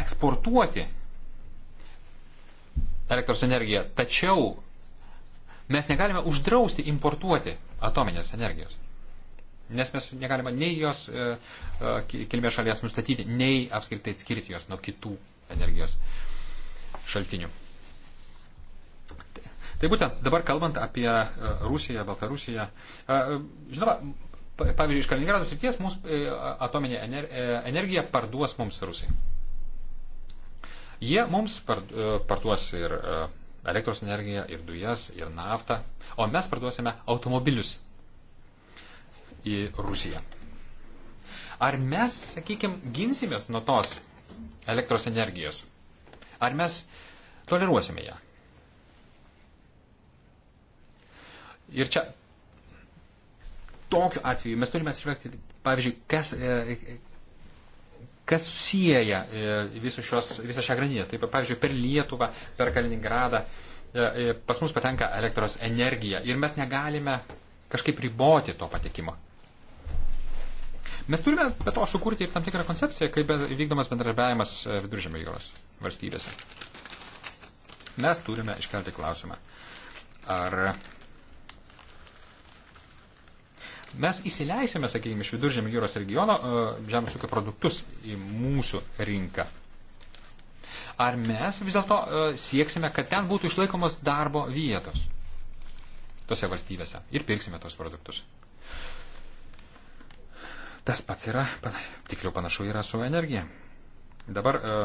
Speaker 2: eksportuoti elektros energiją. Tačiau mes negalime uždrausti importuoti atominės energijos. Nes mes negalime nei jos e, e, kilmės šalies nustatyti, nei apskritai atskirti jos nuo kitų energijos šaltinių. Tai būtent dabar kalbant apie e, Rusiją, Baltarusiją. E, e, žinoma, pavyzdžiui, iš Kaliningrado srities mums atominė energija parduos mums Rusai. Jie mums e, parduos ir e, elektros energiją, ir dujas, ir naftą, o mes parduosime automobilius į Rusiją. Ar mes, sakykime, ginsimės nuo tos elektros energijos? Ar mes toleruosime ją? Ir čia tokiu atveju mes turime atsižvelgti, pavyzdžiui, kas, e, kas susiję e, šios, visą šią grandinę. Taip, pavyzdžiui, per Lietuvą, per Kaliningradą e, e, pas mus patenka elektros energija ir mes negalime kažkaip riboti to patekimo. Mes turime be to sukurti ir tam tikrą koncepciją, kaip vykdomas bendradarbiavimas viduržėmio jūros valstybėse. Mes turime iškelti klausimą, ar mes įsileisime, sakykime, iš viduržėmio jūros regiono e, žemės ūkio produktus į mūsų rinką. Ar mes vis dėlto e, sieksime, kad ten būtų išlaikomos darbo vietos tose valstybėse ir pirksime tos produktus? Tas pats yra, tikriau panašu yra su energija. Dabar e,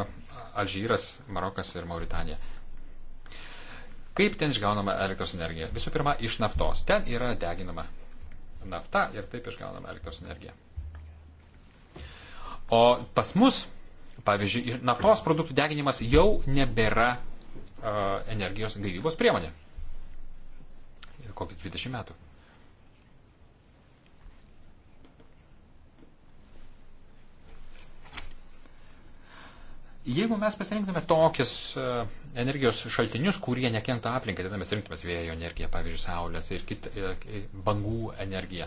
Speaker 2: Alžyras, Marokas ir Mauritanija. Kaip ten išgaunama elektros energija? Visų pirma, iš naftos. Ten yra deginama nafta ir taip išgaunama elektros energija. O pas mus, pavyzdžiui, naftos produktų deginimas jau nebėra uh, energijos gaivybos priemonė. Kokį 20 metų. Jeigu mes pasirinktume tokias uh, energijos šaltinius, kurie nekenkia aplinkai, tada mes rinktumės vėjo energiją, pavyzdžiui, saulės ir kit, e, e, bangų energiją.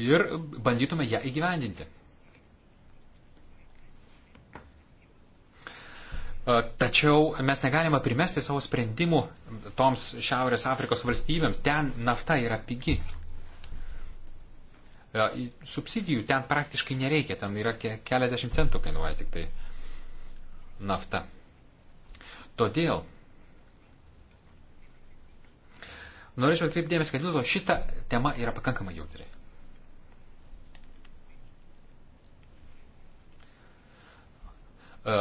Speaker 2: Ir bandytume ją įgyvendinti. E, tačiau mes negalime primesti savo sprendimų toms Šiaurės Afrikos valstybėms. Ten nafta yra pigi. Subsidijų ten praktiškai nereikia, ten yra keliasdešimt centų kainuoja tik tai nafta. Todėl norėčiau atkreipdėmės, kad dėl to šita tema yra pakankamai jautri. E,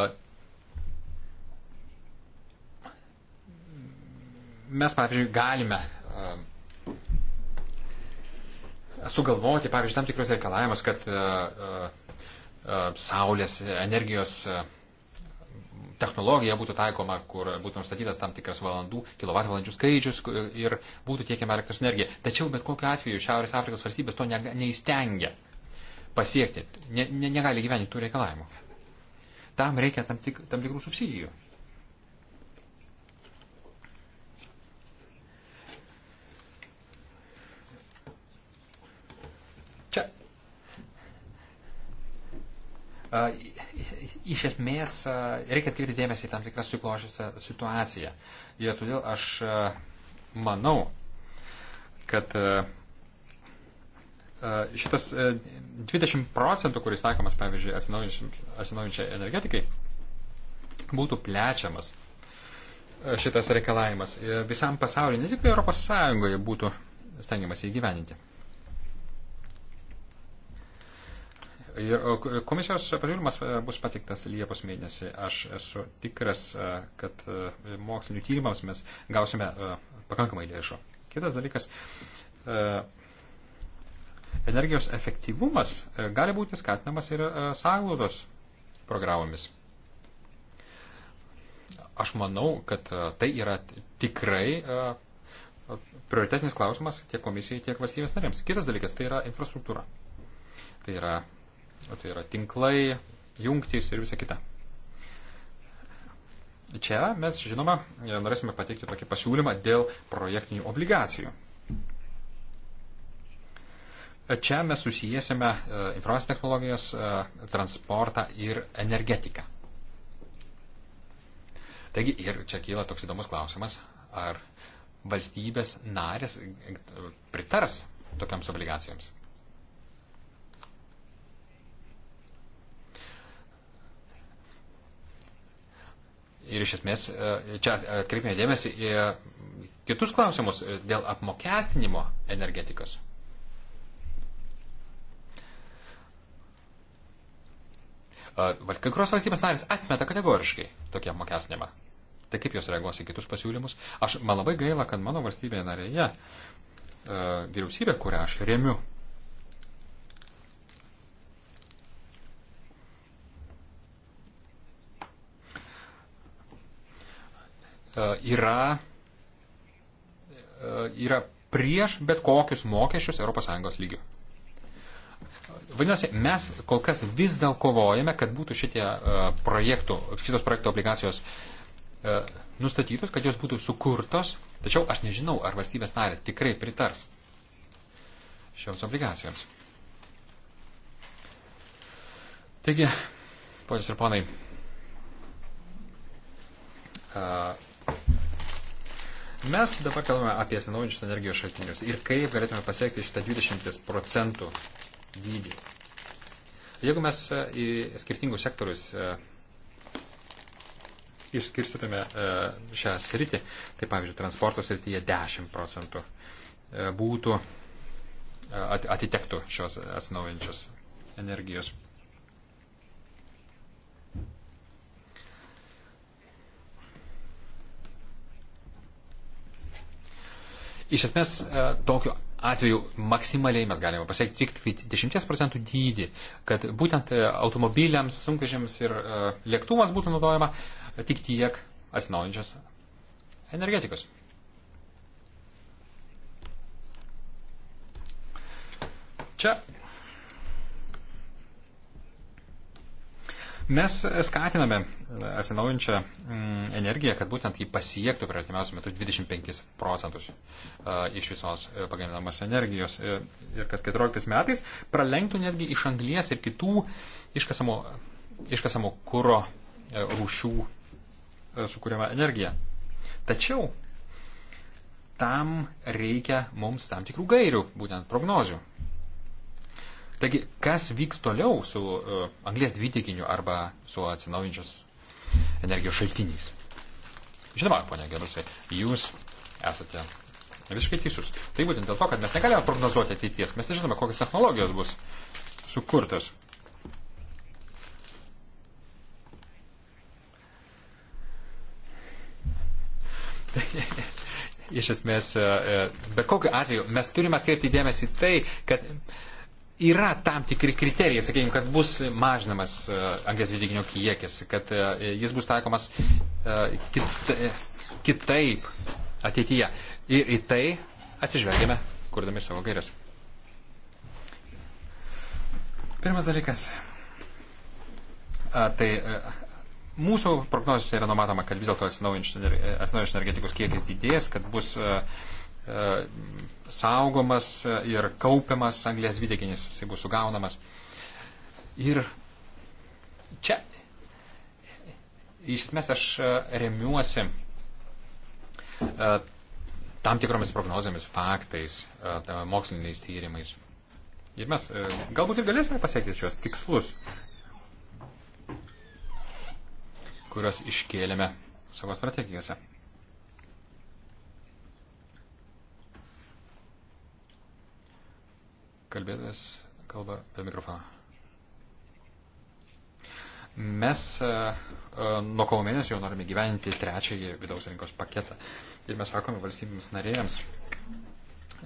Speaker 2: mes, pavyzdžiui, galime e, sugalvoti, pavyzdžiui, tam tikrus reikalavimus, kad e, saulės energijos technologija būtų taikoma, kur būtų nustatytas tam tikras valandų, kilovatvalandžių skaičius ir būtų tiekiama elektros energija. Tačiau bet kokiu atveju Šiaurės Afrikos valstybės to neįstengia pasiekti, ne, ne, negali gyventi tų reikalavimų. Tam reikia tam, tik, tam tikrų subsidijų. Čia iš esmės reikia atkreipti dėmesį į tam tikrą suklošusią situaciją. Ir todėl aš manau, kad šitas 20 procentų, kuris taikomas, pavyzdžiui, atsinaujančiai energetikai, būtų plečiamas šitas reikalavimas visam pasauliu, ne tik tai Europos Sąjungoje būtų stengiamas įgyveninti. Ir komisijos pasiūlymas e, bus pateiktas Liepos mėnesį. Aš esu tikras, e, kad e, mokslinių tyrimams mes gausime pakankamai lėšų. Kitas dalykas. Energijos efektyvumas gali būti skatinamas ir sąnaudos programomis. Aš manau, kad tai yra tikrai prioritetinis klausimas tiek komisijai, tiek valstybės narėms. Kitas dalykas tai yra infrastruktūra. Tai yra O tai yra tinklai, jungtys ir visa kita. Čia mes, žinoma, norėsime pateikti tokį pasiūlymą dėl projektinių obligacijų. Čia mes susijęsime e, informacinės technologijas, e, transportą ir energetiką. Taigi ir čia kyla toks įdomus klausimas, ar valstybės narės e, pritars tokiams obligacijoms. Ir iš esmės e, čia atkreipime dėmesį į kitus klausimus dėl apmokestinimo energetikos. E, kai kurios valstybės narės atmeta kategoriškai tokį apmokestinimą. Tai kaip jos reaguos į kitus pasiūlymus? Aš man labai gaila, kad mano valstybėje narėje e, vyriausybė, kurią aš remiu, E, yra, e, yra prieš bet kokius mokesčius ES lygių. Vadinasi, mes kol kas vis dėl kovojame, kad būtų šitie e, projektų, šitos projektų obligacijos nustatytos, kad jos būtų sukurtos, tačiau aš nežinau, ar valstybės narė tikrai pritars šioms obligacijoms. Taigi, ponios ir ponai, Mes dabar kalbame apie atsinaujinčius energijos šaltinius ir kaip galėtume pasiekti šitą 20 procentų dydį. Jeigu mes e, į skirtingus sektorius e, išskirstytume e, šią sritį, tai pavyzdžiui, transporto srityje 10 procentų būtų atitektų šios atsinaujančios energijos. Iš esmės, e, tokiu atveju maksimaliai mes galime pasiekti tik, tik 10 procentų dydį, kad būtent e, automobiliams, sunkvežėms ir e, lėktuvams būtų naudojama tik tiek atsinaujančios energetikos. Čia Mes skatiname e, atsinaujančią mm, energiją, kad būtent jį pasiektų per atimiausių metų 25 procentus e, iš visos e, pagaminamos energijos ir kad 14 metais pralenktų netgi iš anglies ir kitų iškasamo, iškasamo kūro rūšių sukūriamą energiją. Tačiau tam reikia mums tam tikrų gairių, būtent prognozių. Taigi, kas vyks toliau su uh, e, anglės dvitikiniu arba su atsinaujančios energijos šaltiniais? Žinoma, ponia Gerusai, jūs esate visiškai teisus. Tai būtent dėl to, kad mes negalime prognozuoti ateities, mes nežinome, kokios technologijos bus sukurtas. Tai, iš esmės, e, e, bet kokiu atveju mes turime atkreipti dėmesį tai, kad yra tam tikri kriterijai, sakykime, kad bus mažinamas e, anglės dvideginio kiekis, kad e, jis bus taikomas e, kit, kitaip ateityje. Ir į tai atsižvelgiame, kurdami savo gairias. Pirmas dalykas. A, tai a, mūsų prognozijose yra numatoma, kad vis dėlto atsinaujinčių energetikos kiekis didės, kad bus a, a, saugomas ir kaupiamas anglės dvideginis, jisai bus sugaunamas. Ir čia iš esmės aš e, remiuosi e, tam tikromis prognozėmis, faktais, e, moksliniais tyrimais. Ir mes galbūt ir galėsime pasiekti šios tikslus, kuriuos iškėlėme savo strategijose. Kalbėtojas kalba per mikrofoną. Mes e, e, nuo kovo mėnesio jau norime gyventi trečiąjį vidaus rinkos paketą. Ir mes sakome valstybėms narėjams,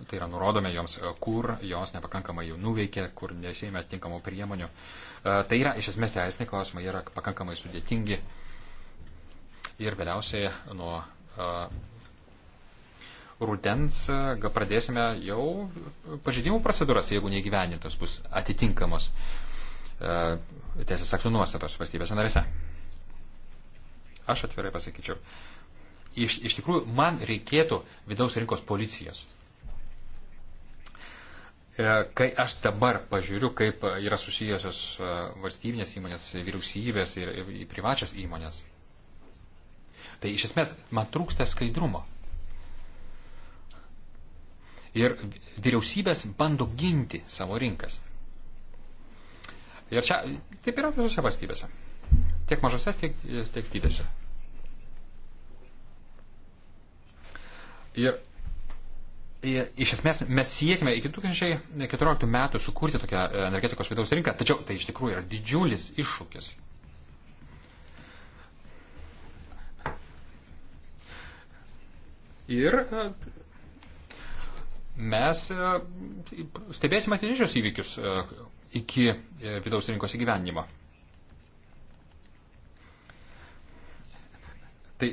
Speaker 2: tai yra nurodome joms, e, kur jos nepakankamai jau nuveikė, kur nesėmė tinkamų priemonių. Tai yra iš esmės teisiniai klausimai, yra pakankamai sudėtingi. Ir galiausiai nuo rudens pradėsime jau pažeidimų procedūras, jeigu neįgyvendintos bus atitinkamos e, teisės aktų nuostatos valstybės narėse. Aš atvirai pasakyčiau. Iš, iš tikrųjų, man reikėtų vidaus rinkos policijos. E, kai aš dabar pažiūriu, kaip yra susijusios e, valstybinės įmonės, vyriausybės ir, ir privačios įmonės, tai iš esmės man trūksta skaidrumo. Ir vyriausybės bando ginti savo rinkas. Ir čia taip yra visose valstybėse. Tiek mažose, tiek, tiek didėse. Ir iš esmės mes siekime iki 2014 metų sukurti tokią energetikos vidaus rinką, tačiau tai iš tikrųjų yra didžiulis iššūkis. Ir mes e, stebėsime atidžius įvykius e, iki e, vidaus rinkos įgyvenimo. Tai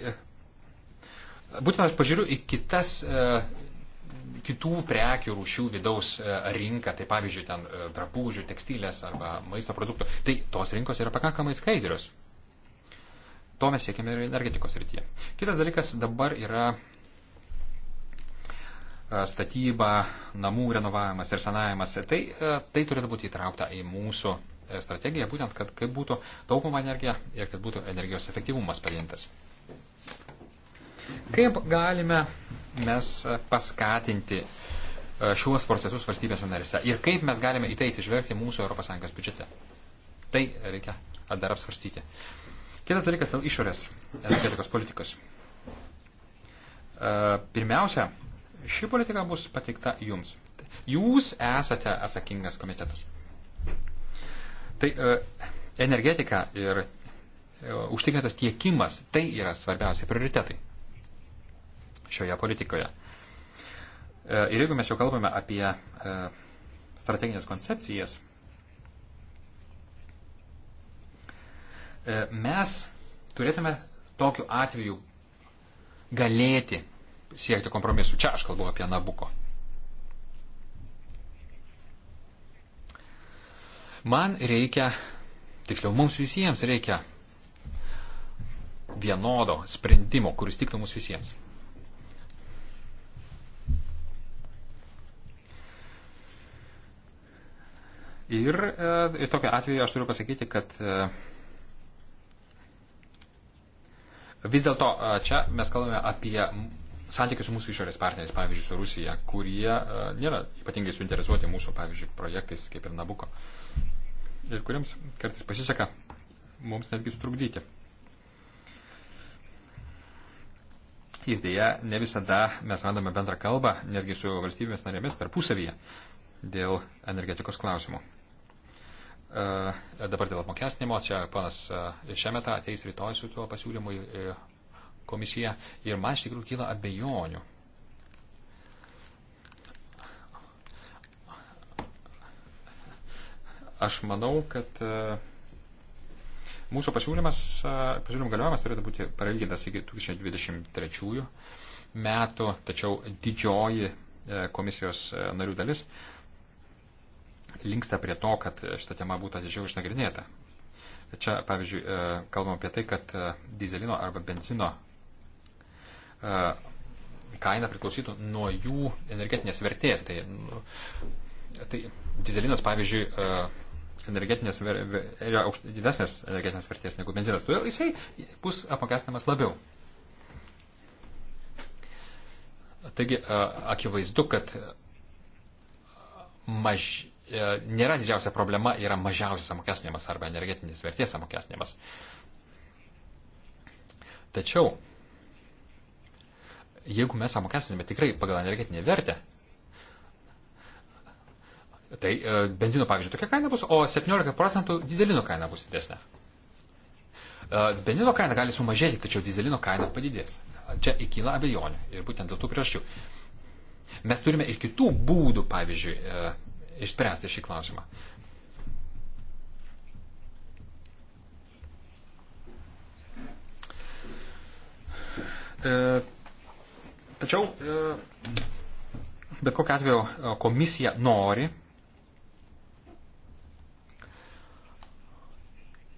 Speaker 2: būtent aš pažiūriu į kitas, kitų prekių rūšių vidaus rinką, tai pavyzdžiui, ten drabužių, tekstilės arba maisto produktų. Tai tos rinkos yra pakankamai skaidrios. To mes siekime ir energetikos rytyje. Kitas dalykas dabar yra E, statyba, namų renovavimas ir sanavimas. Tai, e, tai turėtų būti įtraukta į mūsų e, strategiją, būtent, kad kaip būtų taupoma energija ir kad būtų energijos efektyvumas padintas. Kaip galime mes paskatinti šiuos procesus valstybės narėse ir kaip mes galime į tai atsižvelgti mūsų ES biudžete? Tai reikia dar apsvarstyti. Kitas dalykas dėl išorės energetikos politikos. Pirmiausia, Ši politika bus pateikta jums. Jūs esate atsakingas komitetas. Tai e, energetika ir e, užtikrintas tiekimas - tai yra svarbiausia prioritetai šioje politikoje. E, ir jeigu mes jau kalbame apie strateginės koncepcijas, mes turėtume tokiu atveju galėti siekti kompromisų. Čia aš kalbu apie Nabuko. Man reikia, tiksliau, mums visiems reikia vienodo sprendimo, kuris tiktų mums visiems. Ir e, tokiu atveju aš turiu pasakyti, kad e, vis dėlto e, čia mes kalbame apie santykius su mūsų išorės partneriais, pavyzdžiui, su Rusija, kurie uh, nėra ypatingai suinteresuoti mūsų, pavyzdžiui, projektais kaip ir Nabuko. Ir kuriems kartais pasiseka mums netgi sutrukdyti. Ir dėja, ne visada mes randame bendrą kalbą, netgi su valstybėmis narėmis tarpusavyje dėl energetikos klausimų. E, dabar dėl apmokestinimo, čia panas e, šiame metą ateis rytoj su tuo pasiūlymu į, į komisiją ir man iš tikrųjų kyla abejonių. Aš manau, kad e, mūsų pasiūlymas, e, pasiūlymų galiojimas turėtų būti paralgintas iki 2023 metų, tačiau didžioji e, komisijos narių dalis linksta prie to, kad šita tema būtų atidžiau išnagrinėta. Čia, pavyzdžiui, kalbam apie tai, kad dizelino arba benzino kaina priklausytų nuo jų energetinės vertės. Tai, nu, tai dizelinas, pavyzdžiui, energetinės, yra didesnės energetinės vertės negu benzinas, todėl jisai bus apmokestinamas labiau. Taigi, akivaizdu, kad maž, e, nėra didžiausia problema, yra mažiausias apmokestinimas arba energetinės vertės apmokestinimas. Tačiau jeigu mes apmokestinsime tikrai pagal energetinę vertę, tai e, benzino, pavyzdžiui, tokia kaina bus, o 17 procentų dizelino kaina bus didesnė. E, benzino kaina gali sumažėti, tačiau dizelino kaina padidės. Čia įkyla abejonių ir būtent dėl tų priežasčių. Mes turime ir kitų būdų, pavyzdžiui, e, išspręsti šį klausimą. E, Tačiau, e, bet kokiu atveju, e, komisija nori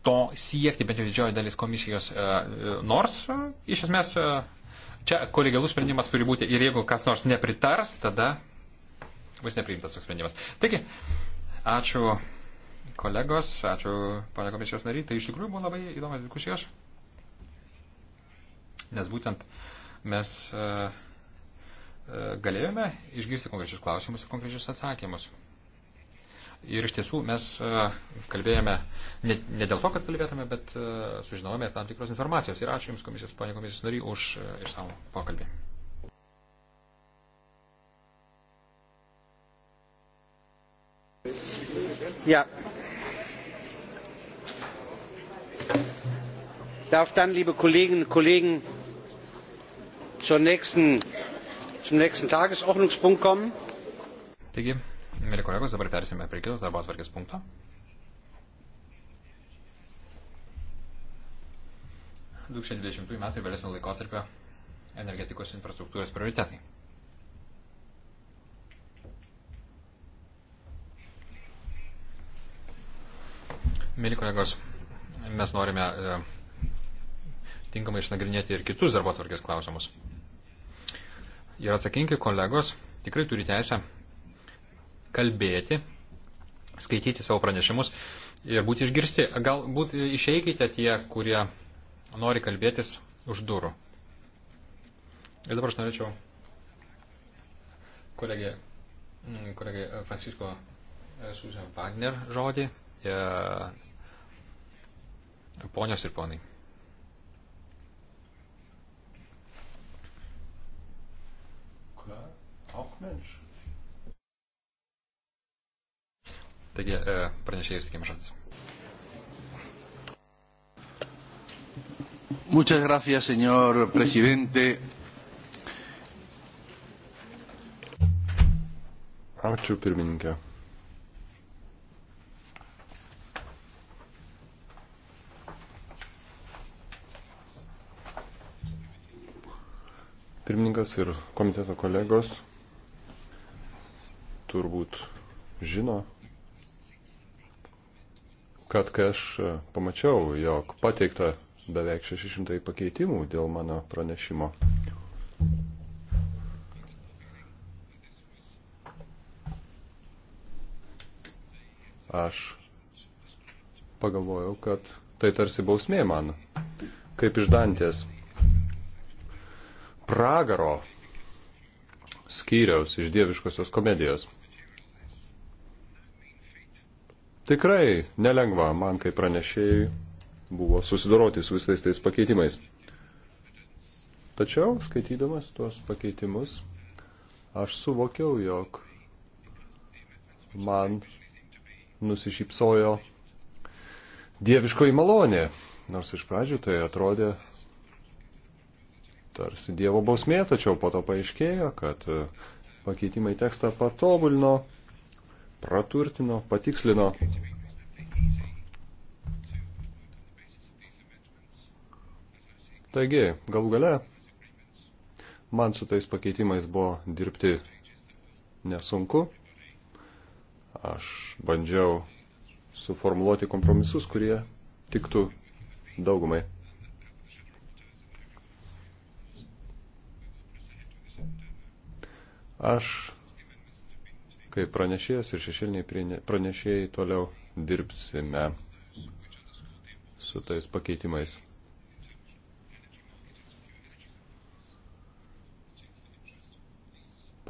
Speaker 2: to siekti, bent jau didžioji dalis komisijos, e, nors iš esmės čia kolegialus sprendimas turi būti ir jeigu kas nors nepritars, tada bus nepriimtas toks sprendimas. Taigi, ačiū kolegos, ačiū pane komisijos nariai, tai iš tikrųjų buvo labai įdomios diskusijos, nes būtent mes. Uh, E, galėjome išgirsti konkrečius klausimus ir konkrečius atsakymus. Ir iš tiesų mes e, kalbėjome ne, ne dėl to, kad kalbėtume, bet e, sužinojome tam tikros informacijos. Ir ačiū Jums, komisijos, ponė komisijos nary, už išsamų pokalbį.
Speaker 4: Ja. Darf dann, liebe Kolleginnen und Kollegen,
Speaker 1: zur nächsten zum nächsten Tagesordnungspunkt kommen.
Speaker 2: Taigi, mėly kolegos, dabar persime prie kito darbo atvarkės punkto. Du 2020 metų ir vėlesnio laikotarpio energetikos infrastruktūros prioritetai. Mėly kolegos, mes norime e, tinkamai išnagrinėti ir kitus darbo atvarkės klausimus ir atsakingi kolegos tikrai turi teisę kalbėti, skaityti savo pranešimus ir būti išgirsti. Galbūt išeikite tie, kurie nori kalbėtis už durų. Ir dabar aš norėčiau kolegė, mm, kolegė Francisko e, Susan Wagner žodį. E, ponios ir ponai. Auch Mensch. Taigi, e, pranešėjus tikėm žodis.
Speaker 1: Muchas gracias, señor presidente.
Speaker 5: Ačiū pirmininkė. Pirmininkas ir komiteto kolegos turbūt žino, kad kai aš pamačiau, jog pateikta beveik 600 pakeitimų dėl mano pranešimo. Aš pagalvojau, kad tai tarsi bausmė man, kaip iš Dantės pragaro skyriaus iš dieviškosios komedijos. Tikrai nelengva man, kaip pranešėjai, buvo susidoroti su visais tais pakeitimais. Tačiau, skaitydamas tuos pakeitimus, aš suvokiau, jog man nusišypsojo dieviškoji malonė, nors iš pradžių tai atrodė tarsi dievo bausmė, tačiau po to paaiškėjo, kad pakeitimai tekstą patobulino praturtino, patikslino. Taigi, galų gale, man su tais pakeitimais buvo dirbti nesunku. Aš bandžiau suformuoluoti kompromisus, kurie tiktų daugumai. Aš kaip pranešėjas ir šešėliniai pranešėjai toliau dirbsime su tais pakeitimais.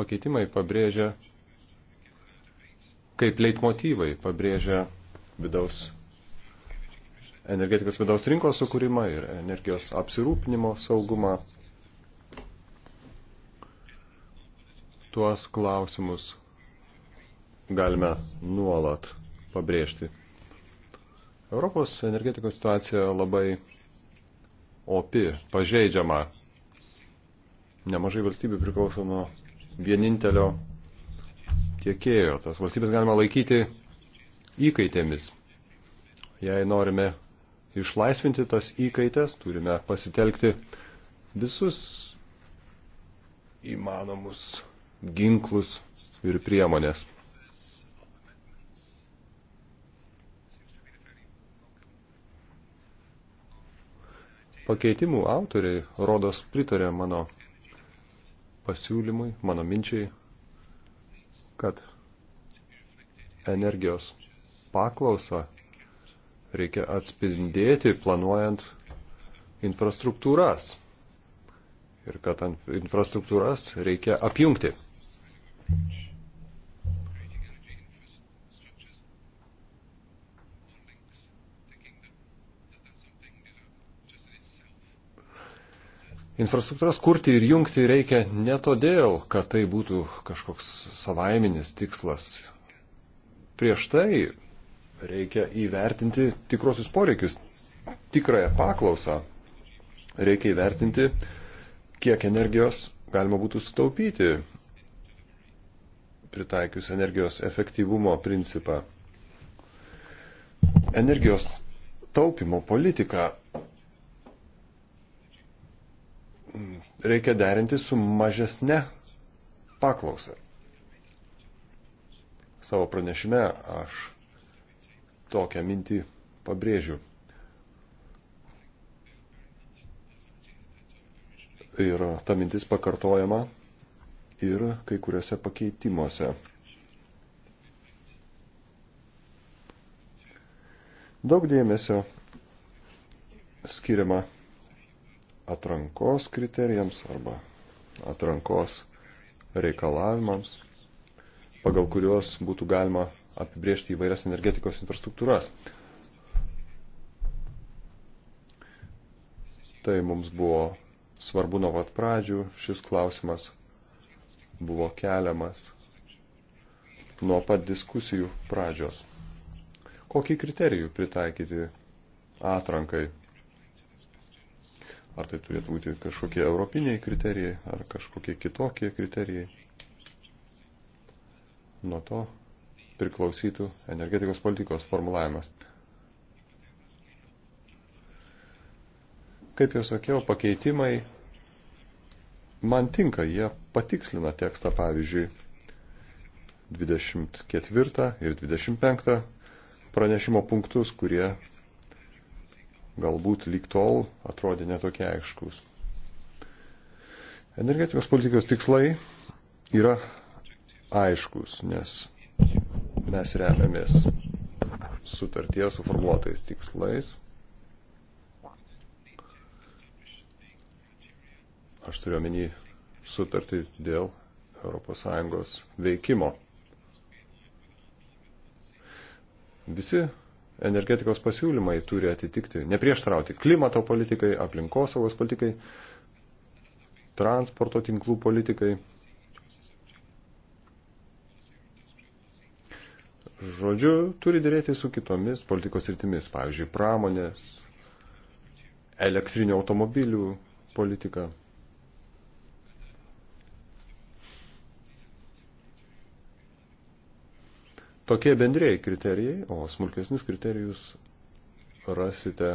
Speaker 5: Pakeitimai pabrėžia, kaip leitmotyvai pabrėžia vidaus energetikos vidaus rinkos sukūrimą ir energijos apsirūpinimo saugumą. Tuos klausimus galime nuolat pabrėžti. Europos energetikos situacija labai opi, pažeidžiama. Nemažai valstybių priklauso nuo vienintelio tiekėjo. Tas valstybės galima laikyti įkaitėmis. Jei norime išlaisvinti tas įkaitės, turime pasitelkti visus įmanomus ginklus ir priemonės. Pakeitimų autoriai, rodos, pritarė mano pasiūlymui, mano minčiai, kad energijos paklausą reikia atspindėti planuojant infrastruktūras ir kad infrastruktūras reikia apjungti. Infrastruktūras kurti ir jungti reikia ne todėl, kad tai būtų kažkoks savaiminis tikslas. Prieš tai reikia įvertinti tikrosius poreikius, tikrąją paklausą. Reikia įvertinti, kiek energijos galima būtų sutaupyti, pritaikius energijos efektyvumo principą. Energijos taupimo politika reikia derinti su mažesne paklausa. Savo pranešime aš tokią mintį pabrėžiu. Ir ta mintis pakartojama ir kai kuriuose pakeitimuose. Daug dėmesio skiriama atrankos kriterijams arba atrankos reikalavimams, pagal kuriuos būtų galima apibriežti įvairias energetikos infrastruktūras. Tai mums buvo svarbu nuo pat pradžių, šis klausimas buvo keliamas nuo pat diskusijų pradžios. Kokį kriterijų pritaikyti atrankai Ar tai turėtų būti kažkokie europiniai kriterijai, ar kažkokie kitokie kriterijai. Nuo to priklausytų energetikos politikos formulavimas. Kaip jau sakiau, pakeitimai man tinka, jie patikslina tekstą, pavyzdžiui, 24 ir 25 pranešimo punktus, kurie galbūt lyg tol atrodė netokie aiškus. Energetikos politikos tikslai yra aiškus, nes mes remiamės sutarties suformuotais tikslais. Aš turiu menį sutartį dėl ES veikimo. Visi energetikos pasiūlymai turi atitikti, neprieštarauti klimato politikai, aplinkosaugos politikai, transporto tinklų politikai. Žodžiu, turi dėrėti su kitomis politikos rytimis, pavyzdžiui, pramonės, elektrinio automobilių politika. Tokie bendrėjai kriterijai, o smulkesnius kriterijus rasite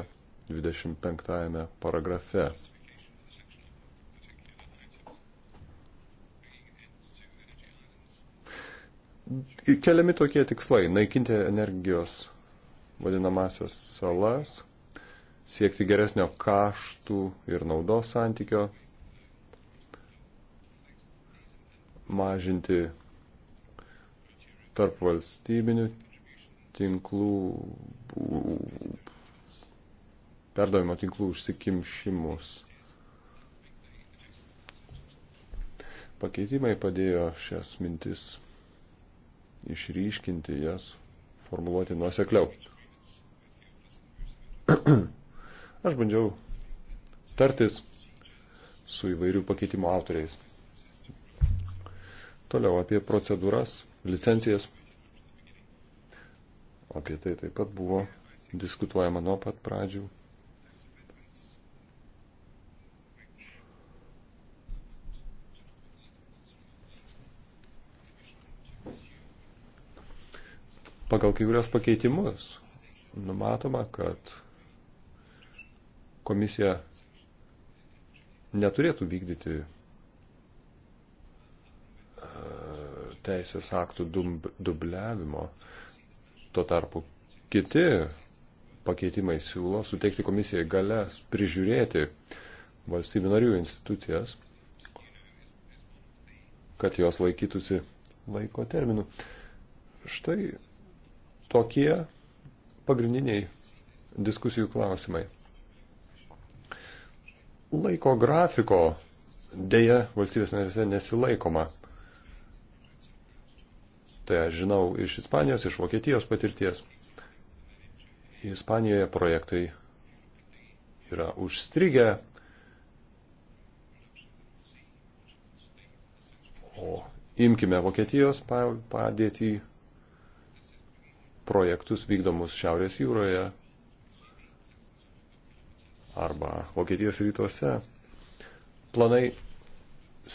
Speaker 5: 25 paragrafe. Keliami tokie tikslai - naikinti energijos vadinamasias salas, siekti geresnio kaštų ir naudos santykio, mažinti tarp valstybinių tinklų, perdavimo tinklų užsikimšimus. Pakeitimai padėjo šias mintis išryškinti jas, formuluoti nuosekliau. Aš bandžiau tartis su įvairių pakeitimo autoriais. Toliau apie procedūras licencijas. Apie tai taip pat buvo diskutuojama nuo pat pradžių. Pagal kai kurios pakeitimus numatoma, kad komisija neturėtų vykdyti teisės aktų dubliavimo. Tuo tarpu kiti pakeitimai siūlo suteikti komisijai galės prižiūrėti valstybių narių institucijas, kad jos laikytųsi laiko terminų. Štai tokie pagrindiniai diskusijų klausimai. Laiko grafiko dėja valstybės narėse nesilaikoma. Tai aš žinau iš Ispanijos, iš Vokietijos patirties. Ispanijoje projektai yra užstrigę, o imkime Vokietijos padėtį projektus vykdomus Šiaurės jūroje arba Vokietijos rytuose. Planai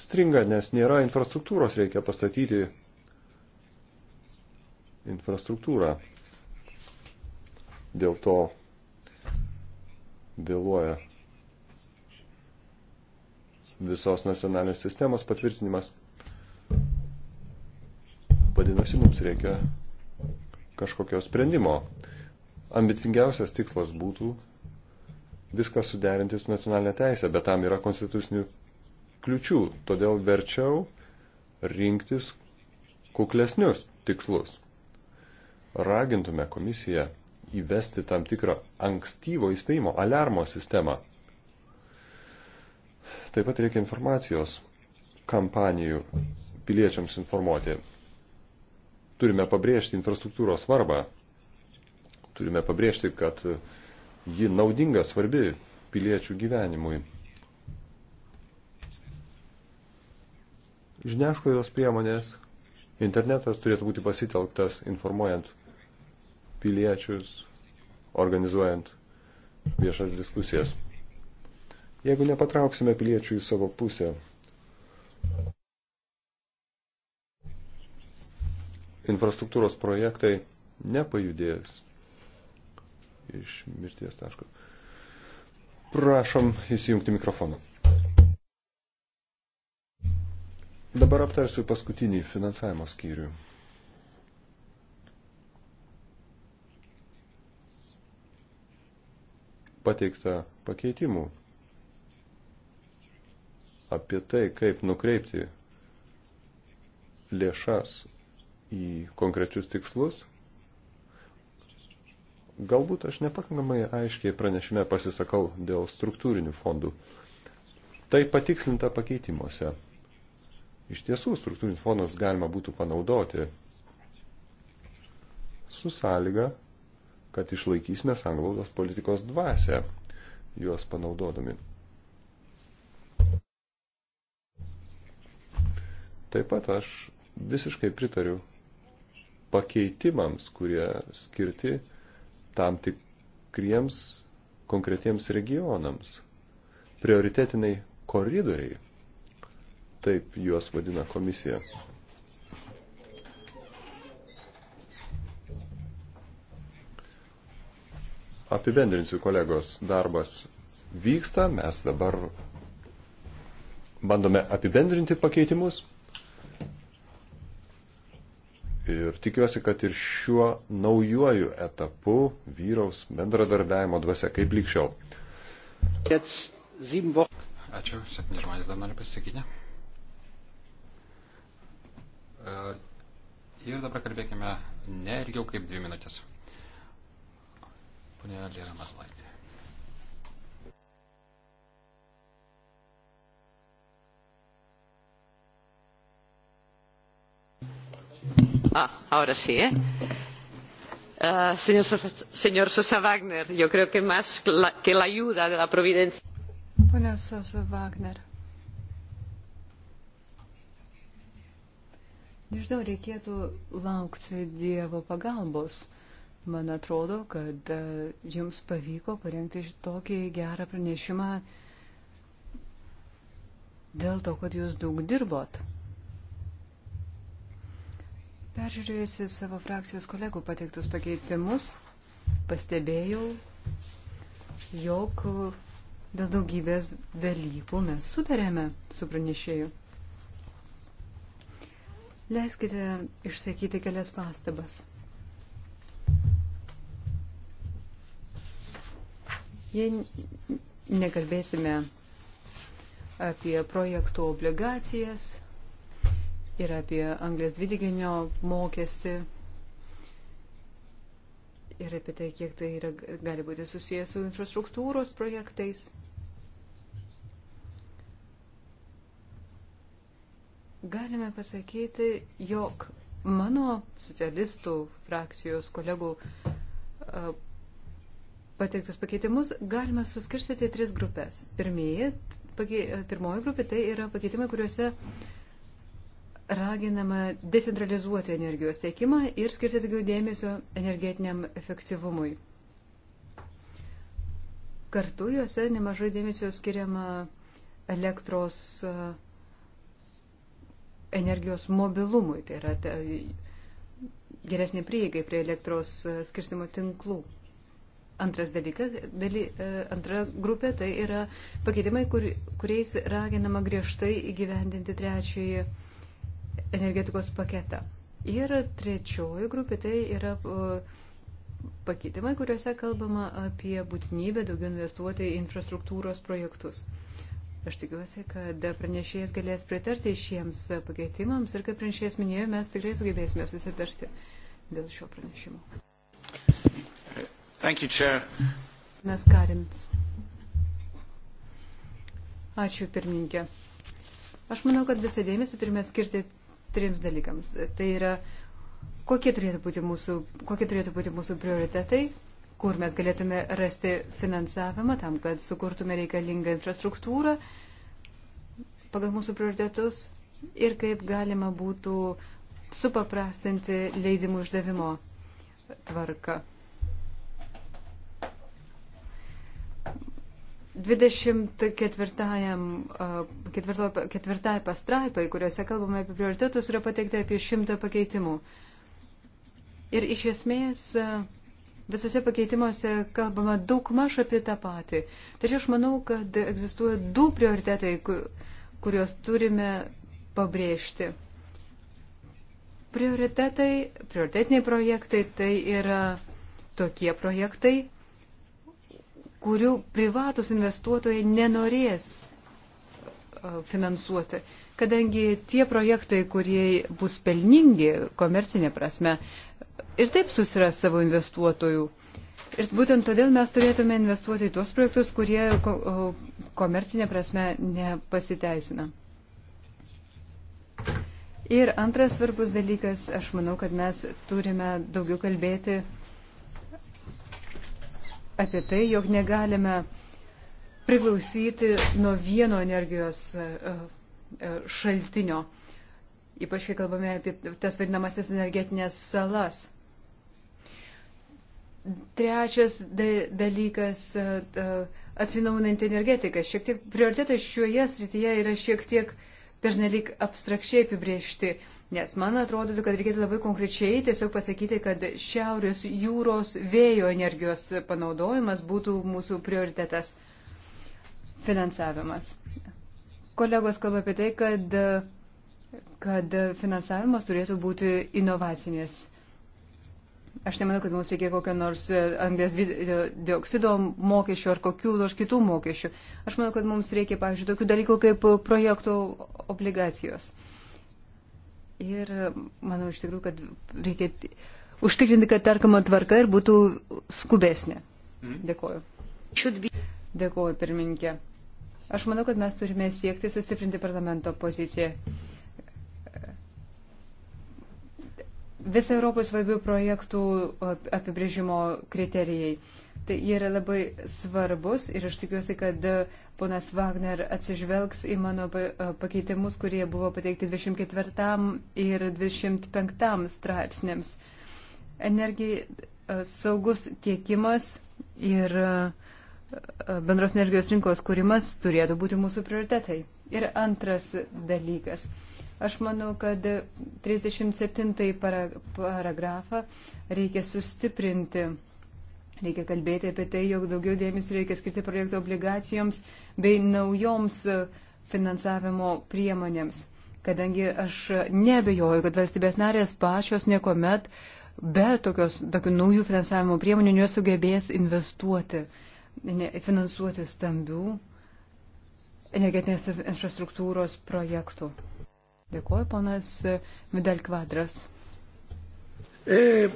Speaker 5: stringa, nes nėra infrastruktūros, reikia pastatyti infrastruktūrą. Dėl to vėluoja visos nacionalinės sistemos patvirtinimas. Vadinasi, mums reikia kažkokio sprendimo. Ambicingiausias tikslas būtų viską suderinti su nacionalinė teisė, bet tam yra konstitucinių kliučių. Todėl verčiau rinktis kuklesnius tikslus ragintume komisiją įvesti tam tikrą ankstyvo įspėjimo alarmo sistemą. Taip pat reikia informacijos kampanijų piliečiams informuoti. Turime pabrėžti infrastruktūros svarbą. Turime pabrėžti, kad ji naudinga, svarbi piliečių gyvenimui. Žiniasklaidos priemonės, internetas turėtų būti pasitelktas informuojant piliečius, organizuojant viešas diskusijas. Jeigu nepatrauksime piliečių į savo pusę, infrastruktūros projektai nepajudės iš mirties taško. Prašom įsijungti mikrofoną. Dabar aptarsiu paskutinį finansavimo skyrių. pateikta pakeitimų apie tai, kaip nukreipti lėšas į konkrečius tikslus. Galbūt aš nepakankamai aiškiai pranešime pasisakau dėl struktūrinių fondų. Tai patikslinta pakeitimuose. Iš tiesų, struktūrinis fondas galima būtų panaudoti su sąlyga, kad išlaikysime sanglaudos politikos dvasę juos panaudodami. Taip pat aš visiškai pritariu pakeitimams, kurie skirti tam tikriems konkretiems regionams. Prioritetiniai koridoriai, taip juos vadina komisija. apibendrinsiu kolegos, darbas vyksta, mes dabar bandome apibendrinti pakeitimus. Ir tikiuosi, kad ir šiuo naujuoju etapu vyraus bendradarbiajimo dvasia, kaip likščiau.
Speaker 2: Ačiū, septyni žmonės dar nori pasisakyti. E, ir dabar kalbėkime ne ilgiau kaip dvi minutės. Pone
Speaker 1: Lėra Mahlaitė.
Speaker 3: Ah, ahora sí, ¿eh? Uh, señor, señor Sosa Wagner, yo creo que más la, que la ayuda de la providencia. Pone Sosa Wagner. Nežinau, reikėtų laukti Dievo pagalbos. Man atrodo, kad e, jums pavyko parengti tokį gerą pranešimą dėl to, kad jūs daug dirbot. Peržiūrėjusi savo frakcijos kolegų pateiktus pakeitimus, pastebėjau, jog dėl daugybės dalykų mes sutarėme su pranešėju. Leiskite išsakyti kelias pastabas. Jei nekalbėsime apie projektų obligacijas ir apie anglės dvideginio mokestį ir apie tai, kiek tai yra, gali būti susijęs su infrastruktūros projektais, galime pasakyti, jog mano socialistų frakcijos kolegų pateiktus pakeitimus galima suskirstyti į tris grupės. Pirmieji, pirmoji grupė tai yra pakeitimai, kuriuose raginama decentralizuoti energijos teikimą ir skirti daugiau dėmesio energetiniam efektyvumui. Kartu juose nemažai dėmesio skiriama elektros energijos mobilumui, tai yra geresnė prieigai prie elektros skirstimo tinklų. Antras dalykas, daly, e, antra grupė tai yra pakeitimai, kur, kuriais raginama griežtai įgyvendinti trečiąjį energetikos paketą. Ir trečioji grupė tai yra e, pakeitimai, kuriuose kalbama apie būtinybę daugiau investuoti į infrastruktūros projektus. Aš tikiuosi, kad pranešėjas galės pritarti šiems pakeitimams ir kaip pranešėjas minėjo, mes tikrai sugebėsime susitarti dėl šio pranešimo.
Speaker 4: Thank you, Chair.
Speaker 3: Mes Karins. Ačiū, pirmininkė. Aš manau, kad visą dėmesį turime skirti trims dalykams. Tai yra, kokie turėtų būti mūsų, kokie turėtų būti mūsų prioritetai, kur mes galėtume rasti finansavimą tam, kad sukurtume reikalingą infrastruktūrą pagal mūsų prioritetus ir kaip galima būtų supaprastinti leidimų išdavimo tvarką. 24 pastraipai, kuriuose kalbame apie prioritetus, yra pateikta apie šimtą pakeitimų. Ir iš esmės visose pakeitimuose kalbama daug maž apie tą patį. Tačiau aš manau, kad egzistuoja du prioritetai, kuriuos turime pabrėžti. Prioritetai, prioritetiniai projektai tai yra tokie projektai, kurių privatus investuotojai nenorės e, finansuoti, kadangi tie projektai, kurie bus pelningi komercinė prasme, ir taip susiras savo investuotojų. Ir būtent todėl mes turėtume investuoti į tuos projektus, kurie komercinė prasme nepasiteisina. Ir antras svarbus dalykas, aš manau, kad mes turime daugiau kalbėti apie tai, jog negalime priklausyti nuo vieno energijos e, e, šaltinio, ypač kai kalbame apie tas vadinamasis energetinės salas. Trečias dalykas e, - atsinaujinanti energetika. Šiek tiek prioritetai šioje srityje yra šiek tiek pernelik abstrakčiai apibriežti. Nes man atrodo, kad reikėtų labai konkrečiai tiesiog pasakyti, kad šiaurės jūros vėjo energijos panaudojimas būtų mūsų prioritetas finansavimas. Kolegos kalba apie tai, kad, kad finansavimas turėtų būti inovacinis. Aš nemanau, kad mums reikia kokio nors e, anglės e, dioksido mokesčio ar kokių nors kitų mokesčių. Aš manau, kad mums reikia, pavyzdžiui, tokių dalykų kaip projektų obligacijos. Ir manau iš tikrųjų, kad reikia užtikrinti, kad perkama tvarka ir būtų skubesnė. Mhm. Dėkuoju. Dėkuoju, pirmininkė. Aš manau, kad mes turime siekti sustiprinti parlamento poziciją. Visa Europos svarbių projektų apibrėžimo kriterijai. Tai jie yra labai svarbus ir aš tikiuosi, kad ponas Wagner atsižvelgs į mano pakeitimus, kurie buvo pateikti 24 ir 25 straipsniams. Energija saugus tiekimas ir bendros energijos rinkos kūrimas turėtų būti mūsų prioritetai. Ir antras dalykas. Aš manau, kad 37 paragrafą reikia sustiprinti Reikia kalbėti apie tai, jog daugiau dėmesio reikia skirti projektų obligacijoms bei naujoms e, finansavimo priemonėms. Kadangi aš nebejoju, kad valstybės narės pačios niekuomet be tokios, tokių naujų finansavimo priemonių nesugebės investuoti, ne, finansuoti stambių energetinės infrastruktūros projektų. Dėkuoju, ponas Vidal Kvadras.
Speaker 1: E...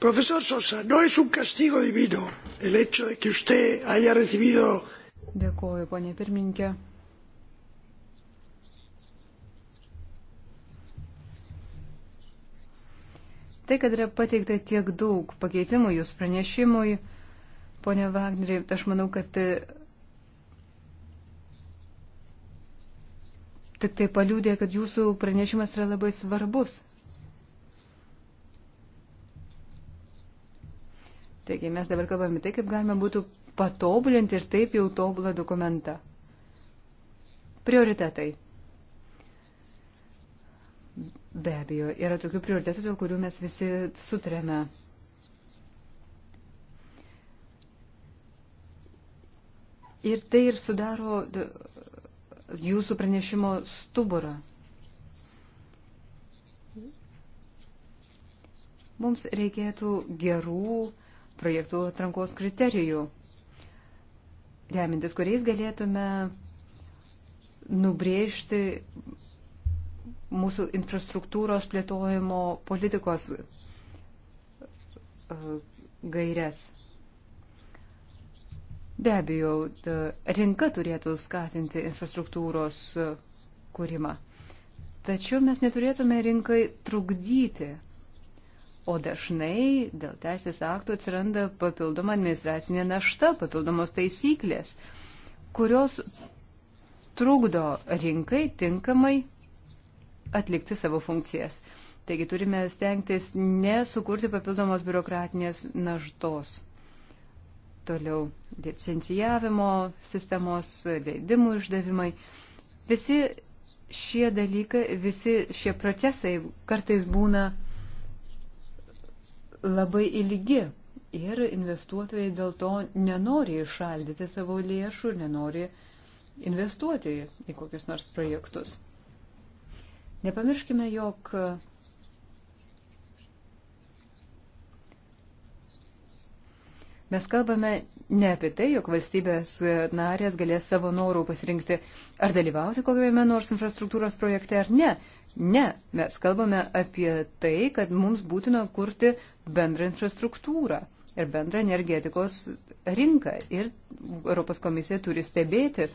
Speaker 1: Profesor Sosa, no es un castigo divino el hecho de que
Speaker 3: usted haya recibido. Dėkuoju, ponė pirmininkė. Tai, kad yra pateikta tiek daug pakeitimų jūs pranešimui, ponė Vagneri, aš manau, kad e, tik tai paliūdė, kad jūsų pranešimas yra labai svarbus. Taigi mes dabar kalbame tai, kaip galima būtų patobulinti ir taip jau tobulą dokumentą. Prioritetai. Be abejo, yra tokių prioritetų, dėl kurių mes visi sutrėme. Ir tai ir sudaro jūsų pranešimo stuburą. Mums reikėtų gerų projektų atrankos kriterijų, remintis kuriais galėtume nubrėžti mūsų infrastruktūros plėtojimo politikos e, gairias. Be abejo, e, rinka turėtų skatinti infrastruktūros e, kūrimą. Tačiau mes neturėtume rinkai trukdyti O dažnai dėl teisės aktų atsiranda papildoma administracinė našta, papildomos taisyklės, kurios trukdo rinkai tinkamai atlikti savo funkcijas. Taigi turime stengtis nesukurti papildomos biurokratinės naštos. Toliau licencijavimo sistemos, leidimų išdavimai. Visi šie dalykai, visi šie procesai kartais būna labai ilgi ir investuotojai dėl to nenori išaldyti savo lėšų ir nenori investuoti į kokius nors projektus. Nepamirškime, jog Mes kalbame ne apie tai, jog valstybės narės galės savo norų pasirinkti ar dalyvauti kokiame nors infrastruktūros projekte ar ne. Ne, mes kalbame apie tai, kad mums būtina kurti bendrą infrastruktūrą ir bendrą energetikos rinką. Ir Europos komisija turi stebėti,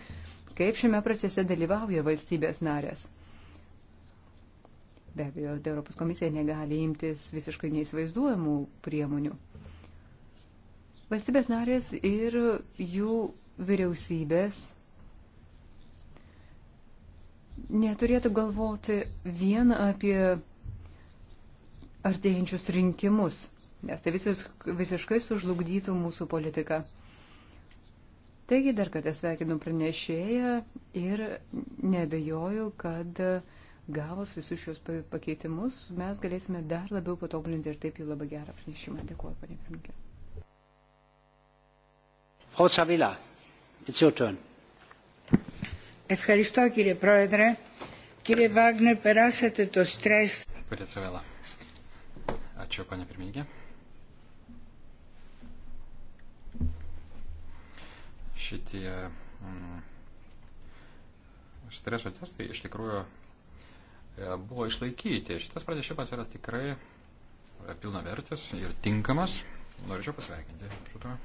Speaker 3: kaip šiame procese dalyvauja valstybės narės. Be abejo, Europos komisija negali imtis visiškai neįsivaizduojamų priemonių. Valstybės narės ir jų vyriausybės neturėtų galvoti vien apie artėjančius rinkimus, nes tai visis, visiškai sužlugdytų mūsų politiką. Taigi dar kartą sveikinu pranešėją ir nebejoju, kad gavus visus šios pakeitimus mes galėsime dar labiau patobulinti ir taip jau labai gerą pranešimą. Dėkuoju, panė Pirmininkė.
Speaker 1: Frau Savila, it's your turn.
Speaker 3: Ευχαριστώ κύριε Πρόεδρε. Κύριε Βάγνερ, περάσατε το στρες.
Speaker 1: Κύριε Τσεβέλα.
Speaker 2: Ačiū, panė pirmininkė. Šitie mm, streso testai iš tikrųjų e, buvo išlaikyti. Šitas pranešimas yra tikrai e, pilnavertis ir tinkamas. Norėčiau pasveikinti šitą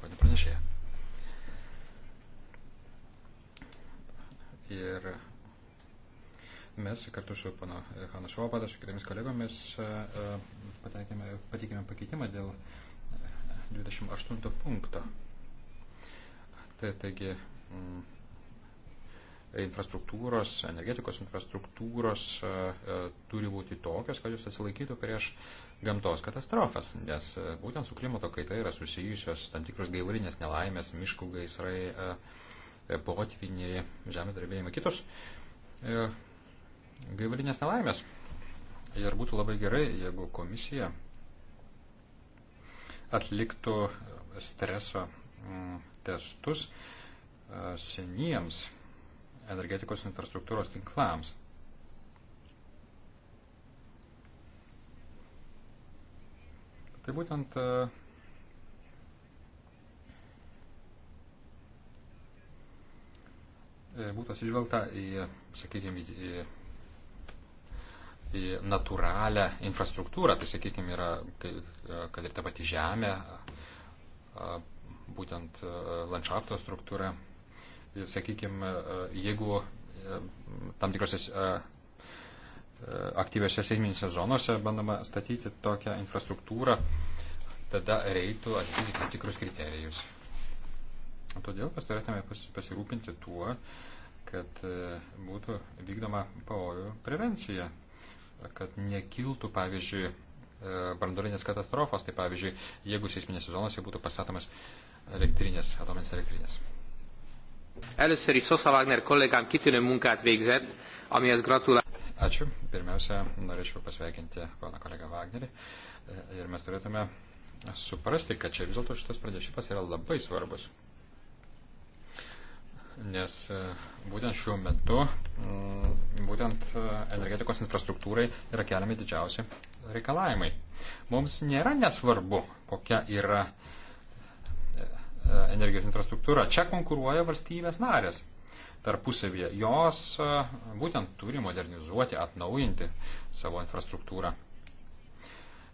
Speaker 2: panę pranešėją. Ir mes kartu su pana Hanu Švopada, su kitomis kolegomis e, e, pateikėme pakeitimą dėl 28 punkto. Tai taigi mm, infrastruktūros, energetikos infrastruktūros e, turi būti tokios, kad jūs atsilaikytų prieš gamtos katastrofas, nes būtent su klimato kaita yra susijusios tam tikros gaivalinės nelaimės, miškų gaisrai, a, E, potviniai, žemės drebėjimai, kitos e, gaivalinės nelaimės. Ir būtų labai gerai, jeigu komisija atliktų e, streso mm, testus seniems energetikos infrastruktūros tinklams. Tai būtent uh, E, būtų atsižvelgta į, sakykime, į, į natūralią infrastruktūrą, tai, sakykime, yra, e, kad ir ta pati žemė, būtent e, landšafto struktūra, sakykime, jeigu tam tikrose aktyviose seisminėse zonose bandoma statyti tokią infrastruktūrą, tada reiktų atitikti tam tikrus kriterijus. Todėl mes turėtume pasirūpinti tuo, kad e, būtų vykdoma pavojų prevencija, kad nekiltų, pavyzdžiui, e, brandolinės katastrofos, tai pavyzdžiui, jeigu seisminės sezonas jau būtų pastatomas elektrinės, atominės elektrinės.
Speaker 4: Először is Sosa Wagner kollégám kitűnő munkát
Speaker 2: végzett, amihez gratulálok. Ačiū. Pirmiausia, norėčiau pasveikinti pana kolegą Wagnerį. E, ir mes turėtume suprasti, kad čia vis dėlto šitas pranešimas yra labai svarbus nes e, būtent šiuo metu, būtent e, energetikos infrastruktūrai yra keliami didžiausi reikalavimai. Mums nėra nesvarbu, kokia yra e, energijos infrastruktūra. Čia konkuruoja valstybės narės tarpusavėje. Jos būtent turi modernizuoti, atnaujinti savo infrastruktūrą.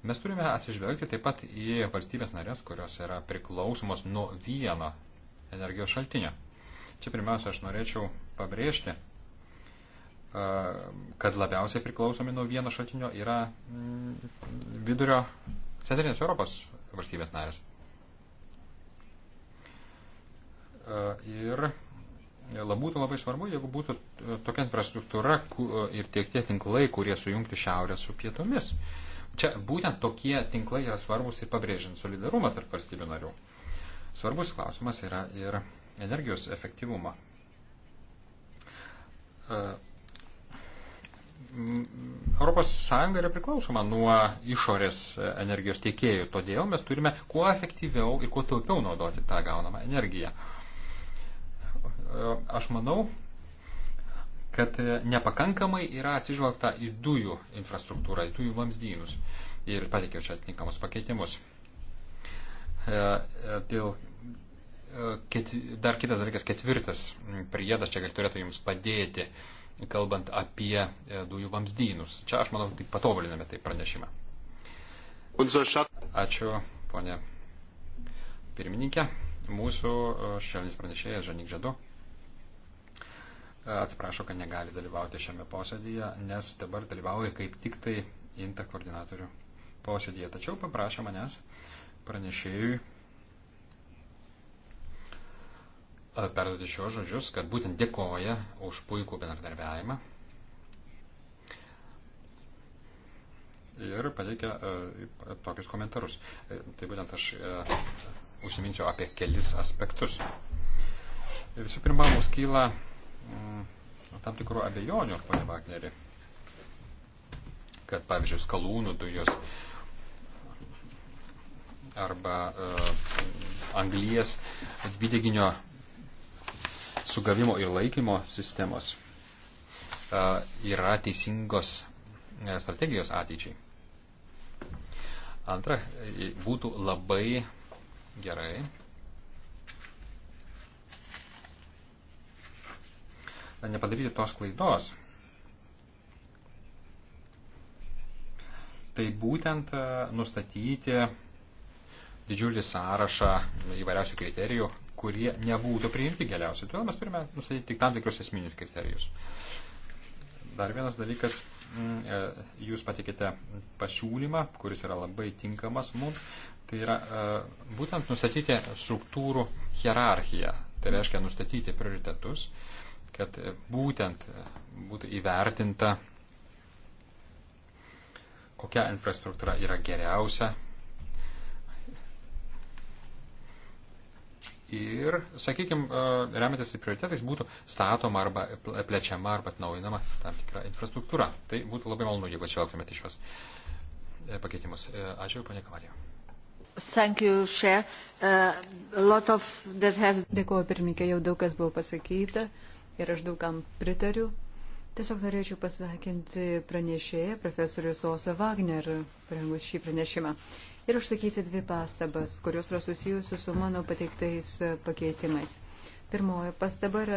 Speaker 2: Mes turime atsižvelgti taip pat į valstybės narės, kurios yra priklausomos nuo vieno energijos šaltinio. Čia pirmiausia, aš norėčiau pabrėžti, kad labiausiai priklausomi nuo vieno šaltinio yra
Speaker 1: mm,
Speaker 2: vidurio centrinės Europos valstybės narės. Ir būtų labai svarbu, jeigu būtų tokia infrastruktūra ir tiek tie tinklai, kurie sujungti šiaurę su pietumis. Čia būtent tokie tinklai yra svarbus ir pabrėžiant solidarumą tarp valstybių narių. Svarbus klausimas yra ir energijos efektyvumą. E, Europos Sąjunga yra priklausoma nuo išorės energijos tiekėjų, todėl mes turime kuo efektyviau ir kuo taupiau naudoti tą gaunamą energiją. E, aš manau, kad nepakankamai yra atsižvelgta į dujų infrastruktūrą, į dujų vamzdynus ir pateikiau čia atitinkamus pakeitimus. E, dėl ketvi, dar kitas dalykas, ketvirtas priedas čia turėtų jums padėti, kalbant apie e, dujų vamzdynus. Čia aš manau, tai patobuliname tai pranešimą. Ačiū, ponė pirmininkė. Mūsų e, šalinis pranešėjas Žanik Žadu e, atsiprašo, kad negali dalyvauti šiame posėdėje, nes dabar dalyvauja kaip tik tai INTA koordinatorių posėdėje. Tačiau paprašė manęs pranešėjui E, perduoti šios žodžius, kad būtent dėkoja už puikų bendradarbiavimą ir pateikia e, e, tokius komentarus. Tai būtent aš užsiminsiu apie kelis aspektus. Visų pirma, mums kyla mm, tam tikrų abejonių, ponė Vagneri, kad, pavyzdžiui, skalūnų dujos arba uh, anglies dvideginio sugavimo ir laikymo sistemos e, yra teisingos e, strategijos ateičiai. Antra, e, būtų labai gerai, nepadaryti tos klaidos. Tai būtent nustatyti didžiulį sąrašą įvairiausių kriterijų, kurie nebūtų priimti geriausiai. Todėl mes turime nustatyti tik tam tikrus esminius kriterijus. Dar vienas dalykas, mm, e, jūs patikite pasiūlymą, kuris yra labai tinkamas mums, tai yra e, būtent nustatyti struktūrų hierarchiją. Tai reiškia nustatyti prioritetus, kad būtent būtų įvertinta, kokia infrastruktūra yra geriausia ir, sakykime, remiantis į prioritetais būtų statoma arba plečiama arba atnaujinama tam tikra infrastruktūra. Tai būtų labai malonu, jeigu atšvelgtumėte šios e, pakeitimus. E, ačiū, ponė Kavarija.
Speaker 3: E, have... Dėkuoju, pirmininkė, jau daug kas buvo pasakyta ir aš daugam pritariu. Tiesiog norėčiau pasveikinti pranešėją, profesorių Sosą Wagner, parengus šį pranešimą. Uh, ir užsakyti dvi pastabas, kurios yra susijusios su mano pateiktais e, pakeitimais. Pirmoji pastaba yra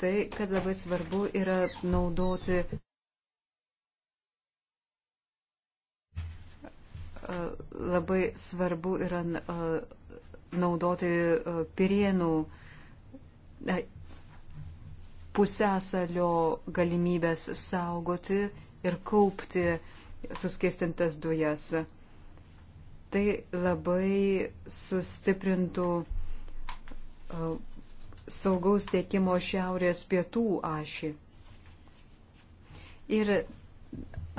Speaker 3: tai, kad labai svarbu yra naudoti e, labai svarbu yra e, naudoti pirienų pusęsalio galimybės saugoti ir kaupti suskistintas dujas. Tai labai sustiprintų e, saugaus tiekimo šiaurės pietų ašį. Ir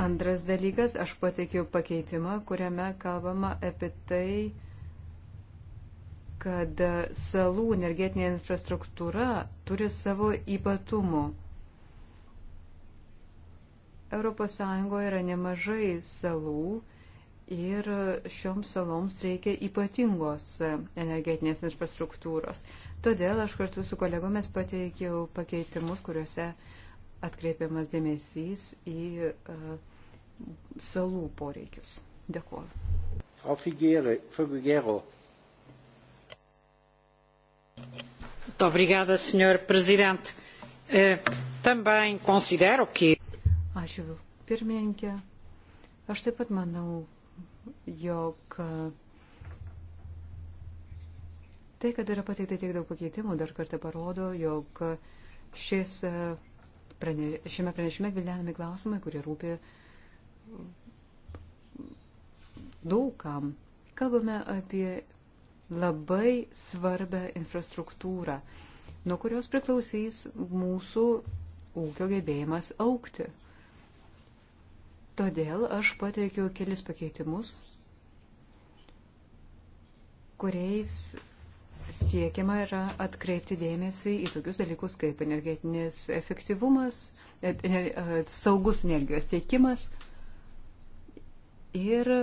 Speaker 3: antras dalykas, aš pateikiau pakeitimą, kuriame kalbama apie tai, kad salų energetinė infrastruktūra turi savo ypatumų. ES yra nemažai salų, ir šioms saloms reikia ypatingos energetinės infrastruktūros. Todėl aš kartu su kolegomis pateikiau pakeitimus, kuriuose atkreipiamas dėmesys į uh, salų poreikius. Dėkuoju.
Speaker 1: Frau Figuero.
Speaker 3: Obrigada, senhor presidente. Eh, também considero que. Ačiū, pirmininkė. Aš taip pat manau, jog e, tai, kad yra pateikta tiek daug pakeitimų, dar kartą parodo, jog šis, e, prane, šiame pranešime gvildenami klausimai, kurie rūpi daugam. Kalbame apie labai svarbę infrastruktūrą, nuo kurios priklausys mūsų ūkio gebėjimas aukti. Todėl aš pateikiau kelis pakeitimus, kuriais siekiama yra atkreipti dėmesį į tokius dalykus kaip energetinis efektyvumas, saugus energijos tiekimas ir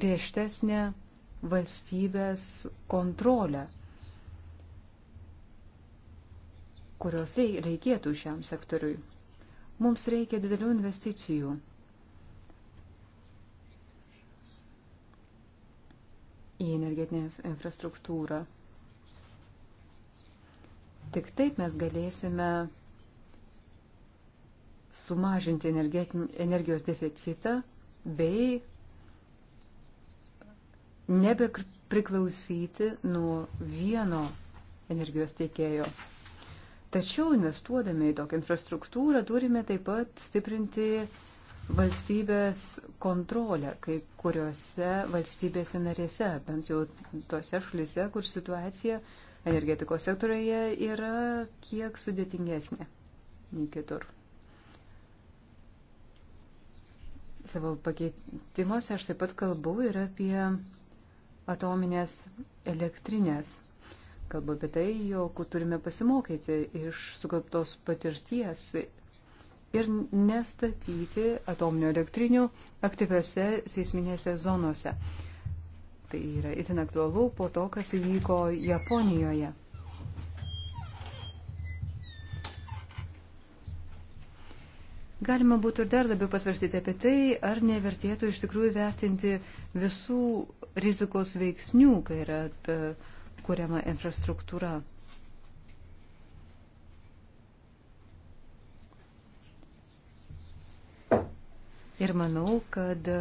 Speaker 3: griežtesnė valstybės kontrolė, kurios reikėtų šiam sektoriui. Mums reikia didelių investicijų į energetinę infrastruktūrą. Tik taip mes galėsime sumažinti energijos deficitą bei nebepriklausyti nuo vieno energijos tiekėjo. Tačiau investuodami į tokią infrastruktūrą turime taip pat stiprinti valstybės kontrolę, kai kuriuose valstybėse narėse, bent jau tose šalise, kur situacija energetikos sektorioje yra kiek sudėtingesnė nei kitur. Savo pakeitimuose aš taip pat kalbu ir apie atominės elektrinės. Kalbu apie tai, jog turime pasimokyti iš sukauptos patirties ir nestatyti atominių elektrinių aktyviose seisminėse zonose. Tai yra itin aktualu po to, kas įvyko Japonijoje. Galima būtų ir dar labiau pasvarstyti apie tai, ar nevertėtų iš tikrųjų vertinti visų rizikos veiksnių, kai yra ta, kuriama infrastruktūra. Ir manau, kad e,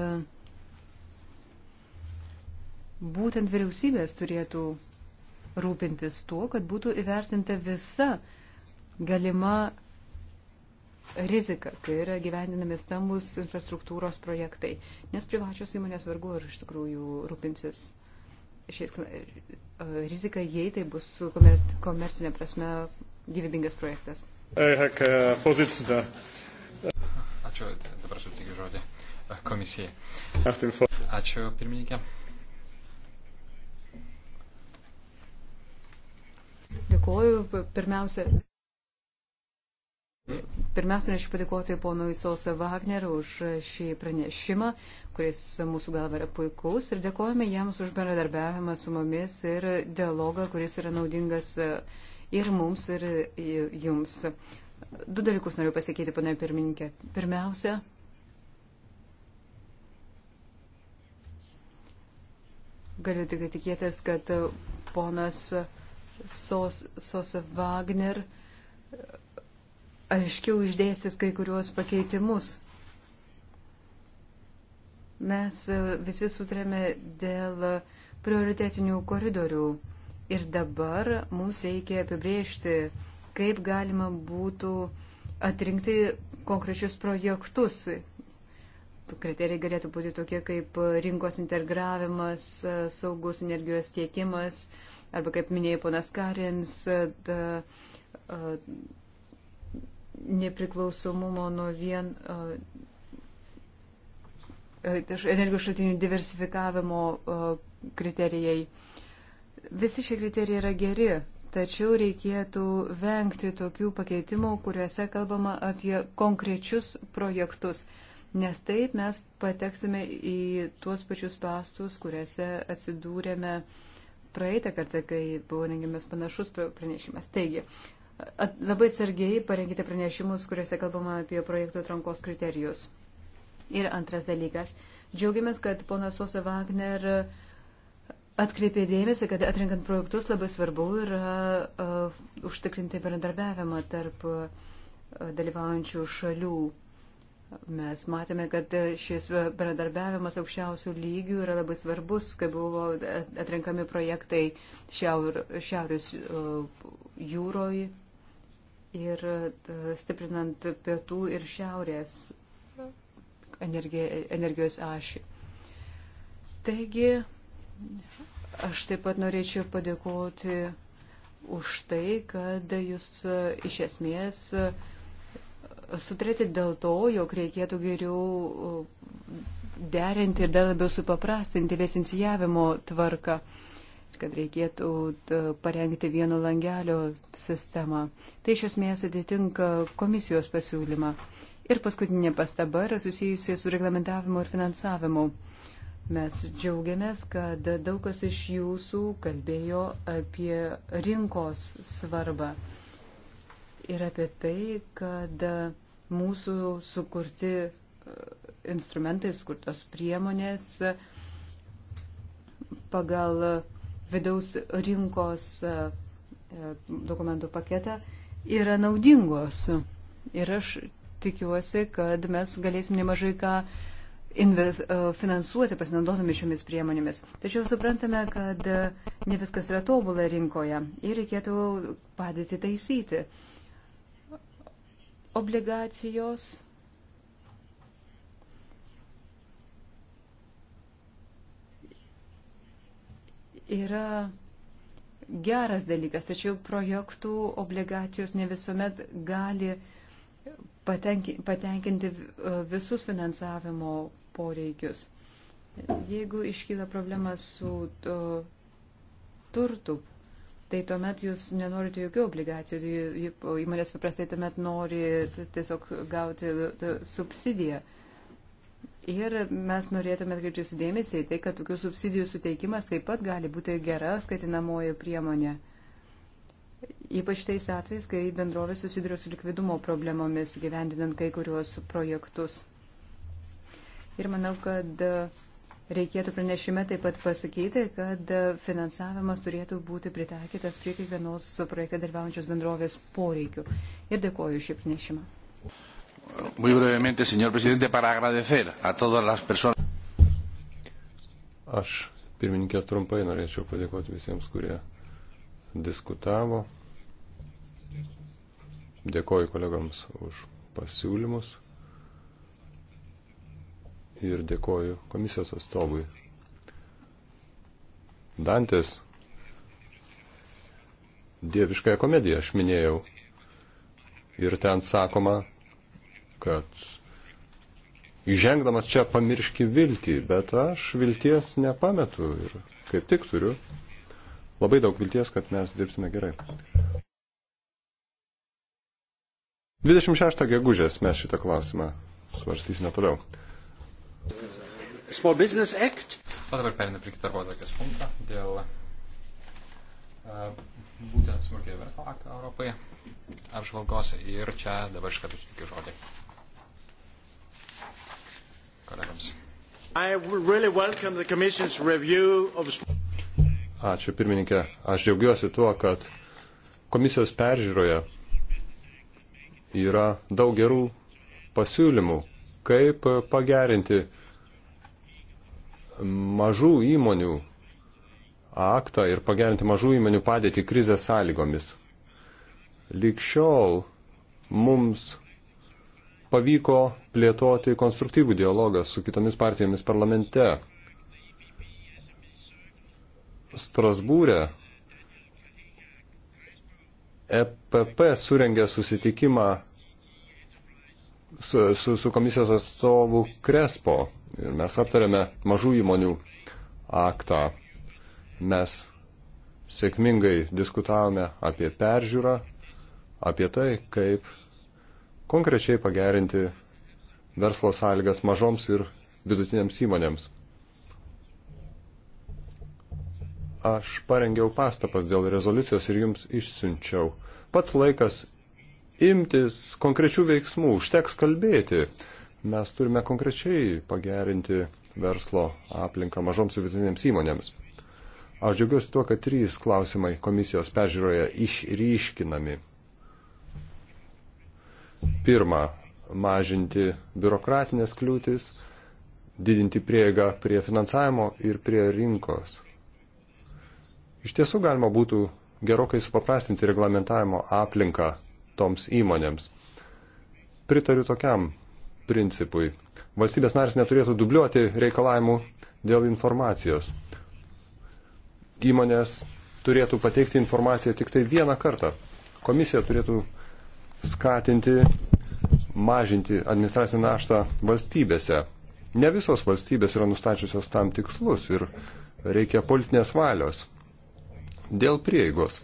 Speaker 3: būtent vyriausybės turėtų rūpintis tuo, kad būtų įvertinta visa galima rizika, kai yra gyvendinami stambus infrastruktūros projektai. Nes privačios įmonės vargu ir iš tikrųjų rūpinsis šiais e, rizika, jei tai bus komer komercinė prasme gyvybingas projektas.
Speaker 5: Uh,
Speaker 2: Ačiū, dabar su žodį e, komisijai. Ačiū, pirmininkė.
Speaker 3: Dėkuoju. Pirmiausia, pirmiausia, norėčiau padėkoti ponui Sosa Wagner už šį pranešimą, kuris mūsų galva yra puikus ir dėkojame jiems už bendradarbiavimą su mumis ir dialogą, kuris yra naudingas e, ir mums, ir e, jums. Du dalykus noriu pasakyti, ponai pirmininkė. Pirmiausia, Galiu tik tikėtis, kad e, ponas Sos, Sosa Wagner e, aiškiau išdėstys kai kuriuos pakeitimus. Mes e, visi sutrėme dėl prioritetinių koridorių ir dabar mums reikia apibriežti, kaip galima būtų atrinkti konkrečius projektus kriterijai galėtų būti tokie kaip rinkos integravimas, saugus energijos tiekimas, arba kaip minėjo ponas Karins, da, a, nepriklausomumo nuo vien a, tai energijos šaltinių diversifikavimo a, kriterijai. Visi šie kriterijai yra geri, tačiau reikėtų vengti tokių pakeitimų, kuriuose kalbama apie konkrečius projektus nes taip mes pateksime į tuos pačius pastus, kuriuose atsidūrėme praeitą kartą, kai buvo rengiamas panašus pranešimas. Taigi, at, labai sargiai parengite pranešimus, kuriuose kalbama apie projektų atrankos kriterijus. Ir antras dalykas. Džiaugiamės, kad ponas Sosa Wagner atkreipė dėmesį, kad atrenkant projektus labai svarbu yra uh, užtikrinti bendradarbiavimą tarp uh, dalyvaujančių šalių. Uh, Mes matėme, kad šis bendradarbiavimas aukščiausių lygių yra labai svarbus, kai buvo atrenkami projektai šiaur, Šiaurės uh, jūroje ir uh, stiprinant pietų ir šiaurės energijos ašį. Taigi, aš taip pat norėčiau padėkoti už tai, kad jūs uh, iš esmės uh, sutrėti dėl to, jog reikėtų geriau uh, derinti ir dar labiau supaprastinti licencijavimo tvarką kad reikėtų uh, parengti vieno langelio sistemą. Tai iš esmės atitinka komisijos pasiūlymą. Ir paskutinė pastaba yra susijusi su reglamentavimu ir finansavimu. Mes džiaugiamės, kad daug kas iš jūsų kalbėjo apie rinkos svarbą ir apie tai, kad mūsų sukurti e, instrumentai, sukurtos priemonės pagal vidaus rinkos e, dokumentų paketą yra naudingos. Ir aš tikiuosi, kad mes galėsim nemažai ką inves, e, finansuoti pasinaudodami šiomis priemonėmis. Tačiau suprantame, kad ne viskas yra tobulą rinkoje ir reikėtų padėti taisyti obligacijos yra geras dalykas, tačiau projektų obligacijos ne visuomet gali patenkinti e, visus finansavimo poreikius. Jeigu iškyla problema su e, turtų tai tuomet jūs nenorite jokių obligacijų, tai įmonės paprastai tuomet nori tiesiog gauti subsidiją. Ir mes norėtume atkreipti jūsų dėmesį į tai, kad tokių subsidijų suteikimas taip pat gali būti gera skatinamoji priemonė. Ypač tais atvejais, kai bendrovė susiduria su likvidumo problemomis gyvendinant kai kuriuos projektus. Ir manau, kad uh, Reikėtų pranešime taip pat pasakyti, kad finansavimas turėtų būti pritaikytas prie kiekvienos projekte dalyvaujančios bendrovės poreikių. Ir dėkoju šį pranešimą.
Speaker 1: Muy brevemente, señor presidente, para agradecer a todas las personas.
Speaker 5: Aš pirmininkė trumpai norėčiau padėkoti visiems, kurie diskutavo. Dėkoju kolegams už pasiūlymus ir dėkoju komisijos atstovui. Dantės dieviškąją komediją aš minėjau. Ir ten sakoma, kad įžengdamas čia pamirški viltį, bet aš vilties nepametu ir kaip tik turiu labai daug vilties, kad mes dirbsime gerai. 26 gegužės mes šitą klausimą svarstysime toliau.
Speaker 2: Small Business Act. O dabar perinu prie kitą darbotvarkės punktą dėl uh, būtent smulkio verslo akto Europoje apžvalgos ir čia dabar iš karto sutikiu
Speaker 3: žodį kolegams. Really of...
Speaker 5: Ačiū pirmininkė. Aš džiaugiuosi tuo, kad komisijos peržiūroje yra daug gerų pasiūlymų, kaip pagerinti uh, mažų įmonių aktą ir pagerinti mažų įmonių padėtį krizės sąlygomis. Likščiol mums pavyko plėtoti konstruktyvų dialogą su kitomis partijomis parlamente. Strasbūrė EPP surengė susitikimą su, su, su komisijos atstovu Krespo ir mes aptarėme mažų įmonių aktą. Mes sėkmingai diskutavome apie peržiūrą, apie tai, kaip konkrečiai pagerinti verslo sąlygas mažoms ir vidutinėms įmonėms. Aš parengiau pastapas dėl rezoliucijos ir jums išsiunčiau. Pats laikas imtis konkrečių veiksmų, užteks kalbėti. Mes turime konkrečiai pagerinti verslo aplinką mažoms ir vidutinėms įmonėms. Aš džiaugiuosi tuo, kad trys klausimai komisijos peržiūroje išryškinami. Pirma, mažinti biurokratinės kliūtis, didinti prieigą prie finansavimo ir prie rinkos. Iš tiesų galima būtų gerokai supaprastinti reglamentavimo aplinką toms įmonėms. Pritariu tokiam principui. Valstybės narės neturėtų dubliuoti reikalavimų dėl informacijos. Įmonės turėtų pateikti informaciją tik tai vieną kartą. Komisija turėtų skatinti, mažinti administracinę naštą valstybėse. Ne visos valstybės yra nustačiusios tam tikslus ir reikia politinės valios. Dėl prieigos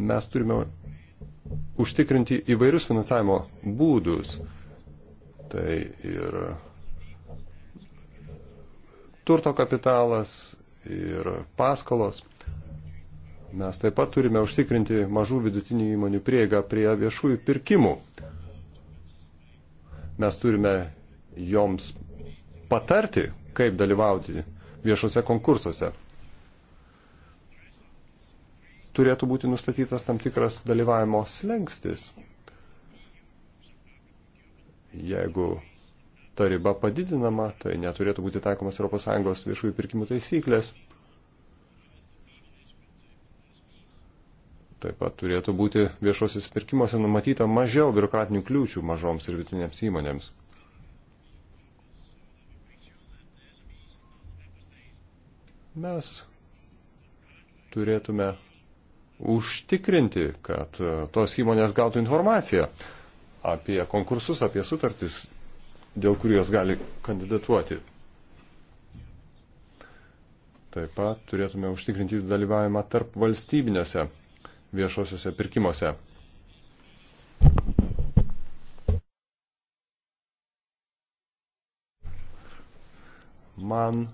Speaker 5: mes turime užtikrinti įvairius finansavimo būdus. Tai ir turto kapitalas, ir paskolos. Mes taip pat turime užtikrinti mažų vidutinių įmonių prieigą prie viešųjų pirkimų. Mes turime joms patarti, kaip dalyvauti viešuose konkursuose turėtų būti nustatytas tam tikras dalyvavimo slengstis. Jeigu ta riba padidinama, tai neturėtų būti taikomas ES viešųjų pirkimų taisyklės. Taip pat turėtų būti viešosios pirkimuose numatyta mažiau biurokratinių kliūčių mažoms ir vidutinėms įmonėms. Mes turėtume užtikrinti, kad e, tos įmonės gautų informaciją apie konkursus, apie sutartis, dėl kurių jos gali kandidatuoti. Taip pat turėtume užtikrinti jų dalyvavimą tarp valstybinėse viešosiuose pirkimuose. Man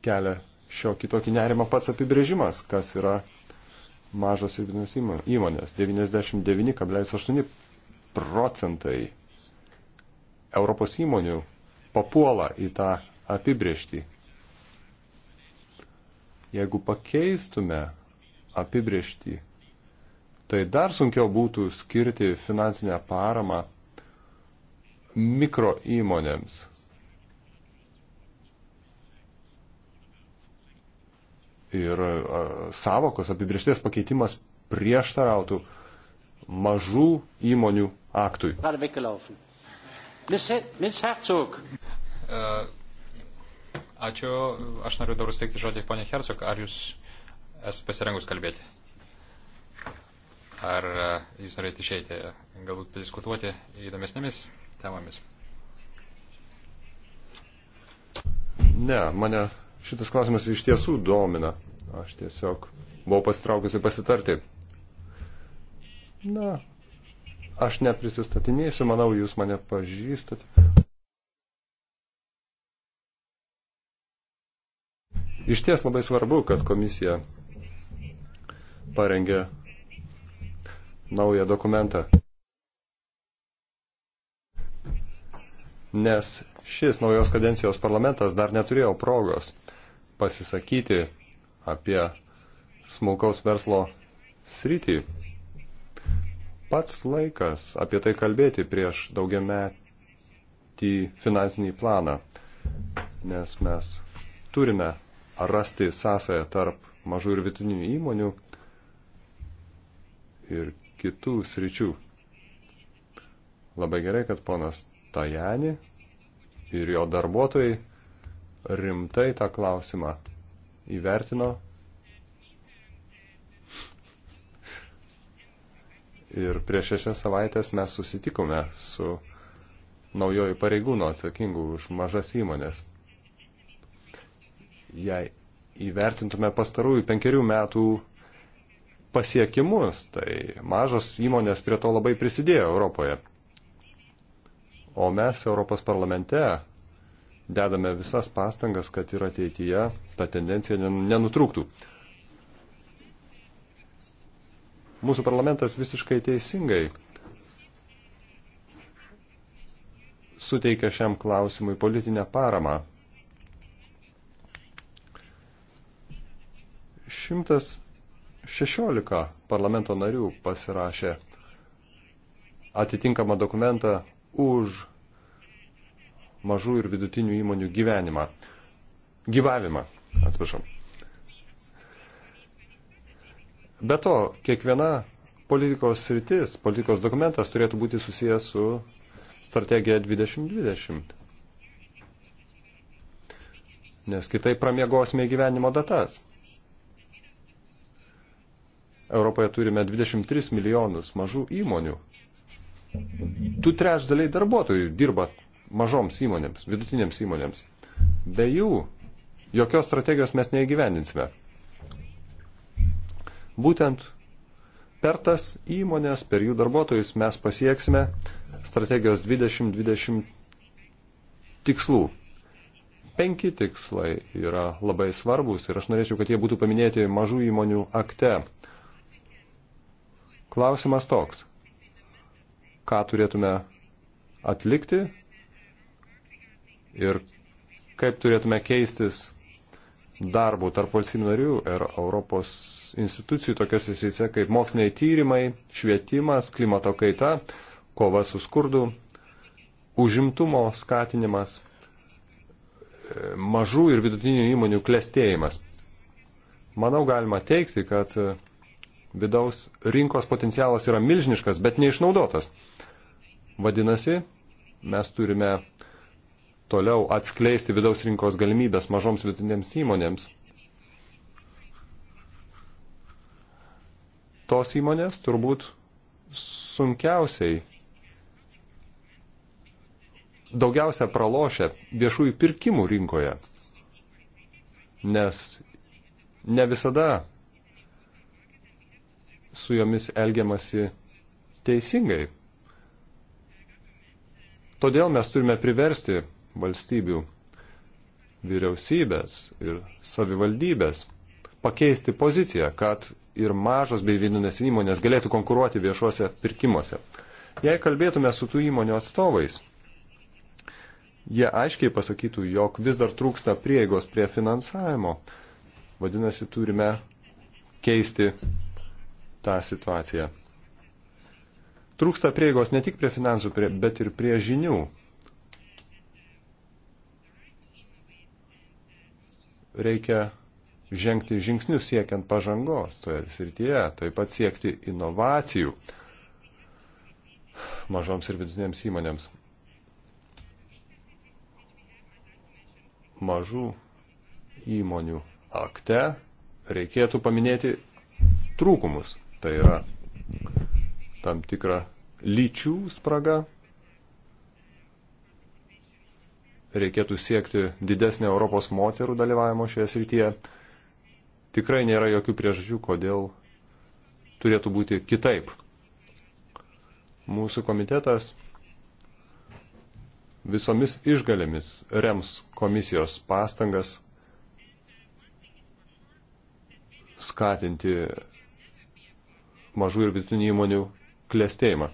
Speaker 5: kelia šio kitokį nerimą pats apibrėžimas, kas yra mažos ir vidinės įmonės. 99,8 procentai Europos įmonių papuola į tą apibrėžtį. Jeigu pakeistume apibrėžtį, tai dar sunkiau būtų skirti finansinę paramą mikro įmonėms ir savokos apibriešties pakeitimas prieštarautų mažų įmonių aktui.
Speaker 2: Ačiū, aš noriu dabar steigti žodį ponė Hersok, ar jūs esate pasirengus kalbėti? Ar jūs norėtumėte išeiti, galbūt padiskutuoti įdomesnėmis temomis?
Speaker 5: Ne, mane Šitas klausimas iš tiesų domina. Aš tiesiog buvau pasitraukusi pasitarti. Na, aš neprisistatinėsiu, manau, jūs mane pažįstat. Iš ties labai svarbu, kad komisija parengė naują dokumentą. Nes šis naujos kadencijos parlamentas dar neturėjo progos pasisakyti apie smulkaus verslo sritį. Pats laikas apie tai kalbėti prieš daugiametį finansinį planą, nes mes turime rasti sąsąją tarp mažų ir vidutinių įmonių ir kitų sričių. Labai gerai, kad ponas Tajani ir jo darbuotojai rimtai tą klausimą įvertino ir prieš šešias savaitės mes susitikome su naujoju pareigūnu atsakingu už mažas įmonės. Jei įvertintume pastarųjų penkerių metų pasiekimus, tai mažos įmonės prie to labai prisidėjo Europoje. O mes Europos parlamente dedame visas pastangas, kad ir ateityje ta tendencija nenutrūktų. Mūsų parlamentas visiškai teisingai suteikia šiam klausimui politinę paramą. 116 parlamento narių pasirašė atitinkamą dokumentą už mažų ir vidutinių įmonių gyvenimą. Gyvavimą, atsiprašau. Be to, kiekviena politikos sritis, politikos dokumentas turėtų būti susijęs su strategija 2020. Nes kitai pramiegosime gyvenimo datas. Europoje turime 23 milijonus mažų įmonių. Tu trečdaliai darbuotojų dirba mažoms įmonėms, vidutinėms įmonėms. Be jų jokios strategijos mes neįgyvendinsime. Būtent per tas įmonės, per jų darbuotojus mes pasieksime strategijos 2020 tikslų. Penki tikslai yra labai svarbus ir aš norėčiau, kad jie būtų paminėti mažų įmonių akte. Klausimas toks. Ką turėtume atlikti, ir kaip turėtume keistis darbų tarp valstybių narių ir Europos institucijų tokiose srityse kaip moksliniai tyrimai, švietimas, klimato kaita, kova su skurdu, užimtumo skatinimas, mažų ir vidutinių įmonių klestėjimas. Manau, galima teikti, kad vidaus rinkos potencialas yra milžiniškas, bet neišnaudotas. Vadinasi, mes turime uh, toliau atskleisti vidaus rinkos galimybės mažoms vidutinėms įmonėms. Tos įmonės turbūt sunkiausiai daugiausia pralošia viešųjų pirkimų rinkoje, nes ne visada su jomis elgiamasi teisingai. Todėl mes turime priversti valstybių vyriausybės ir savivaldybės pakeisti poziciją, kad ir mažos bei vidinės įmonės galėtų konkuruoti viešuose pirkimuose. Jei kalbėtume su tų įmonių atstovais, jie aiškiai pasakytų, jog vis dar trūksta prieigos prie finansavimo. Vadinasi, turime keisti tą situaciją. Trūksta prieigos ne tik prie finansų, bet ir prie žinių. reikia žengti žingsnius siekiant pažangos toje srityje, taip pat siekti inovacijų mažoms ir vidutinėms įmonėms. Mažų įmonių akte reikėtų paminėti trūkumus. Tai yra tam tikra lyčių spraga reikėtų siekti didesnį Europos moterų dalyvavimo šioje srityje. Tikrai nėra jokių priežasčių, kodėl turėtų būti kitaip. Mūsų komitetas visomis išgalėmis rems komisijos pastangas skatinti mažų ir vidutinių įmonių klėstėjimą.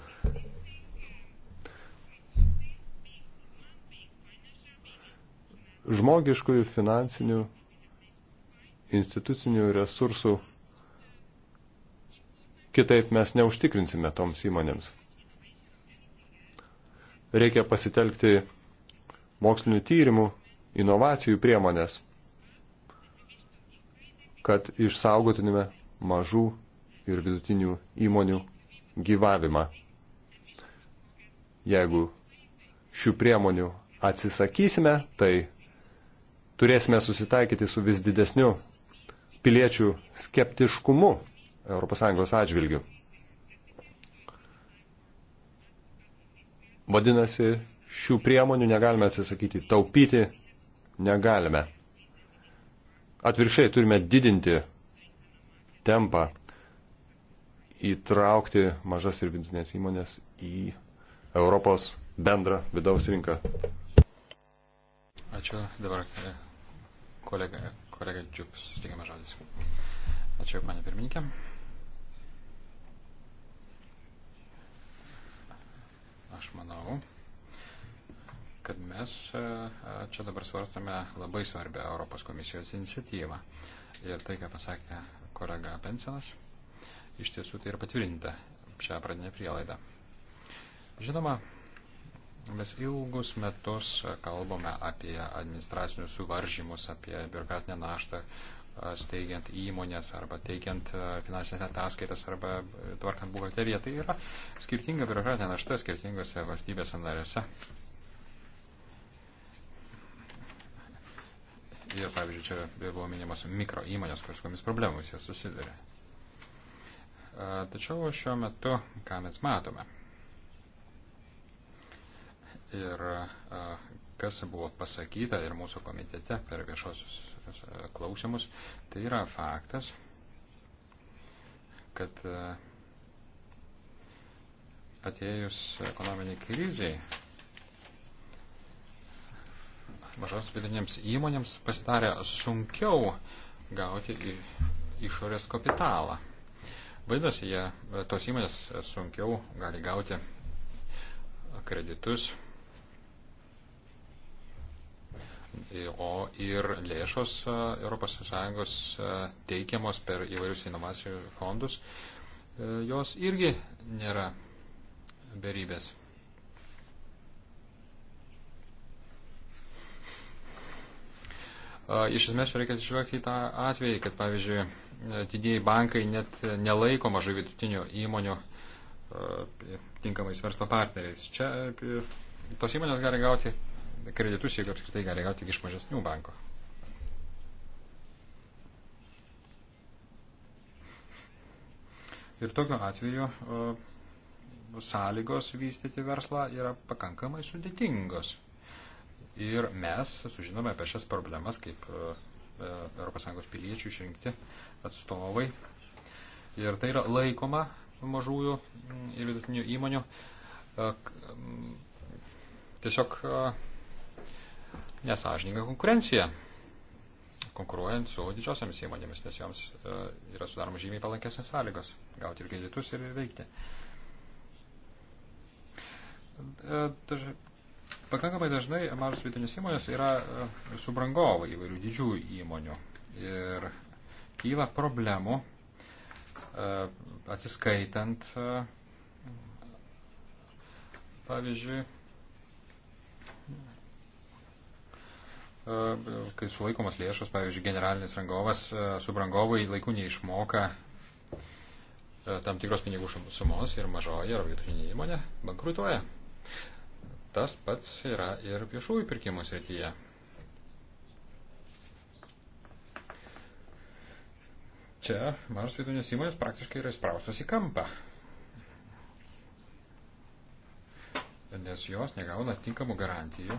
Speaker 5: žmogiškųjų, finansinių, institucinių resursų. Kitaip mes neužtikrinsime toms įmonėms. Reikia pasitelkti mokslinių tyrimų, inovacijų priemonės, kad išsaugotumėme mažų ir vidutinių įmonių gyvavimą. Jeigu šių priemonių atsisakysime, tai turėsime susitaikyti su vis didesniu piliečių skeptiškumu ES atžvilgiu. Vadinasi, šių priemonių negalime atsisakyti, taupyti negalime. Atvirkščiai turime didinti tempą, įtraukti mažas ir vidutinės įmonės į Europos bendrą vidaus rinką.
Speaker 2: Ačiū. Dabar e, Kolega, kolega Džiuks, sutikime žodis. Ačiū, panė pirmininkė. Aš manau, kad mes e, čia dabar svarstame labai svarbę Europos komisijos iniciatyvą. Ir tai, ką pasakė kolega Pensinas, iš tiesų tai ir patvirtinta šią pradinę prielaidą. Žinoma, Mes ilgus metus kalbame apie administracinius suvaržymus, apie biurokratinę naštą, steigiant įmonės arba teikiant finansinės ataskaitas arba tvarkant buhalteriją. Tai yra skirtinga biurokratinė našta skirtingose valstybėse narėse. Ir, pavyzdžiui, čia buvo minimas mikro įmonės, kažkokiamis problemomis jie susiduria. Tačiau šiuo metu, ką mes matome, ir kas buvo pasakyta ir mūsų komitete per viešosius e, klausimus, tai yra faktas, kad e, atėjus ekonominiai kriziai mažos vidutinėms įmonėms pasidarė sunkiau gauti išorės kapitalą. Vadinasi, tos įmonės sunkiau gali gauti kreditus E, o ir lėšos e, ES e, teikiamos per įvairius inovacijų fondus, jos irgi nėra beribės. Iš esmės reikia atsižvelgti į tą atvejį, kad pavyzdžiui, didieji bankai net nelaiko mažai vidutinių įmonių tinkamais verslo partneriais. Čia tos įmonės gali gauti kreditus, jeigu apskritai gali gauti tik iš mažesnių bankų. Ir tokiu atveju sąlygos vystyti verslą yra pakankamai sudėtingos. Ir mes sužinome apie šias problemas kaip ES piliečių išrinkti atstovai. Ir tai yra laikoma mažųjų ir vidutinių įmonių e, tiesiog nesažininga konkurencija, konkuruojant su didžiosiamis įmonėmis, nes joms e, yra sudaroma žymiai palankesnės sąlygos gauti ir kreditus ir veikti. E, pakankamai dažnai mažos vidinės įmonės yra e, subrangovai įvairių didžiųjų įmonių ir kyla problemų atsiskaitant, pavyzdžiui, E, kai sulaikomas lėšos, pavyzdžiui, generalinis rangovas e, subrangovai laiku neišmoka e, tam tikros pinigų sumos ir mažoji ar vidutinė įmonė bankrutuoja. Tas pats yra ir viešųjų pirkimų srityje. Čia mažos vidutinės įmonės praktiškai yra įspraustos į kampą. Nes jos negauna tinkamų garantijų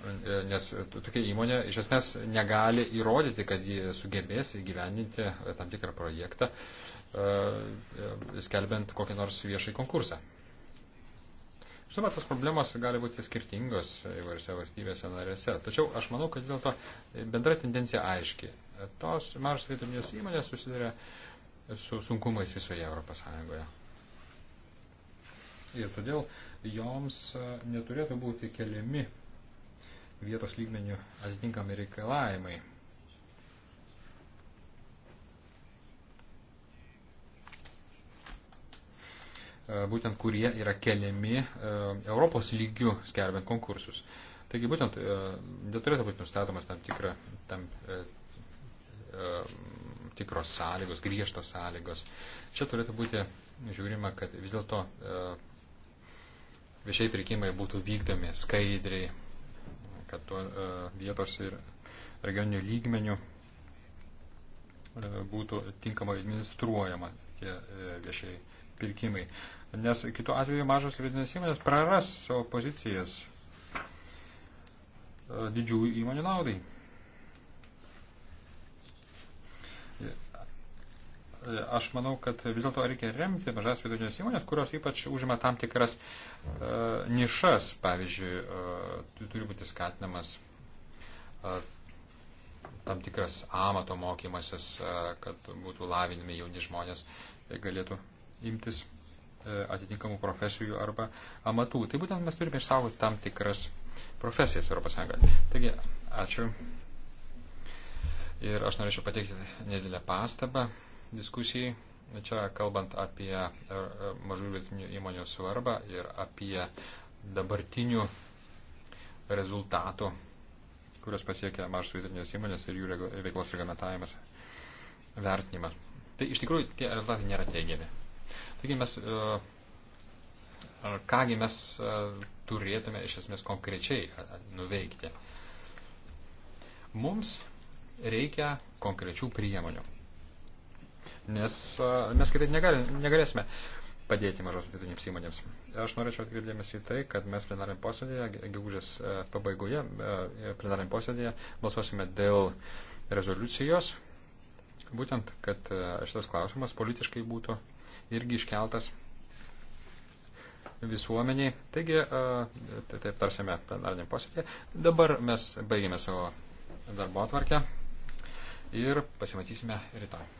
Speaker 2: E, nes tokia įmonė iš esmės negali įrodyti, kad ji sugebės įgyvendinti e, tam tikrą projektą, e, skelbiant kokį nors viešai konkursą. Žinoma, tos problemos gali būti skirtingos įvairiose valstybėse narėse, tačiau aš manau, kad dėl to bendra tendencija aiški. Tos mažos vietinės įmonės susiduria su sunkumais visoje Europos Sąjungoje. Ir todėl joms neturėtų būti keliami vietos lygmenių atitinkami reikalavimai. E, būtent kurie yra keliami e, Europos lygių skelbiant konkursus. Taigi būtent neturėtų būti nustatomas tam, tikra, tam e, tikros sąlygos, griežtos sąlygos. Čia turėtų būti žiūrima, kad vis dėlto viešiai pirkimai būtų vykdomi skaidriai, kad tuo e, vietos ir regioninių lygmenių e, būtų tinkamai administruojama tie e, viešiai pirkimai. Nes kitu atveju mažos ir vidinės įmonės praras savo pozicijas didžiųjų įmonių naudai. E, aš manau, kad vis dėlto reikia remti mažas vidutinės įmonės, kurios ypač užima tam tikras uh, nišas. Pavyzdžiui, uh, turi būti skatinamas uh, tam tikras amato mokymasis, uh, kad būtų lavinami jauni žmonės ir galėtų imtis uh, atitinkamų profesijų arba amatų. Tai būtent mes turime išsaugoti tam tikras profesijas Europos Sąjungoje. Taigi, ačiū. Ir aš norėčiau pateikti nedidelę pastabą diskusijai. Čia kalbant apie e, e, mažų vidutinių įmonių svarbą ir apie dabartinių rezultatų, kurios pasiekia mažos vidutinės įmonės ir jų veiklos reglamentavimas, vertinimas. Tai iš tikrųjų tie rezultatai nėra teigiami. Taigi mes, e, kągi mes turėtume iš esmės konkrečiai nuveikti. Mums reikia konkrečių priemonių nes mes kitaip negalėsime padėti mažos vidutinėms įmonėms. Aš norėčiau atkreipdėmės į tai, kad mes plenariam posėdėje, gegužės pabaigoje, plenariam posėdėje balsuosime dėl rezoliucijos, būtent, kad šitas klausimas politiškai būtų irgi iškeltas visuomeniai. Taigi, taip tarsime plenariniam posėdėje. Dabar mes baigėme savo darbo atvarkę ir pasimatysime rytoj.